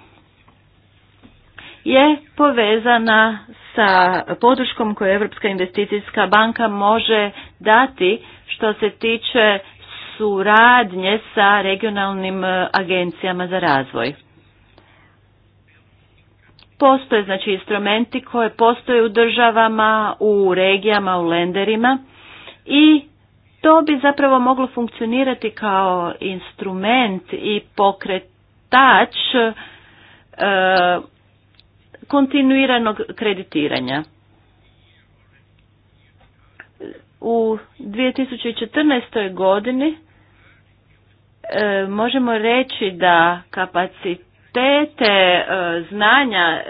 S1: je povezana sa podrškom koju Europska investicijska banka može dati što se tiče suradnje sa regionalnim e, agencijama za razvoj. Postoje znači instrumenti koje postoje u državama, u regijama, u lenderima i to bi zapravo moglo funkcionirati kao instrument i pokret pokretač e, kontinuiranog kreditiranja. U 2014. godini e, možemo reći da kapacitete e, znanja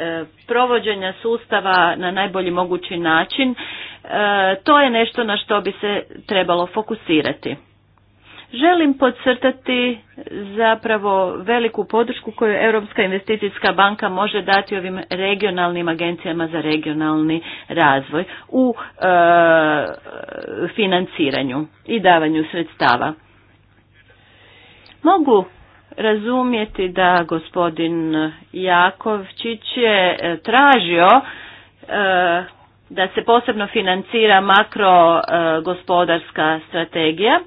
S1: provođenja sustava na najbolji mogući način to je nešto na što bi se trebalo fokusirati. Želim podcrtati zapravo veliku podršku koju Europska investicijska banka može dati ovim regionalnim agencijama za regionalni razvoj u e, financiranju i davanju sredstava. Mogu razumjeti da gospodin Jakovčić je e, tražio e, da se posebno financira makro e, strategija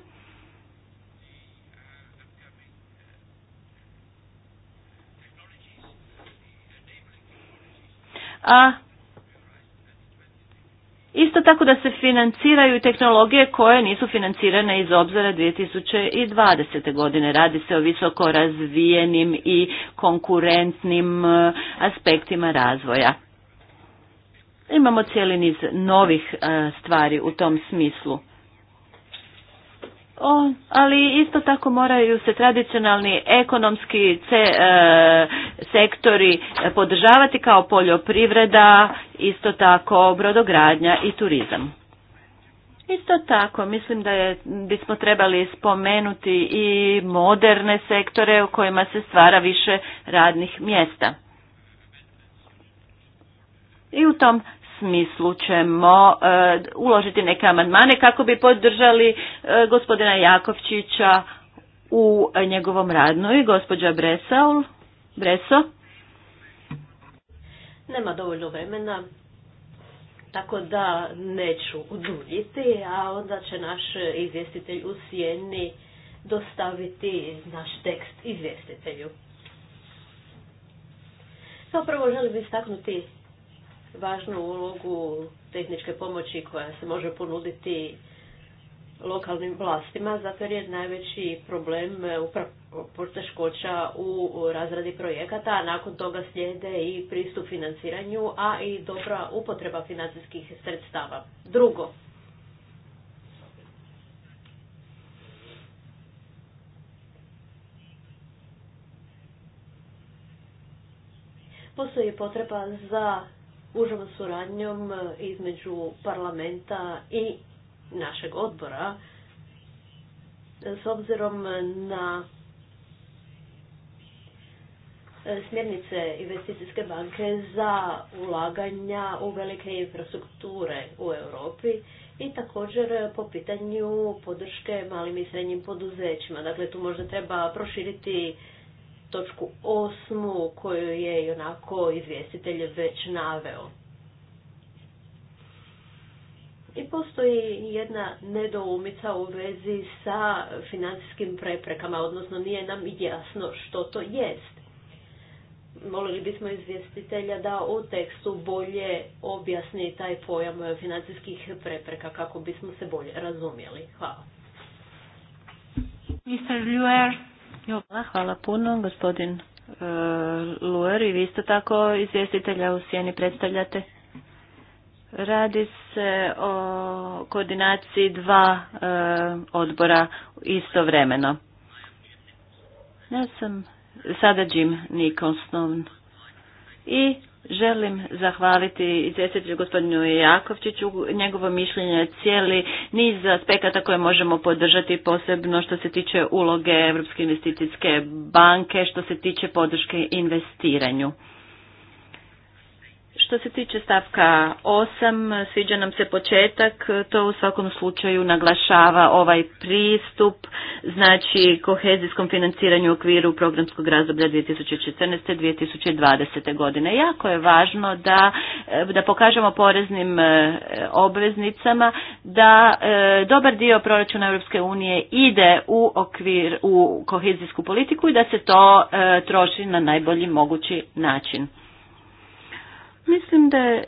S1: a isto tako da se financiraju tehnologije koje nisu financirane iz obzora 2020. godine. Radi se o visoko razvijenim i konkurentnim e, aspektima razvoja. Imamo cijeli niz novih e, stvari u tom smislu. O, ali isto tako moraju se tradicionalni ekonomski e, sektori e, podržavati kao poljoprivreda, isto tako brodogradnja i turizam. Isto tako, mislim da je, bismo trebali spomenuti i moderne sektore u kojima se stvara više radnih mjesta. I u tom smislu ćemo e, uložiti neke amandmane kako bi podržali e, gospodina Jakovčića u njegovom radnu i gospođa Bresaul. Breso? Nema dovoljno vremena, tako da neću uduljiti, a onda će naš izvjestitelj u Sijeni dostaviti naš tekst izvjestitelju. Kao prvo želim istaknuti važnu ulogu tehničke pomoći koja se može ponuditi lokalnim vlastima, zato jer je najveći problem e, poteškoća u razradi projekata, a nakon toga slijede i pristup financiranju, a i dobra upotreba financijskih sredstava. Drugo, postoji potreba za užom suradnjom e, između parlamenta i našeg odbora e, s obzirom na e, smjernice investicijske banke za ulaganja u velike infrastrukture u Europi i također po pitanju podrške malim i srednjim poduzećima. Dakle, tu možda treba proširiti točku osmu koju je onako izvjestitelj već naveo. I postoji jedna nedoumica u vezi sa financijskim preprekama, odnosno nije nam jasno što to jest. Molili bismo izvjestitelja da u tekstu bolje objasni taj pojam financijskih prepreka kako bismo se bolje razumjeli. Hvala. Mr. Pa, hvala puno, gospodin e, Luer i vi isto tako izvjestitelja u Sjeni predstavljate. Radi se o koordinaciji dva e, odbora istovremeno. Ja sam sada Jim Nicholson i Želim zahvaliti izvjestitelju gospodinu Jakovčiću, njegovo mišljenje cijeli niz aspekata koje možemo podržati posebno što se tiče uloge Europske investicijske banke, što se tiče podrške investiranju. Što se tiče stavka 8, sviđa nam se početak, to u svakom slučaju naglašava ovaj pristup, znači kohezijskom financiranju u okviru programskog razdoblja 2014-2020. godine. Jako je važno da, da pokažemo poreznim e, obveznicama da e, dobar dio proračuna Europske unije ide u okvir u kohezijsku politiku i da se to e, troši na najbolji mogući način. Mislim da e,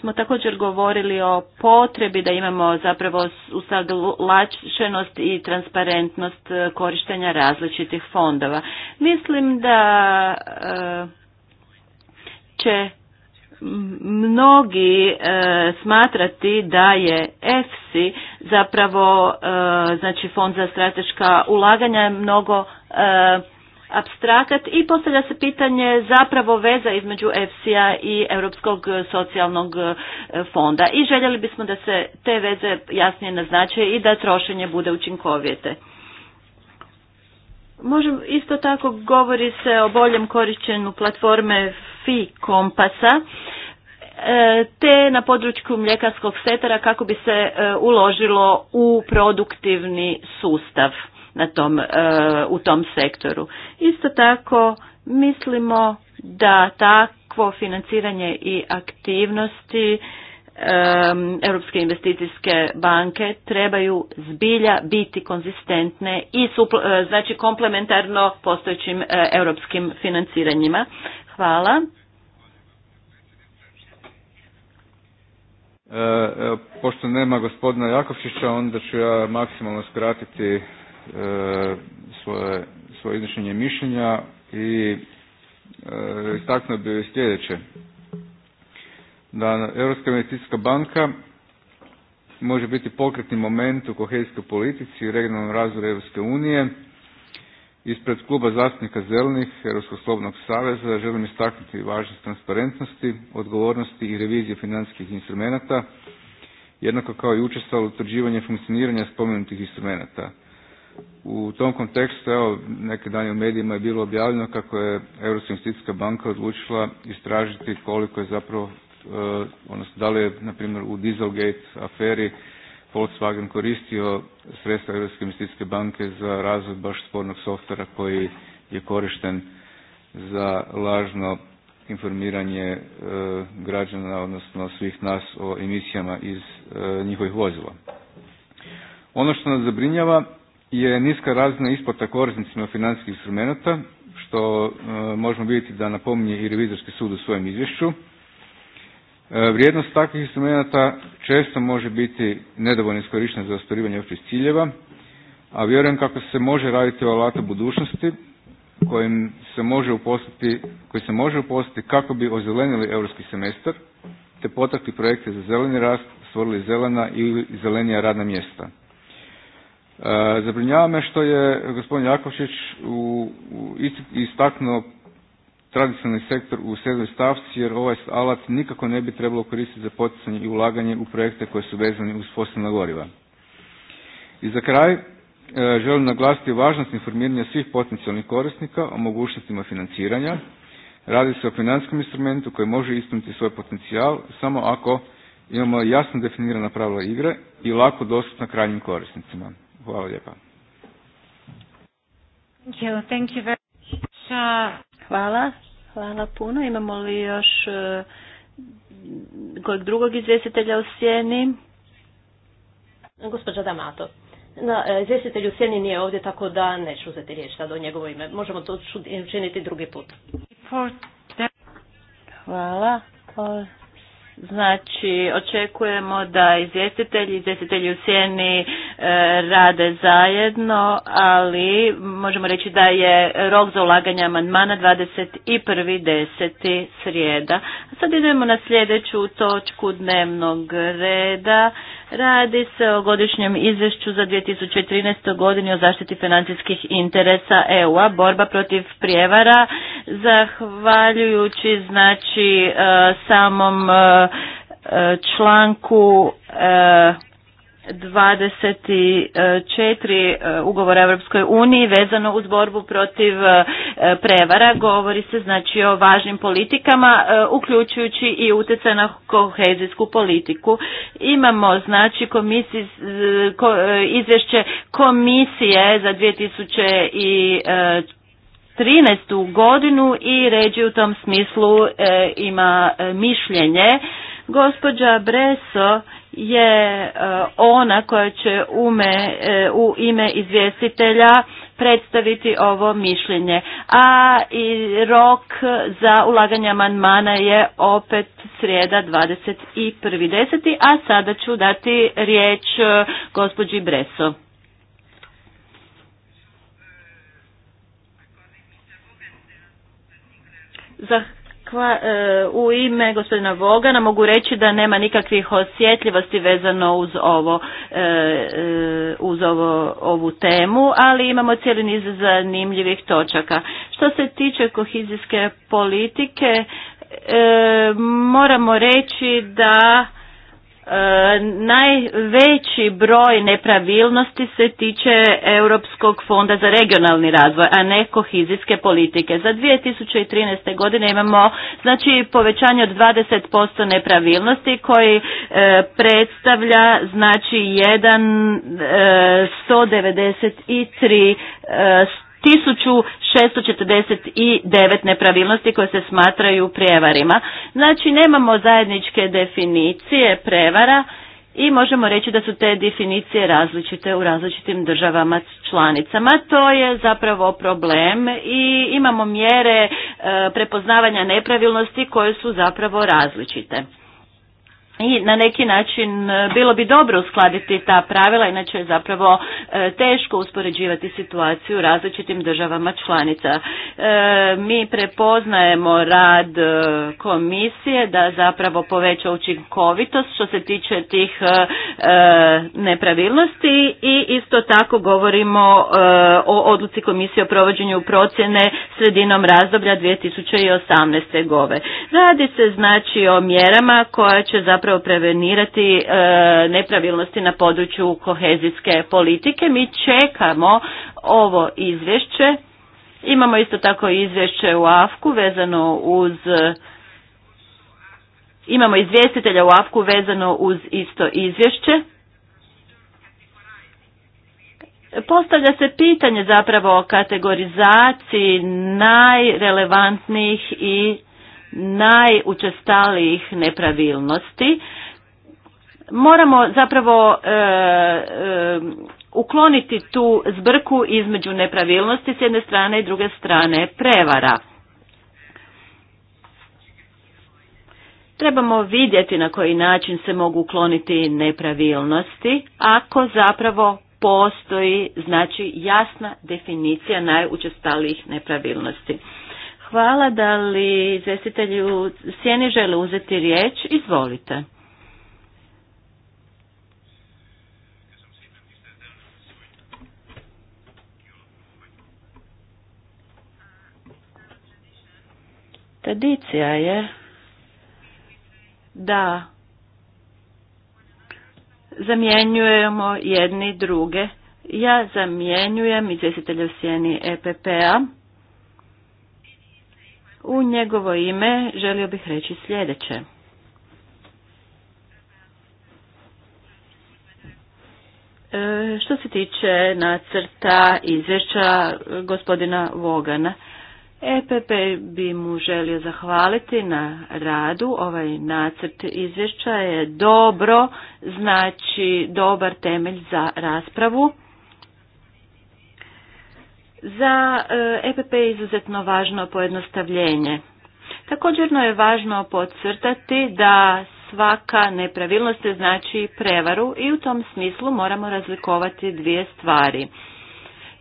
S1: smo također govorili o potrebi da imamo zapravo usaglačenost i transparentnost e, korištenja različitih fondova. Mislim da e, će mnogi smatrati da je EFSI zapravo znači fond za strateška ulaganja mnogo abstrakat i postavlja se pitanje zapravo veza između EFSI-a i Europskog socijalnog e, fonda i željeli bismo da se te veze jasnije naznače i da trošenje bude učinkovite. Možem, isto tako govori se o boljem korišćenju platforme FI kompasa e, te na području mljekarskog setara kako bi se e, uložilo u produktivni sustav na tom, e, u tom sektoru. Isto tako mislimo da takvo financiranje i aktivnosti e, Europske investicijske banke trebaju zbilja biti konzistentne i e, znači komplementarno postojećim europskim financiranjima. Hvala.
S3: E, pošto nema gospodina Jakovčića, onda ću ja maksimalno skratiti E, svoje, svoje iznošenje mišljenja i e, istaknuo bi sljedeće. Da Europska investicijska banka može biti pokretni moment u kohezijskoj politici i regionalnom razvoju Europske unije. Ispred kluba zastupnika zelenih Europskog slobodnog saveza želim istaknuti važnost transparentnosti, odgovornosti i revizije financijskih instrumenata, jednako kao i učestalo utvrđivanje funkcioniranja spomenutih instrumenata. U tom kontekstu, evo, neke dan u medijima je bilo objavljeno kako je Europska investicijska banka odlučila istražiti koliko je zapravo, eh, odnosno da li je, na primjer, u Dieselgate aferi Volkswagen koristio sredstva Europske investicijske banke za razvoj baš spornog softvera koji je korišten za lažno informiranje eh, građana, odnosno svih nas o emisijama iz eh, njihovih vozila. Ono što nas zabrinjava je niska razina isplata korisnicima financijskih instrumenata, što e, možemo vidjeti da napominje i revizorski sud u svojem izvješću. E, vrijednost takvih instrumenata često može biti nedovoljno iskorištena za ostvarivanje općih ciljeva, a vjerujem kako se može raditi o alatu budućnosti kojim se može uposliti, koji se može uposliti kako bi ozelenili europski semestar te potakli projekte za zeleni rast, stvorili zelena ili zelenija radna mjesta. E, zabrinjava me što je gospodin Jakovšić u, istaknuo tradicionalni sektor u sedmoj stavci jer ovaj alat nikako ne bi trebalo koristiti za poticanje i ulaganje u projekte koji su vezani uz fosilna goriva. I za kraj e, želim naglasiti važnost informiranja svih potencijalnih korisnika o mogućnostima financiranja. Radi se o financijskom instrumentu koji može ispuniti svoj potencijal samo ako imamo jasno definirana pravila igre i lako dostupna krajnjim korisnicima. Hvala lijepa.
S1: Thank you. Thank you very much. Uh, Hvala. Hvala puno. Imamo li još uh, kojeg drugog izvjestitelja u sjeni? Gospođa Damato. Na, e, izvjestitelj u sjeni nije ovdje, tako da neću uzeti riječ sada o njegovo ime. Možemo to učiniti drugi put. Hvala. Znači, očekujemo da izvjestitelji, izvjestitelji u sjeni E, rade zajedno, ali možemo reći da je rok za ulaganje amandmana 21.10. srijeda. sad idemo na sljedeću točku dnevnog reda. Radi se o godišnjem izvješću za 2013. godini o zaštiti financijskih interesa EU-a, borba protiv prijevara, zahvaljujući znači e, samom e, članku 24 e, ugovora Europskoj uniji vezano uz borbu protiv e, prevara. Govori se znači o važnim politikama, e, uključujući i utjecaj na kohezijsku politiku. Imamo znači izvješće komisije za 2014 13. godinu i ređi u tom smislu ima mišljenje. Gospođa Breso je e, ona koja će ume, e, u ime izvjestitelja predstaviti ovo mišljenje. A i rok za ulaganje amandmana je opet srijeda 21.10. A sada ću dati riječ e, gospođi Breso. Zahvaljujem hva, e, u ime gospodina Vogana mogu reći da nema nikakvih osjetljivosti vezano uz ovo e, e, uz ovo, ovu temu, ali imamo cijeli niz zanimljivih točaka. Što se tiče kohizijske politike, moramo reći da najveći broj nepravilnosti se tiče Europskog fonda za regionalni razvoj, a ne kohizijske politike. Za 2013. godine imamo znači povećanje od 20% nepravilnosti koji e, predstavlja znači jedan e, 193 e, 1649 nepravilnosti koje se smatraju prijevarima. Znači nemamo zajedničke definicije prevara i možemo reći da su te definicije različite u različitim državama članicama. To je zapravo problem i imamo mjere e, prepoznavanja nepravilnosti koje su zapravo različite i na neki način e, bilo bi dobro uskladiti ta pravila, inače je zapravo e, teško uspoređivati situaciju u različitim državama članica. E, mi prepoznajemo rad komisije da zapravo poveća učinkovitost što se tiče tih nepravilnosti i isto tako govorimo o odluci komisije o provođenju procjene sredinom razdoblja 2018. gove. Radi se znači o mjerama koja će zapravo zapravo prevenirati e, nepravilnosti na području kohezijske politike. Mi čekamo ovo izvješće. Imamo isto tako izvješće u AFKU vezano uz imamo izvjestitelja u AFKU vezano uz isto izvješće. Postavlja se pitanje zapravo o kategorizaciji najrelevantnijih i najučestalijih nepravilnosti moramo zapravo e, e, ukloniti tu zbrku između nepravilnosti s jedne strane i druge strane prevara. Trebamo vidjeti na koji način se mogu ukloniti nepravilnosti ako zapravo postoji znači jasna definicija najučestalijih nepravilnosti. Hvala da li u Sjeni žele uzeti riječ. Izvolite. Tradicija je da zamjenjujemo jedni druge. Ja zamjenjujem izvjestitelja sjeni EPP-a. U njegovo ime želio bih reći sljedeće. E, što se tiče nacrta izvješća gospodina Vogana, EPP bi mu želio zahvaliti na radu. Ovaj nacrt izvješća je dobro, znači dobar temelj za raspravu. Za EPP e je izuzetno važno pojednostavljenje. Također je važno podcrtati da svaka nepravilnost znači prevaru i u tom smislu moramo razlikovati dvije stvari.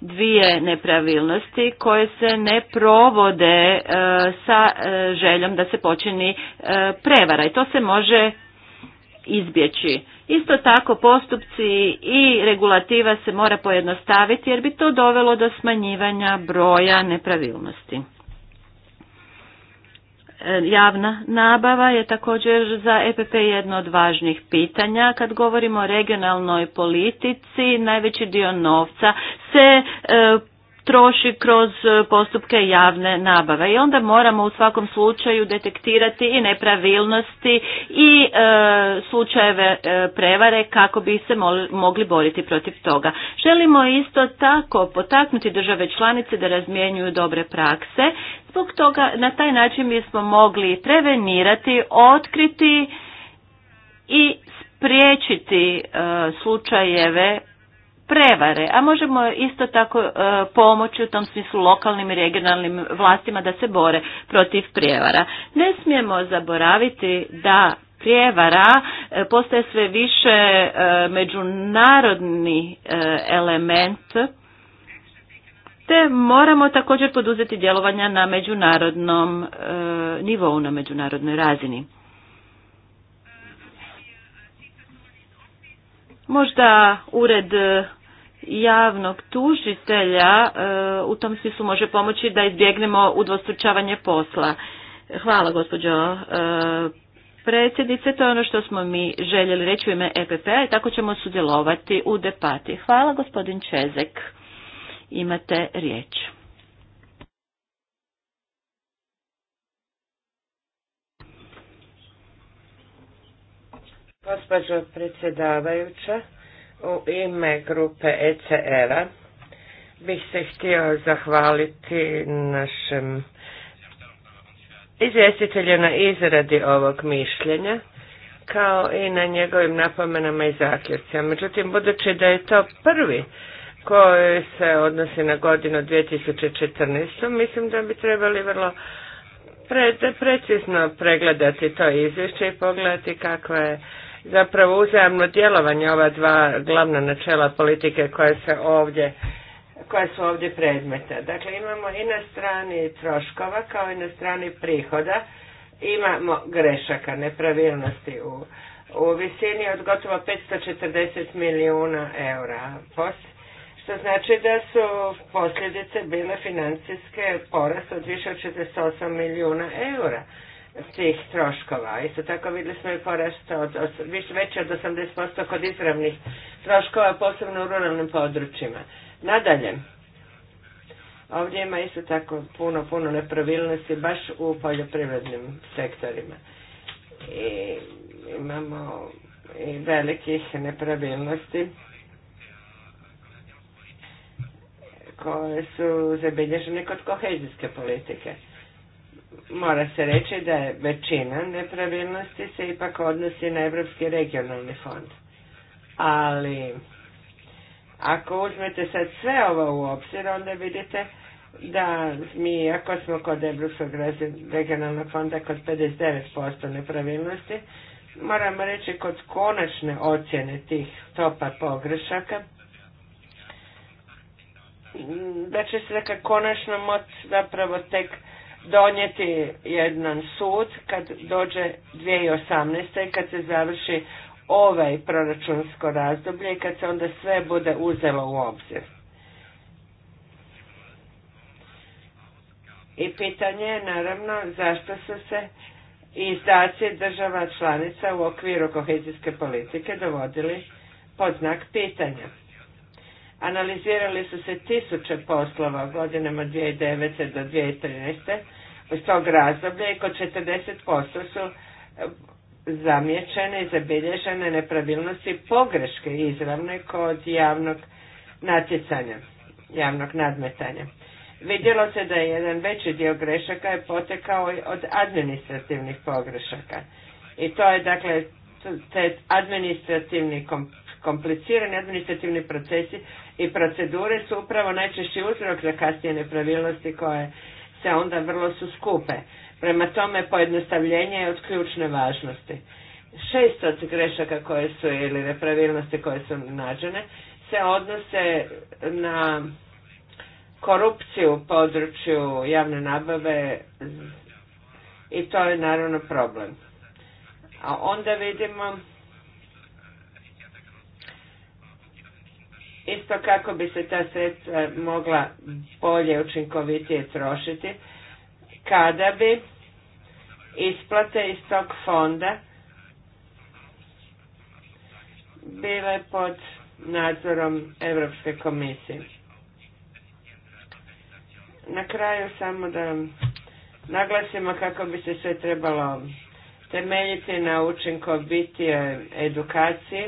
S1: Dvije nepravilnosti koje se ne provode e, sa e, željom da se počini prevara i to se može izbjeći. Isto tako postupci i regulativa se mora pojednostaviti jer bi to dovelo do smanjivanja broja nepravilnosti. E, javna nabava je također za EPP jedno od važnih pitanja. Kad govorimo o regionalnoj politici, najveći dio novca se e, troši kroz e, postupke javne nabave i onda moramo u svakom slučaju detektirati i nepravilnosti i e, slučajeve e, prevare kako bi se mogli boriti protiv toga. Želimo isto tako potaknuti države članice da razmjenjuju dobre prakse. Zbog toga na taj način bismo mogli prevenirati, otkriti i spriječiti slučajeve prevare, a možemo isto tako e, pomoći u tom smislu lokalnim i regionalnim vlastima da se bore protiv prijevara. Ne smijemo zaboraviti da prijevara e, postaje sve više e, međunarodni element te moramo također poduzeti djelovanja na međunarodnom nivou, na međunarodnoj razini. Možda ured e, javnog tužitelja e, u tom smislu može pomoći da izbjegnemo udvostručavanje posla. Hvala gospođo e, predsjednice, to je ono što smo mi željeli reći u ime EPP-a i tako ćemo sudjelovati u depati. Hvala gospodin Čezek, imate riječ.
S2: Gospođo predsjedavajuća, u ime grupe ECR-a bih se htio zahvaliti našem izvjestitelju na izradi ovog mišljenja kao i na njegovim napomenama i zaključcima. Međutim, budući da je to prvi koji se odnosi na godinu 2014. mislim da bi trebali vrlo precizno pregledati to izvješće i pogledati kakva je zapravo uzajamno djelovanje ova dva glavna načela politike koje se ovdje koja su ovdje predmeta. Dakle, imamo i na strani troškova kao i na strani prihoda imamo grešaka, nepravilnosti u, u visini od gotovo 540 milijuna eura. Post, što znači da su posljedice bile financijske porast od više od 68 milijuna eura tih troškova. Isto tako vidjeli smo i porast od, od, veće od 80% kod izravnih troškova, posebno u ruralnim područjima. Nadalje, ovdje ima isto tako puno, puno nepravilnosti baš u poljoprivrednim sektorima. I imamo i velikih nepravilnosti koje su zabilježene kod kohezijske politike mora se reći da je većina nepravilnosti se ipak odnosi na Europski regionalni fond. Ali ako uzmete sad sve ovo u obzir, onda vidite da mi, ako smo kod Evropskog regionalnog fonda kod 59% nepravilnosti, moramo reći kod konačne ocjene tih stopa pogrešaka, da će se konačno moć zapravo tek donijeti jedan sud kad dođe 2018. i kad se završi ovaj proračunsko razdoblje i kad se onda sve bude uzelo u obzir. I pitanje je naravno zašto su se izdaci država članica u okviru kohezijske politike dovodili pod znak pitanja. Analizirali su se tisuće poslova godinama 2009. do 2013. iz tog razdoblja i kod 40% su e, zamječene i zabilježene nepravilnosti pogreške izravne kod javnog natjecanja, javnog nadmetanja. Vidjelo se da je jedan veći dio grešaka je potekao od administrativnih pogrešaka. I to je dakle te administrativni komplicirani administrativni procesi i procedure su upravo najčešći uzrok za kasnije nepravilnosti koje se onda vrlo su skupe. Prema tome pojednostavljenje je od ključne važnosti. Šest od grešaka koje su ili nepravilnosti koje su nađene se odnose na korupciju u području javne nabave i to je naravno problem. A onda vidimo isto kako bi se ta sredstva mogla bolje učinkovitije trošiti kada bi isplate iz tog fonda bile pod nadzorom Europske komisije. Na kraju samo da naglasimo kako bi se sve trebalo temeljiti na učinkovitije edukaciji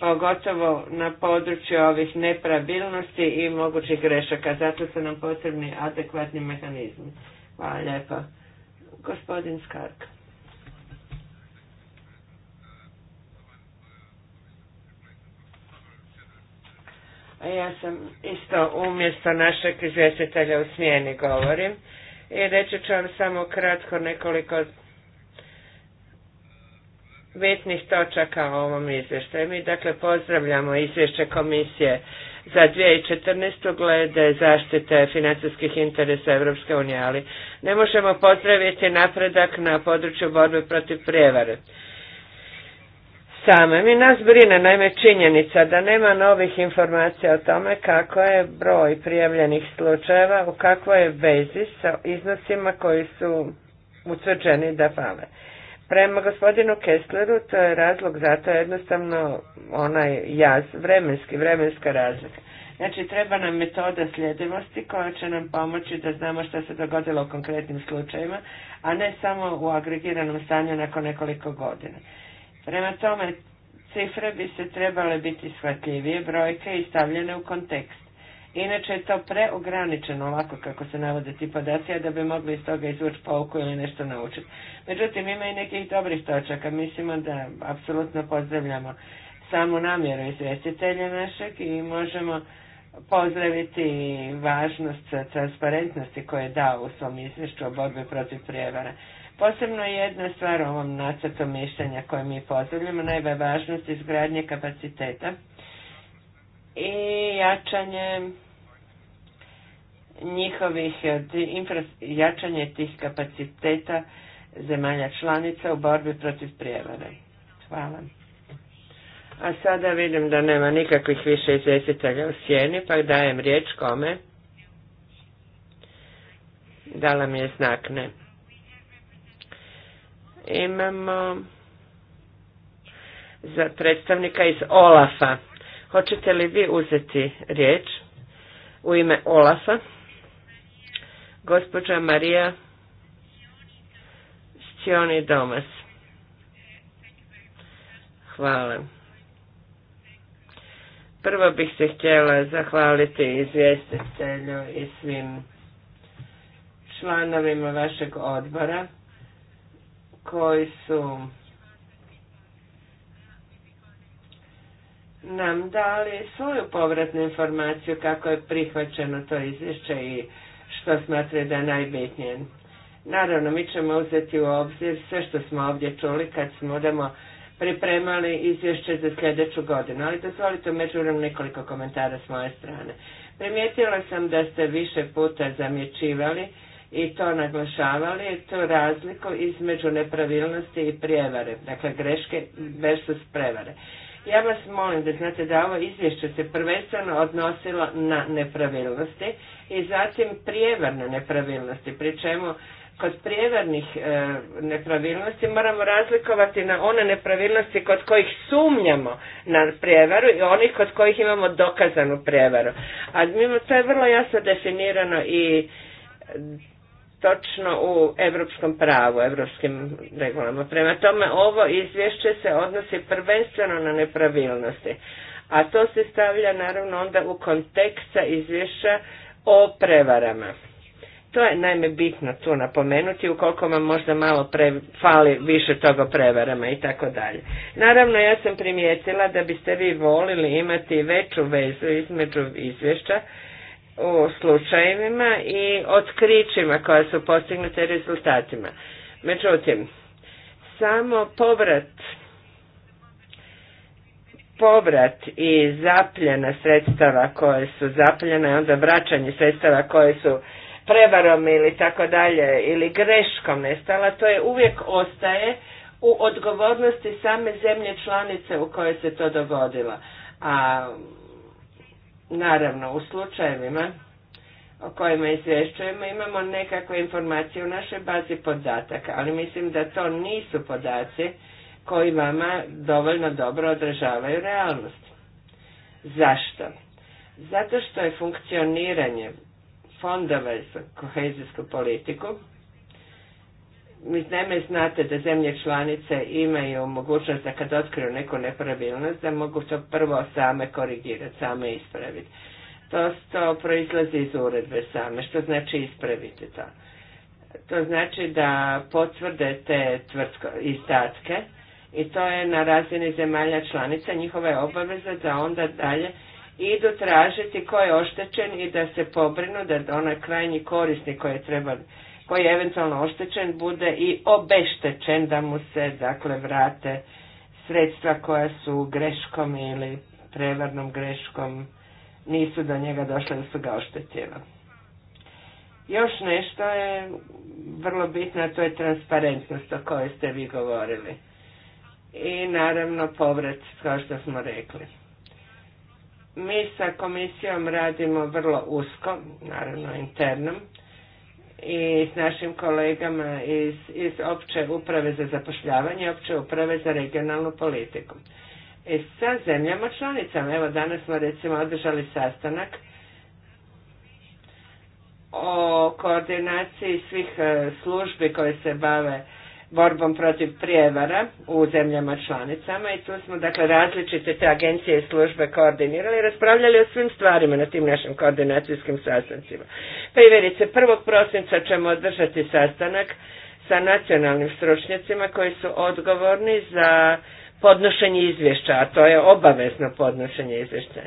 S2: pogotovo na području ovih nepravilnosti i mogućih grešaka. Zato su nam potrebni adekvatni mehanizmi. Hvala lijepo. Gospodin Skark. A ja sam isto umjesto našeg izvjestitelja u smjeni govorim i reći ću vam samo kratko nekoliko bitnih točaka u ovom izvještaju. Mi dakle pozdravljamo izvješće komisije za 2014. glede zaštite financijskih interesa Europske unije, ali ne možemo pozdraviti napredak na području borbe protiv prijevare. Same mi nas brine naime činjenica da nema novih informacija o tome kako je broj prijavljenih slučajeva, u kakvoj je vezi sa iznosima koji su utvrđeni da fale. Prema gospodinu Kessleru to je razlog zato jednostavno onaj jaz, vremenski, vremenska razlika. Znači treba nam metoda sljedivosti koja će nam pomoći da znamo što se dogodilo u konkretnim slučajevima, a ne samo u agregiranom stanju nakon nekoliko godina. Prema tome, cifre bi se trebale biti shvatljivije brojke i stavljene u kontekst. Inače je to preograničeno ovako kako se navode ti podaci, da bi mogli iz toga izvući pouku ili nešto naučiti. Međutim, ima i nekih dobrih točaka. Mislimo da apsolutno pozdravljamo samu namjeru izvjestitelja našeg i možemo pozdraviti važnost transparentnosti koje je dao u svom izvješću o borbi protiv prijevara. Posebno jedna stvar u ovom nacrtu mišljenja koje mi pozdravljamo, najva važnost izgradnje kapaciteta i jačanje njihovih eh, jačanje tih kapaciteta zemalja članica u borbi protiv prijevare. Hvala. A sada vidim da nema nikakvih više izvjestitelja u sjeni, pa dajem riječ kome. Dala mi je znak, ne. Imamo za predstavnika iz Olafa. Hoćete li vi uzeti riječ u ime Olafa? gospođa Marija Scioni Domas. Hvala. Prvo bih se htjela zahvaliti izvjestitelju i svim članovima vašeg odbora koji su nam dali svoju povratnu informaciju kako je prihvaćeno to izvješće i što smatraju da je najbitnije. Naravno, mi ćemo uzeti u obzir sve što smo ovdje čuli kad smo damo pripremali izvješće za sljedeću godinu, ali dozvolite međutim nekoliko komentara s moje strane. Primijetila sam da ste više puta zamjećivali i to naglašavali, to razliku između nepravilnosti i prijevare, dakle greške versus prevare. Ja vas molim da znate da ovo izvješće se prvenstveno odnosilo na nepravilnosti i zatim prijevarne nepravilnosti, pri čemu kod prijevernih e, nepravilnosti moramo razlikovati na one nepravilnosti kod kojih sumnjamo na prijevaru i onih kod kojih imamo dokazanu prijevaru. A mimo to je vrlo jasno definirano i točno u europskom pravu, europskim regulama. Prema tome ovo izvješće se odnosi prvenstveno na nepravilnosti, a to se stavlja naravno onda u kontekst izvješća o prevarama. To je naime bitno tu napomenuti, ukoliko vam možda malo pre, fali više toga o prevarama i tako dalje. Naravno, ja sam primijetila da biste vi volili imati veću vezu između izvješća u slučajevima i otkrićima koja su postignute rezultatima. Međutim, samo povrat povrat i zapljena sredstava koje su zapljena i onda vraćanje sredstava koje su prevarom ili tako dalje ili greškom nestala, to je uvijek ostaje u odgovornosti same zemlje članice u kojoj se to dogodilo. A naravno u slučajevima o kojima izvješćujemo imamo nekakve informacije u našoj bazi podataka, ali mislim da to nisu podaci koji vama dovoljno dobro odražavaju realnost. Zašto? Zato što je funkcioniranje fondova za kohezijsku politiku, mi naime znate da zemlje članice imaju mogućnost da kad otkriju neku nepravilnost, da mogu to prvo same korigirati, same ispraviti. To, to proizlazi iz uredbe same, što znači ispraviti to. To znači da potvrde te tvrtko, istatke, i to je na razini zemalja članica, njihova je obaveza da onda dalje idu tražiti ko je oštećen i da se pobrinu da onaj krajnji korisnik koji je treba koji je eventualno oštećen bude i obeštećen da mu se dakle vrate sredstva koja su greškom ili prevarnom greškom nisu do njega došle da su ga oštetila. Još nešto je vrlo bitno, a to je transparentnost o kojoj ste vi govorili i naravno povrat, kao što smo rekli. Mi sa komisijom radimo vrlo usko, naravno internom, i s našim kolegama iz, iz opće uprave za zapošljavanje, opće uprave za regionalnu politiku. I e, sa zemljama članicama, evo danas smo recimo održali sastanak o koordinaciji svih e, službi koje se bave borbom protiv prijevara u zemljama članicama i tu smo dakle različite te agencije i službe koordinirali i raspravljali o svim stvarima na tim našim koordinacijskim sastancima. Pa Primjerice, 1. prosinca ćemo održati sastanak sa nacionalnim stručnjacima koji su odgovorni za podnošenje izvješća, a to je obavezno podnošenje izvješća.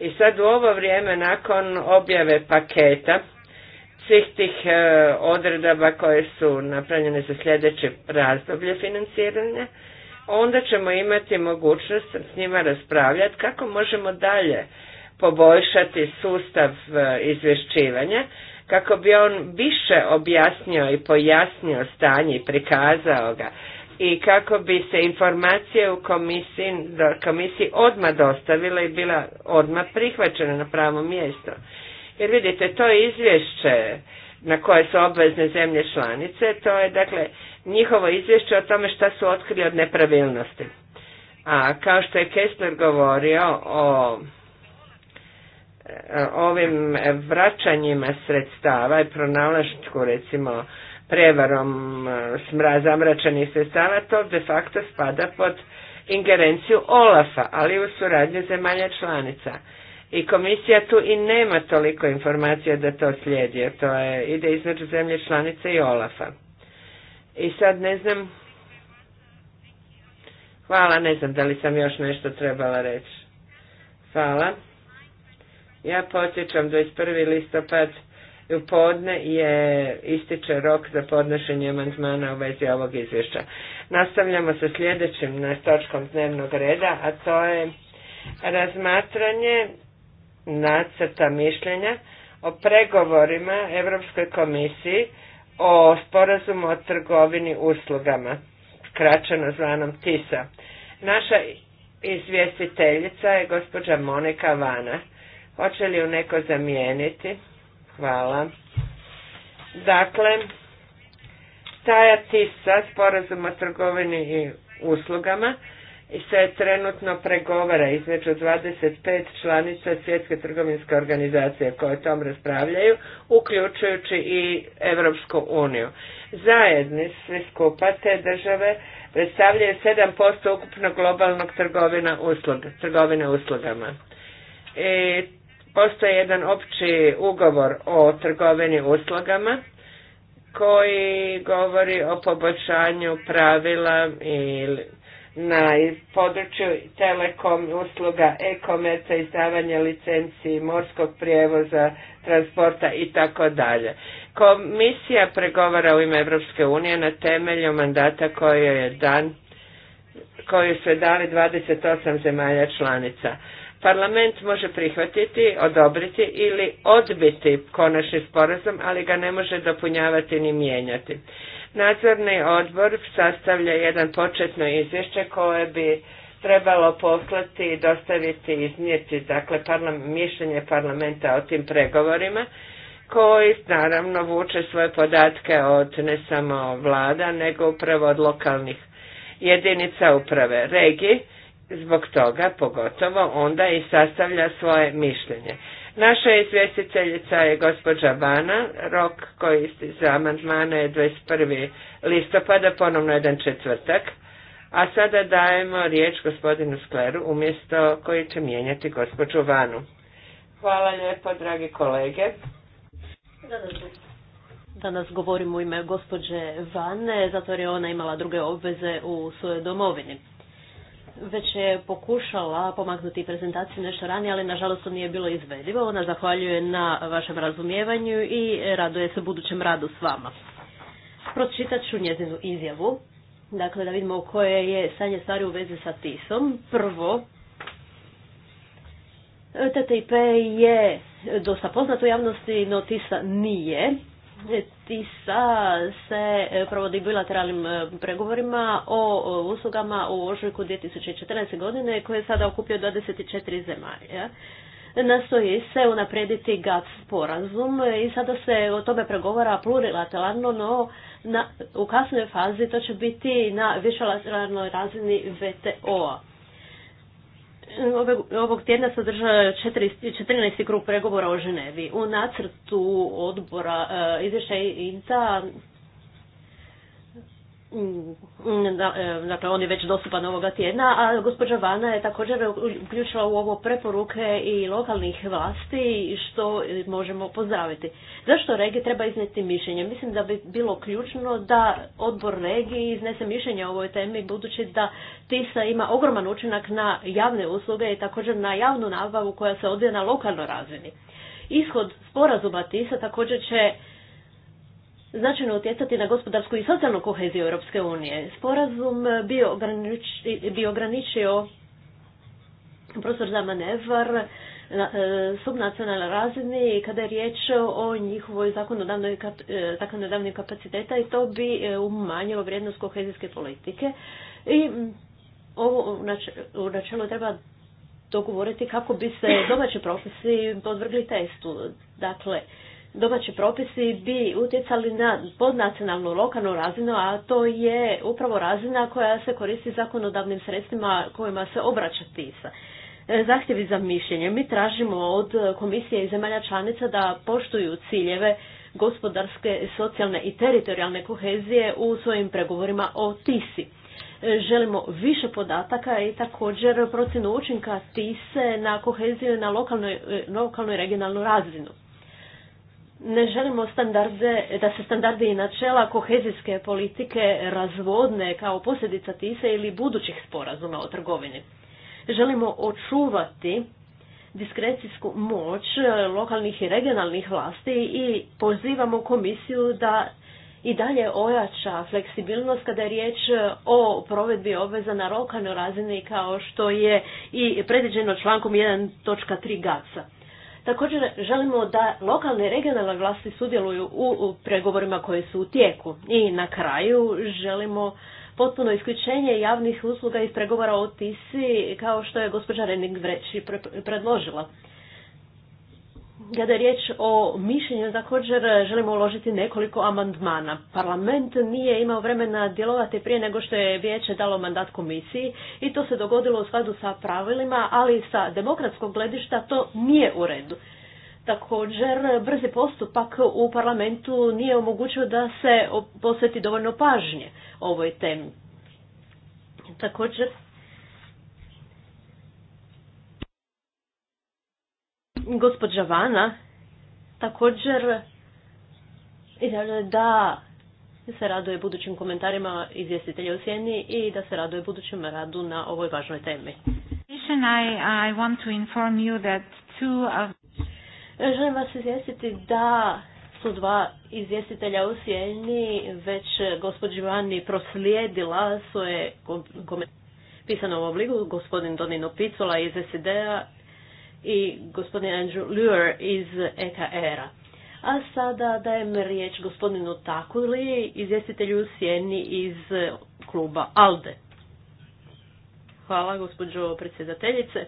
S2: I sad u ovo vrijeme nakon objave paketa svih tih e, odredaba koje su napravljene za sljedeće razdoblje financiranja, onda ćemo imati mogućnost s njima raspravljati kako možemo dalje poboljšati sustav e, izvješćivanja kako bi on više objasnio i pojasnio stanje i prikazao ga i kako bi se informacije u komisiji, odmah dostavile i bila odmah prihvaćena na pravo mjesto. Jer vidite, to je izvješće na koje su obvezne zemlje članice, to je dakle njihovo izvješće o tome šta su otkrili od nepravilnosti. A kao što je Kessler govorio o e, ovim vraćanjima sredstava i pronalašku recimo prevarom e, zamračenih sredstava, to de facto spada pod ingerenciju Olafa, ali u suradnju zemalja članica. I komisija tu i nema toliko informacija da to slijedi, to je, ide između zemlje članice i Olafa. I sad ne znam, hvala, ne znam da li sam još nešto trebala reći. Hvala. Ja podsjećam 21. listopad u podne je ističe rok za podnošenje amandmana u vezi ovog izvješća. Nastavljamo sa sljedećim točkom dnevnog reda, a to je razmatranje nacrta mišljenja o pregovorima Europskoj komisiji o sporazumu o trgovini uslugama, skraćeno zvanom TISA. Naša izvjestiteljica je gospođa Monika Vana. Hoće li ju neko zamijeniti? Hvala. Dakle, taja TISA, sporazum o trgovini i uslugama, i se trenutno pregovara između 25 članica Svjetske trgovinske organizacije koje tom raspravljaju, uključujući i Evropsku uniju. Zajedni svi skupa te države predstavljaju 7% ukupno globalnog trgovina usluga, trgovine uslugama. I postoji jedan opći ugovor o trgovini uslugama koji govori o poboljšanju pravila ili na području telekom usluga, e kometa izdavanja licenci, morskog prijevoza, transporta i tako dalje. Komisija pregovara u ime Europske unije na temelju mandata koji je dan koju su dali 28 zemalja članica. Parlament može prihvatiti, odobriti ili odbiti konačni sporazum, ali ga ne može dopunjavati ni mijenjati. Nadzorni odbor sastavlja jedan početno izvješće koje bi trebalo poslati i dostaviti i iznijeti dakle, parla, mišljenje parlamenta o tim pregovorima koji naravno vuče svoje podatke od ne samo vlada nego upravo od lokalnih jedinica uprave regije zbog toga pogotovo onda i sastavlja svoje mišljenje. Naša izvjestiteljica je gospođa Vana, rok koji za amandmane je 21. listopada, ponovno jedan četvrtak. A sada dajemo riječ gospodinu Skleru umjesto koji će mijenjati gospođu Vanu. Hvala lijepo, dragi kolege.
S1: Danas govorim u ime gospođe Vane, zato jer je ona imala druge obveze u svojoj domovini već je pokušala pomaknuti prezentaciju nešto ranije, ali nažalost to nije bilo izvedivo. Ona zahvaljuje na vašem razumijevanju i raduje se budućem radu s vama. Pročitat ću njezinu izjavu, dakle da vidimo koje je stanje stvari u vezi sa TIS-om. Prvo, TTIP je dosta poznat u javnosti, no TISA nije. TISA se e, provodi bilateralnim e, pregovorima o uslugama u ožujku 2014. godine koje je sada okupio 24 zemalja. Nastoji se unaprijediti GATS sporazum i sada se o tome pregovara plurilateralno, no u kasnoj fazi to će biti na višelateralnoj razini VTO-a ovog tjedna se održava 14. krug pregovora o Ženevi. U nacrtu odbora e, izvješća INCA Mm, e, dakle on je već dostupan ovoga tjedna, a gospođa Vana je također uključila u ovo preporuke i lokalnih vlasti što možemo pozdraviti. Zašto regije treba izneti mišljenje? Mislim da bi bilo ključno da odbor regiji iznese mišljenje o ovoj temi budući da TISA ima ogroman učinak na javne usluge i također na javnu nabavu koja se odvija na lokalnoj razini. Ishod sporazuma TISA također će značajno utjecati na gospodarsku i socijalnu koheziju Europske unije. Sporazum bi, ograničio prostor za manevar na e, subnacionalnoj razini kada je riječ o njihovoj zakonodavnoj, e, kapaciteta i to bi e, umanjilo vrijednost kohezijske politike. I ovo u načelu treba dogovoriti kako bi se domaći propisi podvrgli testu. Dakle, domaći propisi bi utjecali na podnacionalnu lokalnu razinu, a to je upravo razina koja se koristi zakonodavnim sredstvima kojima se obraća TISA. E, zahtjevi za mišljenje. Mi tražimo od komisije i zemalja članica da poštuju ciljeve gospodarske, socijalne i teritorijalne kohezije u svojim pregovorima o TISI. E, želimo više podataka i također procjenu učinka TISE na koheziju na lokalnu e, i regionalnu razinu ne želimo standarde, da se standardi i načela kohezijske politike razvodne kao posljedica tisa ili budućih sporazuma o trgovini. Želimo očuvati diskrecijsku moć lokalnih i regionalnih vlasti i pozivamo komisiju da i dalje ojača fleksibilnost kada je riječ o provedbi obveza na lokalnoj razini kao što je i predviđeno člankom 1.3 GAC-a. Također želimo da lokalne i regionalne vlasti sudjeluju u pregovorima koji su u tijeku. I na kraju želimo potpuno isključenje javnih usluga iz pregovora o TISI kao što je gospođa Rening vreći predložila. Kada je riječ o mišljenju, također želimo uložiti nekoliko amandmana. Parlament nije imao vremena djelovati prije nego što je vijeće dalo mandat komisiji i to se dogodilo u skladu sa pravilima, ali sa demokratskog gledišta to nije u redu. Također, brzi postupak u parlamentu nije omogućio da se posveti dovoljno pažnje ovoj temi. Također, Gospođa Vana također izjavljuje da se raduje budućim komentarima izvjestitelja u sjeni i da se raduje budućem radu na ovoj važnoj temi. Želim vas izvjestiti da su dva izvjestitelja u sjeni već gospođi Vani proslijedila svoje komentarje pisano u obliku, gospodin Donino Picola iz SED-a i gospodin Andrew Luer iz EKR-a. A sada dajem riječ gospodinu Takuli, izvjestitelju Sjeni iz kluba ALDE. Hvala gospođo predsjedateljice.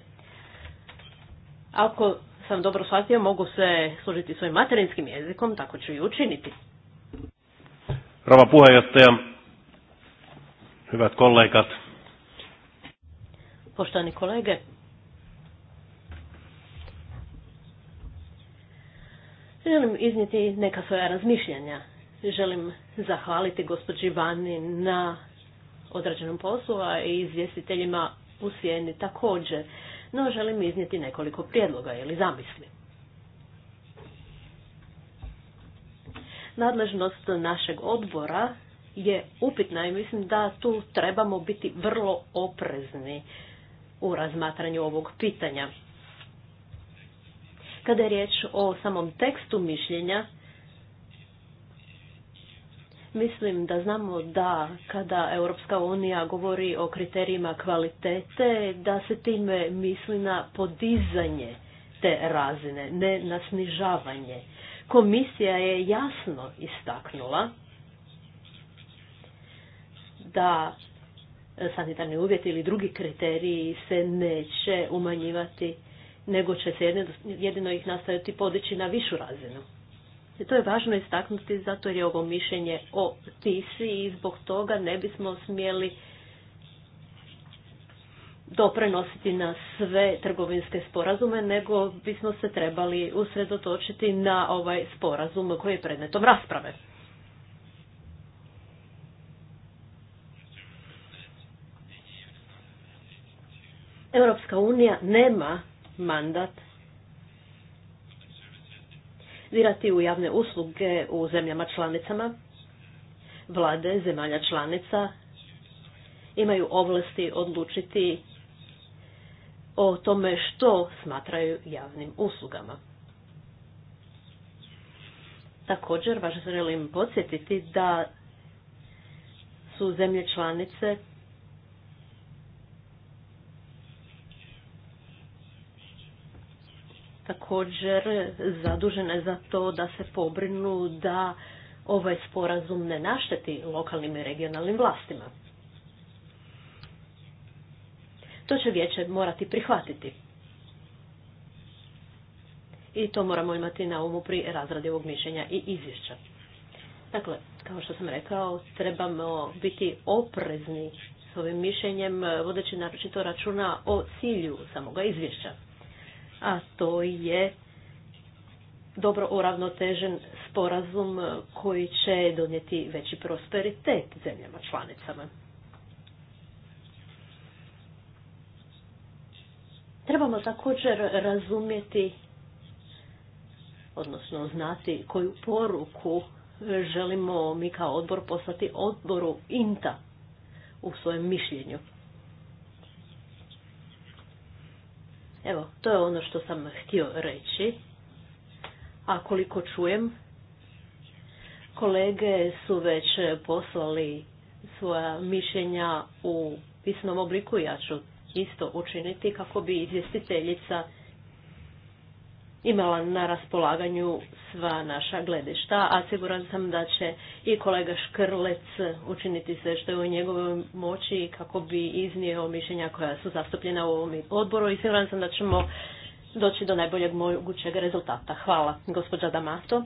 S1: Ako sam dobro shvatio, mogu se služiti svojim materinskim jezikom, tako ću i učiniti.
S2: Rova puheenjohtaja, hyvät kollegat.
S1: Poštovani kolege, Želim iznijeti neka svoja razmišljanja. Želim zahvaliti gospođi Vani na odrađenom poslu, a i izvjestiteljima u Sjeni također, no želim iznijeti nekoliko prijedloga ili zamisli. Nadležnost našeg odbora je upitna i mislim da tu trebamo biti vrlo oprezni u razmatranju ovog pitanja. Kada je riječ o samom tekstu mišljenja, Mislim da znamo da kada Europska unija govori o kriterijima kvalitete, da se time misli na podizanje te razine, ne na snižavanje. Komisija je jasno istaknula da sanitarni uvjeti ili drugi kriteriji se neće umanjivati nego će se jedino ih nastaviti podići na višu razinu. I to je važno istaknuti zato jer je ovo mišljenje o TISI i zbog toga ne bismo smjeli doprenositi na sve trgovinske sporazume, nego bismo se trebali usredotočiti na ovaj sporazum koji je predmetom rasprave. Europska unija nema mandat virati u javne usluge u zemljama članicama. Vlade zemalja članica imaju ovlasti odlučiti o tome što smatraju javnim uslugama. Također, važno želim podsjetiti da su zemlje članice također zadužene za to da se pobrinu da ovaj sporazum ne našteti lokalnim i regionalnim vlastima. To će vijeće morati prihvatiti. I to moramo imati na umu pri razradi ovog mišljenja i izvješća. Dakle, kao što sam rekao, trebamo biti oprezni s ovim mišljenjem, vodeći naročito računa o cilju samoga izvješća a to je dobro uravnotežen sporazum koji će donijeti veći prosperitet zemljama članicama. Trebamo također razumjeti, odnosno znati koju poruku želimo mi kao odbor poslati odboru INTA u svojem mišljenju. Evo, to je ono što sam htio reći. A koliko čujem, kolege su već poslali svoja mišljenja u pisnom obliku. Ja ću isto učiniti kako bi izvjestiteljica imala na raspolaganju sva naša gledišta, a siguran sam da će i kolega Škrlec učiniti sve što je u njegovoj moći kako bi iznio mišljenja koja su zastupljena u ovom odboru i siguran sam da ćemo doći do najboljeg mogućeg rezultata. Hvala, gospođa Damato.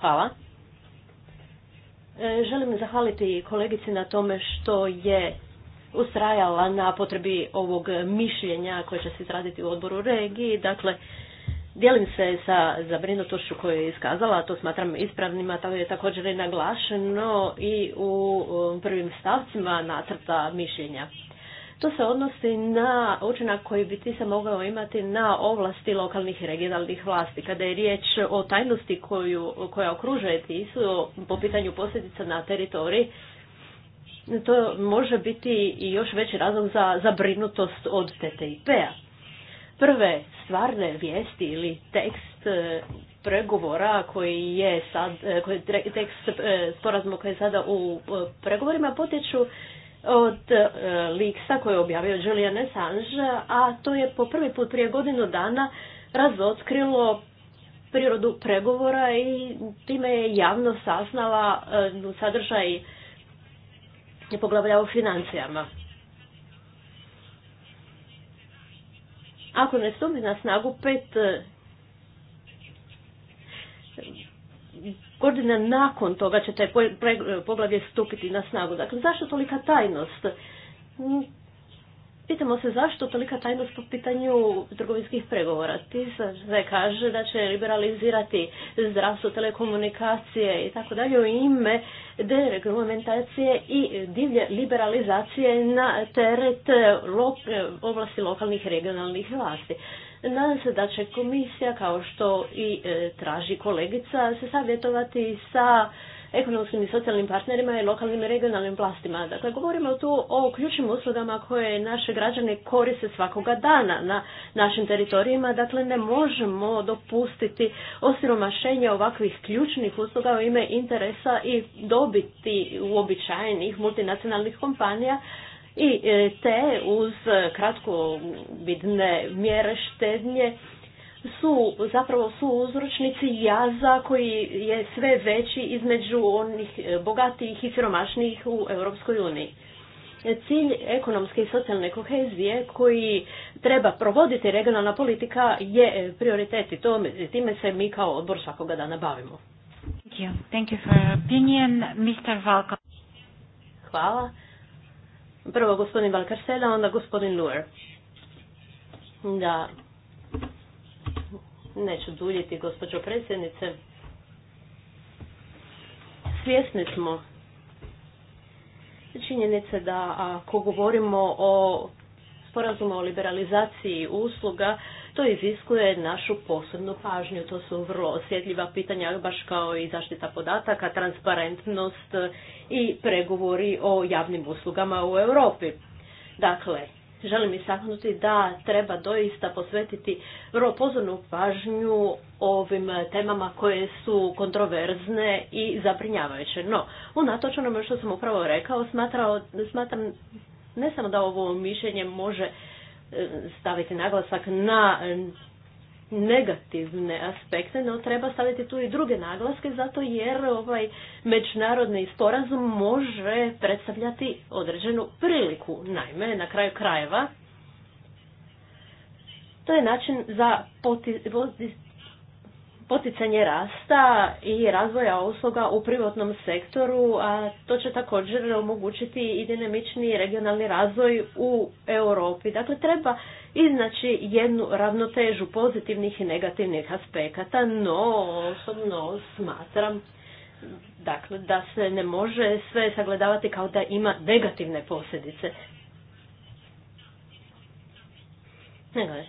S1: Hvala. E, želim zahvaliti kolegici na tome što je ustrajala na potrebi ovog mišljenja koje će se izraditi u odboru regiji. Dakle, Dijelim se sa zabrinutošću koju je iskazala, to smatram ispravnima, tako je također i naglašeno i u prvim stavcima nacrta mišljenja. To se odnosi na učinak koji bi ti se mogao imati na ovlasti lokalnih i regionalnih vlasti. Kada je riječ o tajnosti koju, koja okružuje TISU po pitanju posljedica na teritoriji, to može biti i još veći razlog za zabrinutost od TTIP-a prve stvarne vijesti ili tekst e, pregovora koji je sad, e, koji tekst e, sporazuma koji je sada u pregovorima potječu od Liksa koji je objavio Julian Assange, a to je po prvi put prije godinu dana razotkrilo prirodu pregovora i time je javno saznala sadržaj poglavlja o financijama. ako ne stupi na snagu pet e, godina nakon toga će taj poglavlje stupiti na snagu. Dakle, zašto tolika tajnost? Pitamo se zašto tolika tajnost po pitanju trgovinskih pregovora. Ti se kaže da će liberalizirati zdravstvo, telekomunikacije i tako dalje u ime deregulamentacije i divlje liberalizacije na teret ovlasti lokalnih i regionalnih vlasti. Nadam se da će komisija, kao što i e, traži kolegica, se savjetovati sa ekonomskim i socijalnim partnerima i lokalnim i regionalnim vlastima. Dakle, govorimo tu o ključnim uslugama koje naše građane koriste svakoga dana na našim teritorijima. Dakle, ne možemo dopustiti osiromašenje ovakvih ključnih usluga u ime interesa i dobiti uobičajenih multinacionalnih kompanija i e, te uz vidne mjere štednje su zapravo su uzročnici jaza koji je sve veći između onih e, bogatijih i siromašnijih u Europskoj uniji. Cilj ekonomske i socijalne kohezije koji treba provoditi regionalna politika je prioritet i to, e, time se mi kao odbor svakoga dana bavimo. Thank you. for opinion. Mr. Hvala. Prvo gospodin Valkarsela, onda gospodin Luer. Da, Neću duljiti, gospođo predsjednice. Svjesni smo činjenice da ako govorimo o sporazumu o liberalizaciji usluga, to iziskuje našu posebnu pažnju. To su vrlo osjetljiva pitanja, baš kao i zaštita podataka, transparentnost i pregovori o javnim uslugama u Europi. Dakle, želim istaknuti da treba doista posvetiti vrlo pozornu pažnju ovim temama koje su kontroverzne i zabrinjavajuće. No, unatoč onome što sam upravo rekao, smatram ne samo da ovo mišljenje može e, staviti naglasak na negativne aspekte, no treba staviti tu i druge naglaske zato jer ovaj međunarodni sporazum može predstavljati određenu priliku. Naime, na kraju krajeva to je način za poticanje rasta i razvoja usluga u privatnom sektoru, a to će također omogućiti i dinamični regionalni razvoj u Europi. Dakle, treba iznaći jednu ravnotežu pozitivnih i negativnih aspekata, no osobno smatram dakle, da se ne može sve sagledavati kao da ima negativne posljedice. Ne,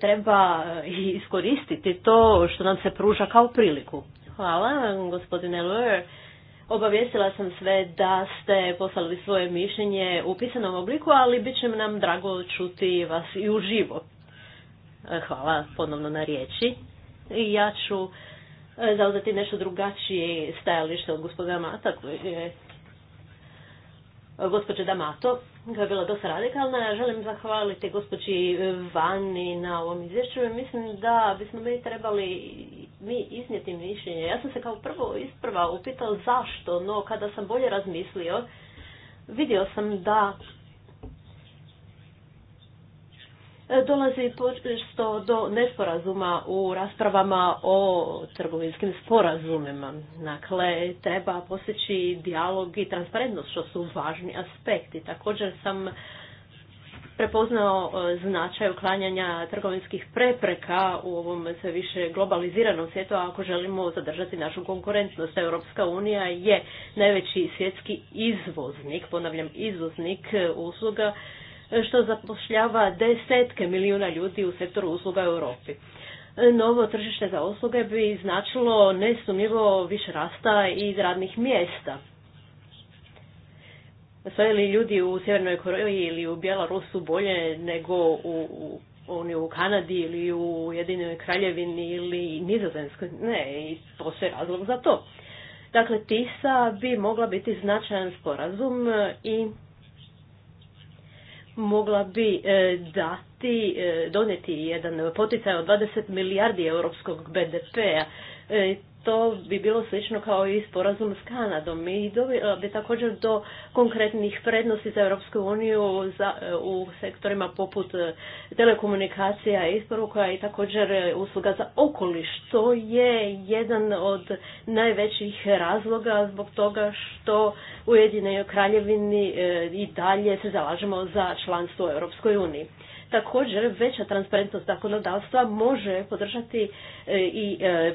S1: treba e, iskoristiti to što nam se pruža kao priliku. Hvala, gospodine Luer. Obavijestila sam sve da ste poslali svoje mišljenje u pisanom obliku, ali bit će nam drago čuti vas i uživo. E, hvala ponovno na riječi. I ja ću e, zauzeti nešto drugačije stajalište od gospodina Mata, e, gospođe Damato, koja je bila dosta radikalna. Želim zahvaliti gospođi e, Vani na ovom izvješću mislim da bismo mi trebali mi iznijeti mišljenje. Ja sam se kao prvo isprva upitao zašto, no kada sam bolje razmislio, vidio sam da E, dolazi počesto do nesporazuma u raspravama o trgovinskim sporazumima. Dakle, treba posjeći dijalog i transparentnost, što su važni aspekti. Također sam prepoznao e, značaj uklanjanja trgovinskih prepreka u ovom sve više globaliziranom svijetu, ako želimo zadržati našu konkurentnost, Europska unija je najveći svjetski izvoznik, ponavljam izvoznik e, usluga što zapošljava desetke milijuna ljudi u sektoru usluga u Europi. Novo tržište za usluge bi značilo nesumnjivo više rasta i radnih mjesta. Stoje li ljudi u Sjevernoj Koreji ili u Bjelarusu bolje nego u, u oni u Kanadi ili u Jedinoj Kraljevini ili Nizozemskoj. Ne, i postoji razlog za to. Dakle, TISA bi mogla biti značajan sporazum i mogla bi e, dati, e, donijeti jedan poticaj od 20 milijardi europskog BDP-a. E, to bi bilo slično kao i sporazum s Kanadom i e, bi također do konkretnih prednosti za Europsku uniju e, u sektorima poput telekomunikacija, isporuka i također usluga za okoliš. To je jedan od najvećih razloga zbog toga što u Ujedinjenoj Kraljevini i dalje se zalažemo za članstvo u Europskoj uniji. Također, veća transparentnost zakonodavstva može podržati e, i e,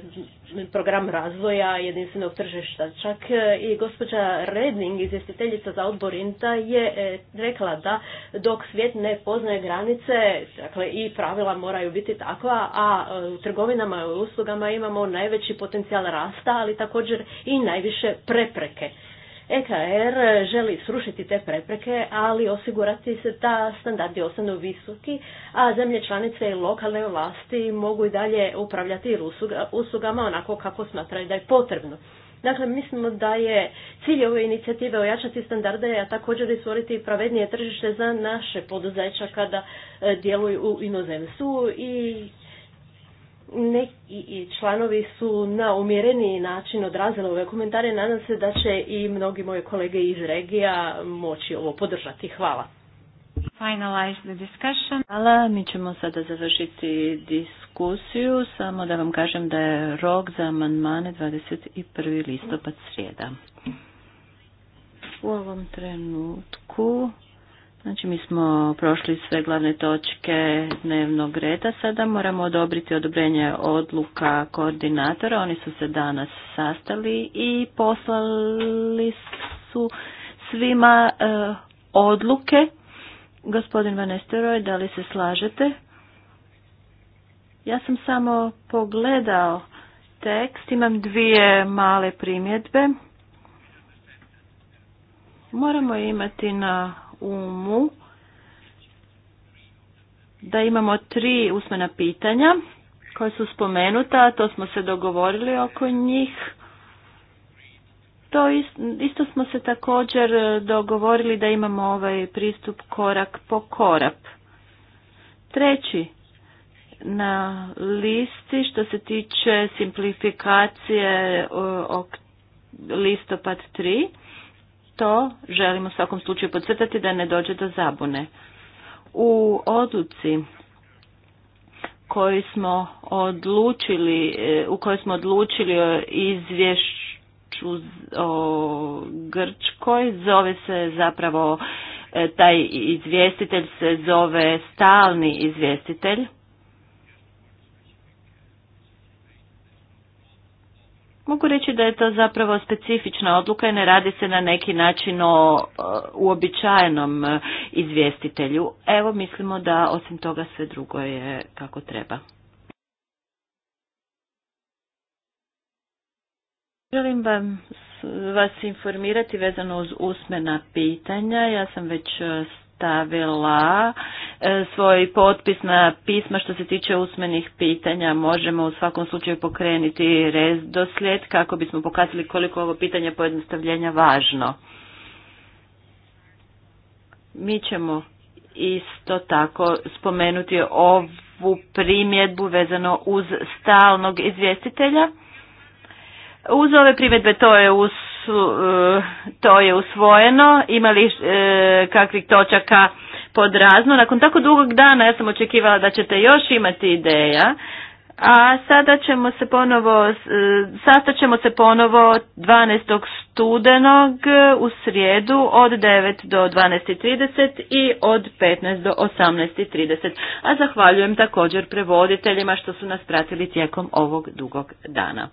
S1: program razvoja jedinstvenog tržišta. Čak e, i gospođa Redning, izvjestiteljica za odbor INTA, je rekla da dok svijet ne poznaje granice, dakle i pravila moraju biti takva, a u trgovinama i uslugama imamo najveći potencijal rasta, ali također i najviše prepreke. EKR er želi srušiti te prepreke, ali osigurati se da standardi ostanu visoki, a zemlje članice i lokalne vlasti mogu i dalje upravljati uslugama onako kako smatraju da je potrebno. Dakle, mislimo da je cilj ove inicijative ojačati standarde, a također i stvoriti pravednije tržište za naše poduzeća kada e, djeluju u inozemstvu i neki članovi su na umjereni način odrazili ove komentare. Nadam se da će i mnogi moje kolege iz regija moći ovo podržati. Hvala. Finalize the discussion. Hvala, mi ćemo sada završiti diskusiju. Samo da vam kažem da je rok za amandmane 21. listopad srijeda. U ovom trenutku Znači mi smo prošli sve glavne točke dnevnog reda, sada moramo odobriti odobrenje odluka koordinatora, oni su se danas sastali i poslali su svima e, odluke. Gospodin Vanesteroj, da li se slažete? Ja sam samo pogledao tekst, imam dvije male primjedbe. Moramo imati na umu da imamo tri usmena pitanja koja su spomenuta, to smo se dogovorili oko njih. To isto, isto smo se također dogovorili da imamo ovaj pristup korak po korak. Treći na listi što se tiče simplifikacije ok, listopad tri to želim u svakom slučaju podcrtati da ne dođe do zabune. U odluci koji smo odlučili, e, u kojoj smo odlučili o izvješću o Grčkoj, zove se zapravo e, taj izvjestitelj se zove stalni izvjestitelj Mogu reći da je to zapravo specifična odluka i ne radi se na neki način o uobičajenom e, izvjestitelju. Evo mislimo da osim toga sve drugo je kako treba. Želim vam vas informirati vezano uz usmena pitanja. Ja sam već e, stavila e, svoj potpis na pisma što se tiče usmenih pitanja. Možemo u svakom slučaju pokrenuti rez slijed kako bismo pokazali koliko ovo pitanje pojednostavljenja važno. Mi ćemo isto tako spomenuti ovu primjedbu vezano uz stalnog izvjestitelja. Uz ove primjedbe to je uz su, e, to je usvojeno, imali e, kakvih točaka pod razno. Nakon tako dugog dana ja sam očekivala da ćete još imati ideja, a sada ćemo se ponovo, e, sastaćemo se ponovo 12. studenog u srijedu od 9 do 12.30 i od 15 do 18.30. A zahvaljujem također prevoditeljima što su nas pratili tijekom ovog dugog dana.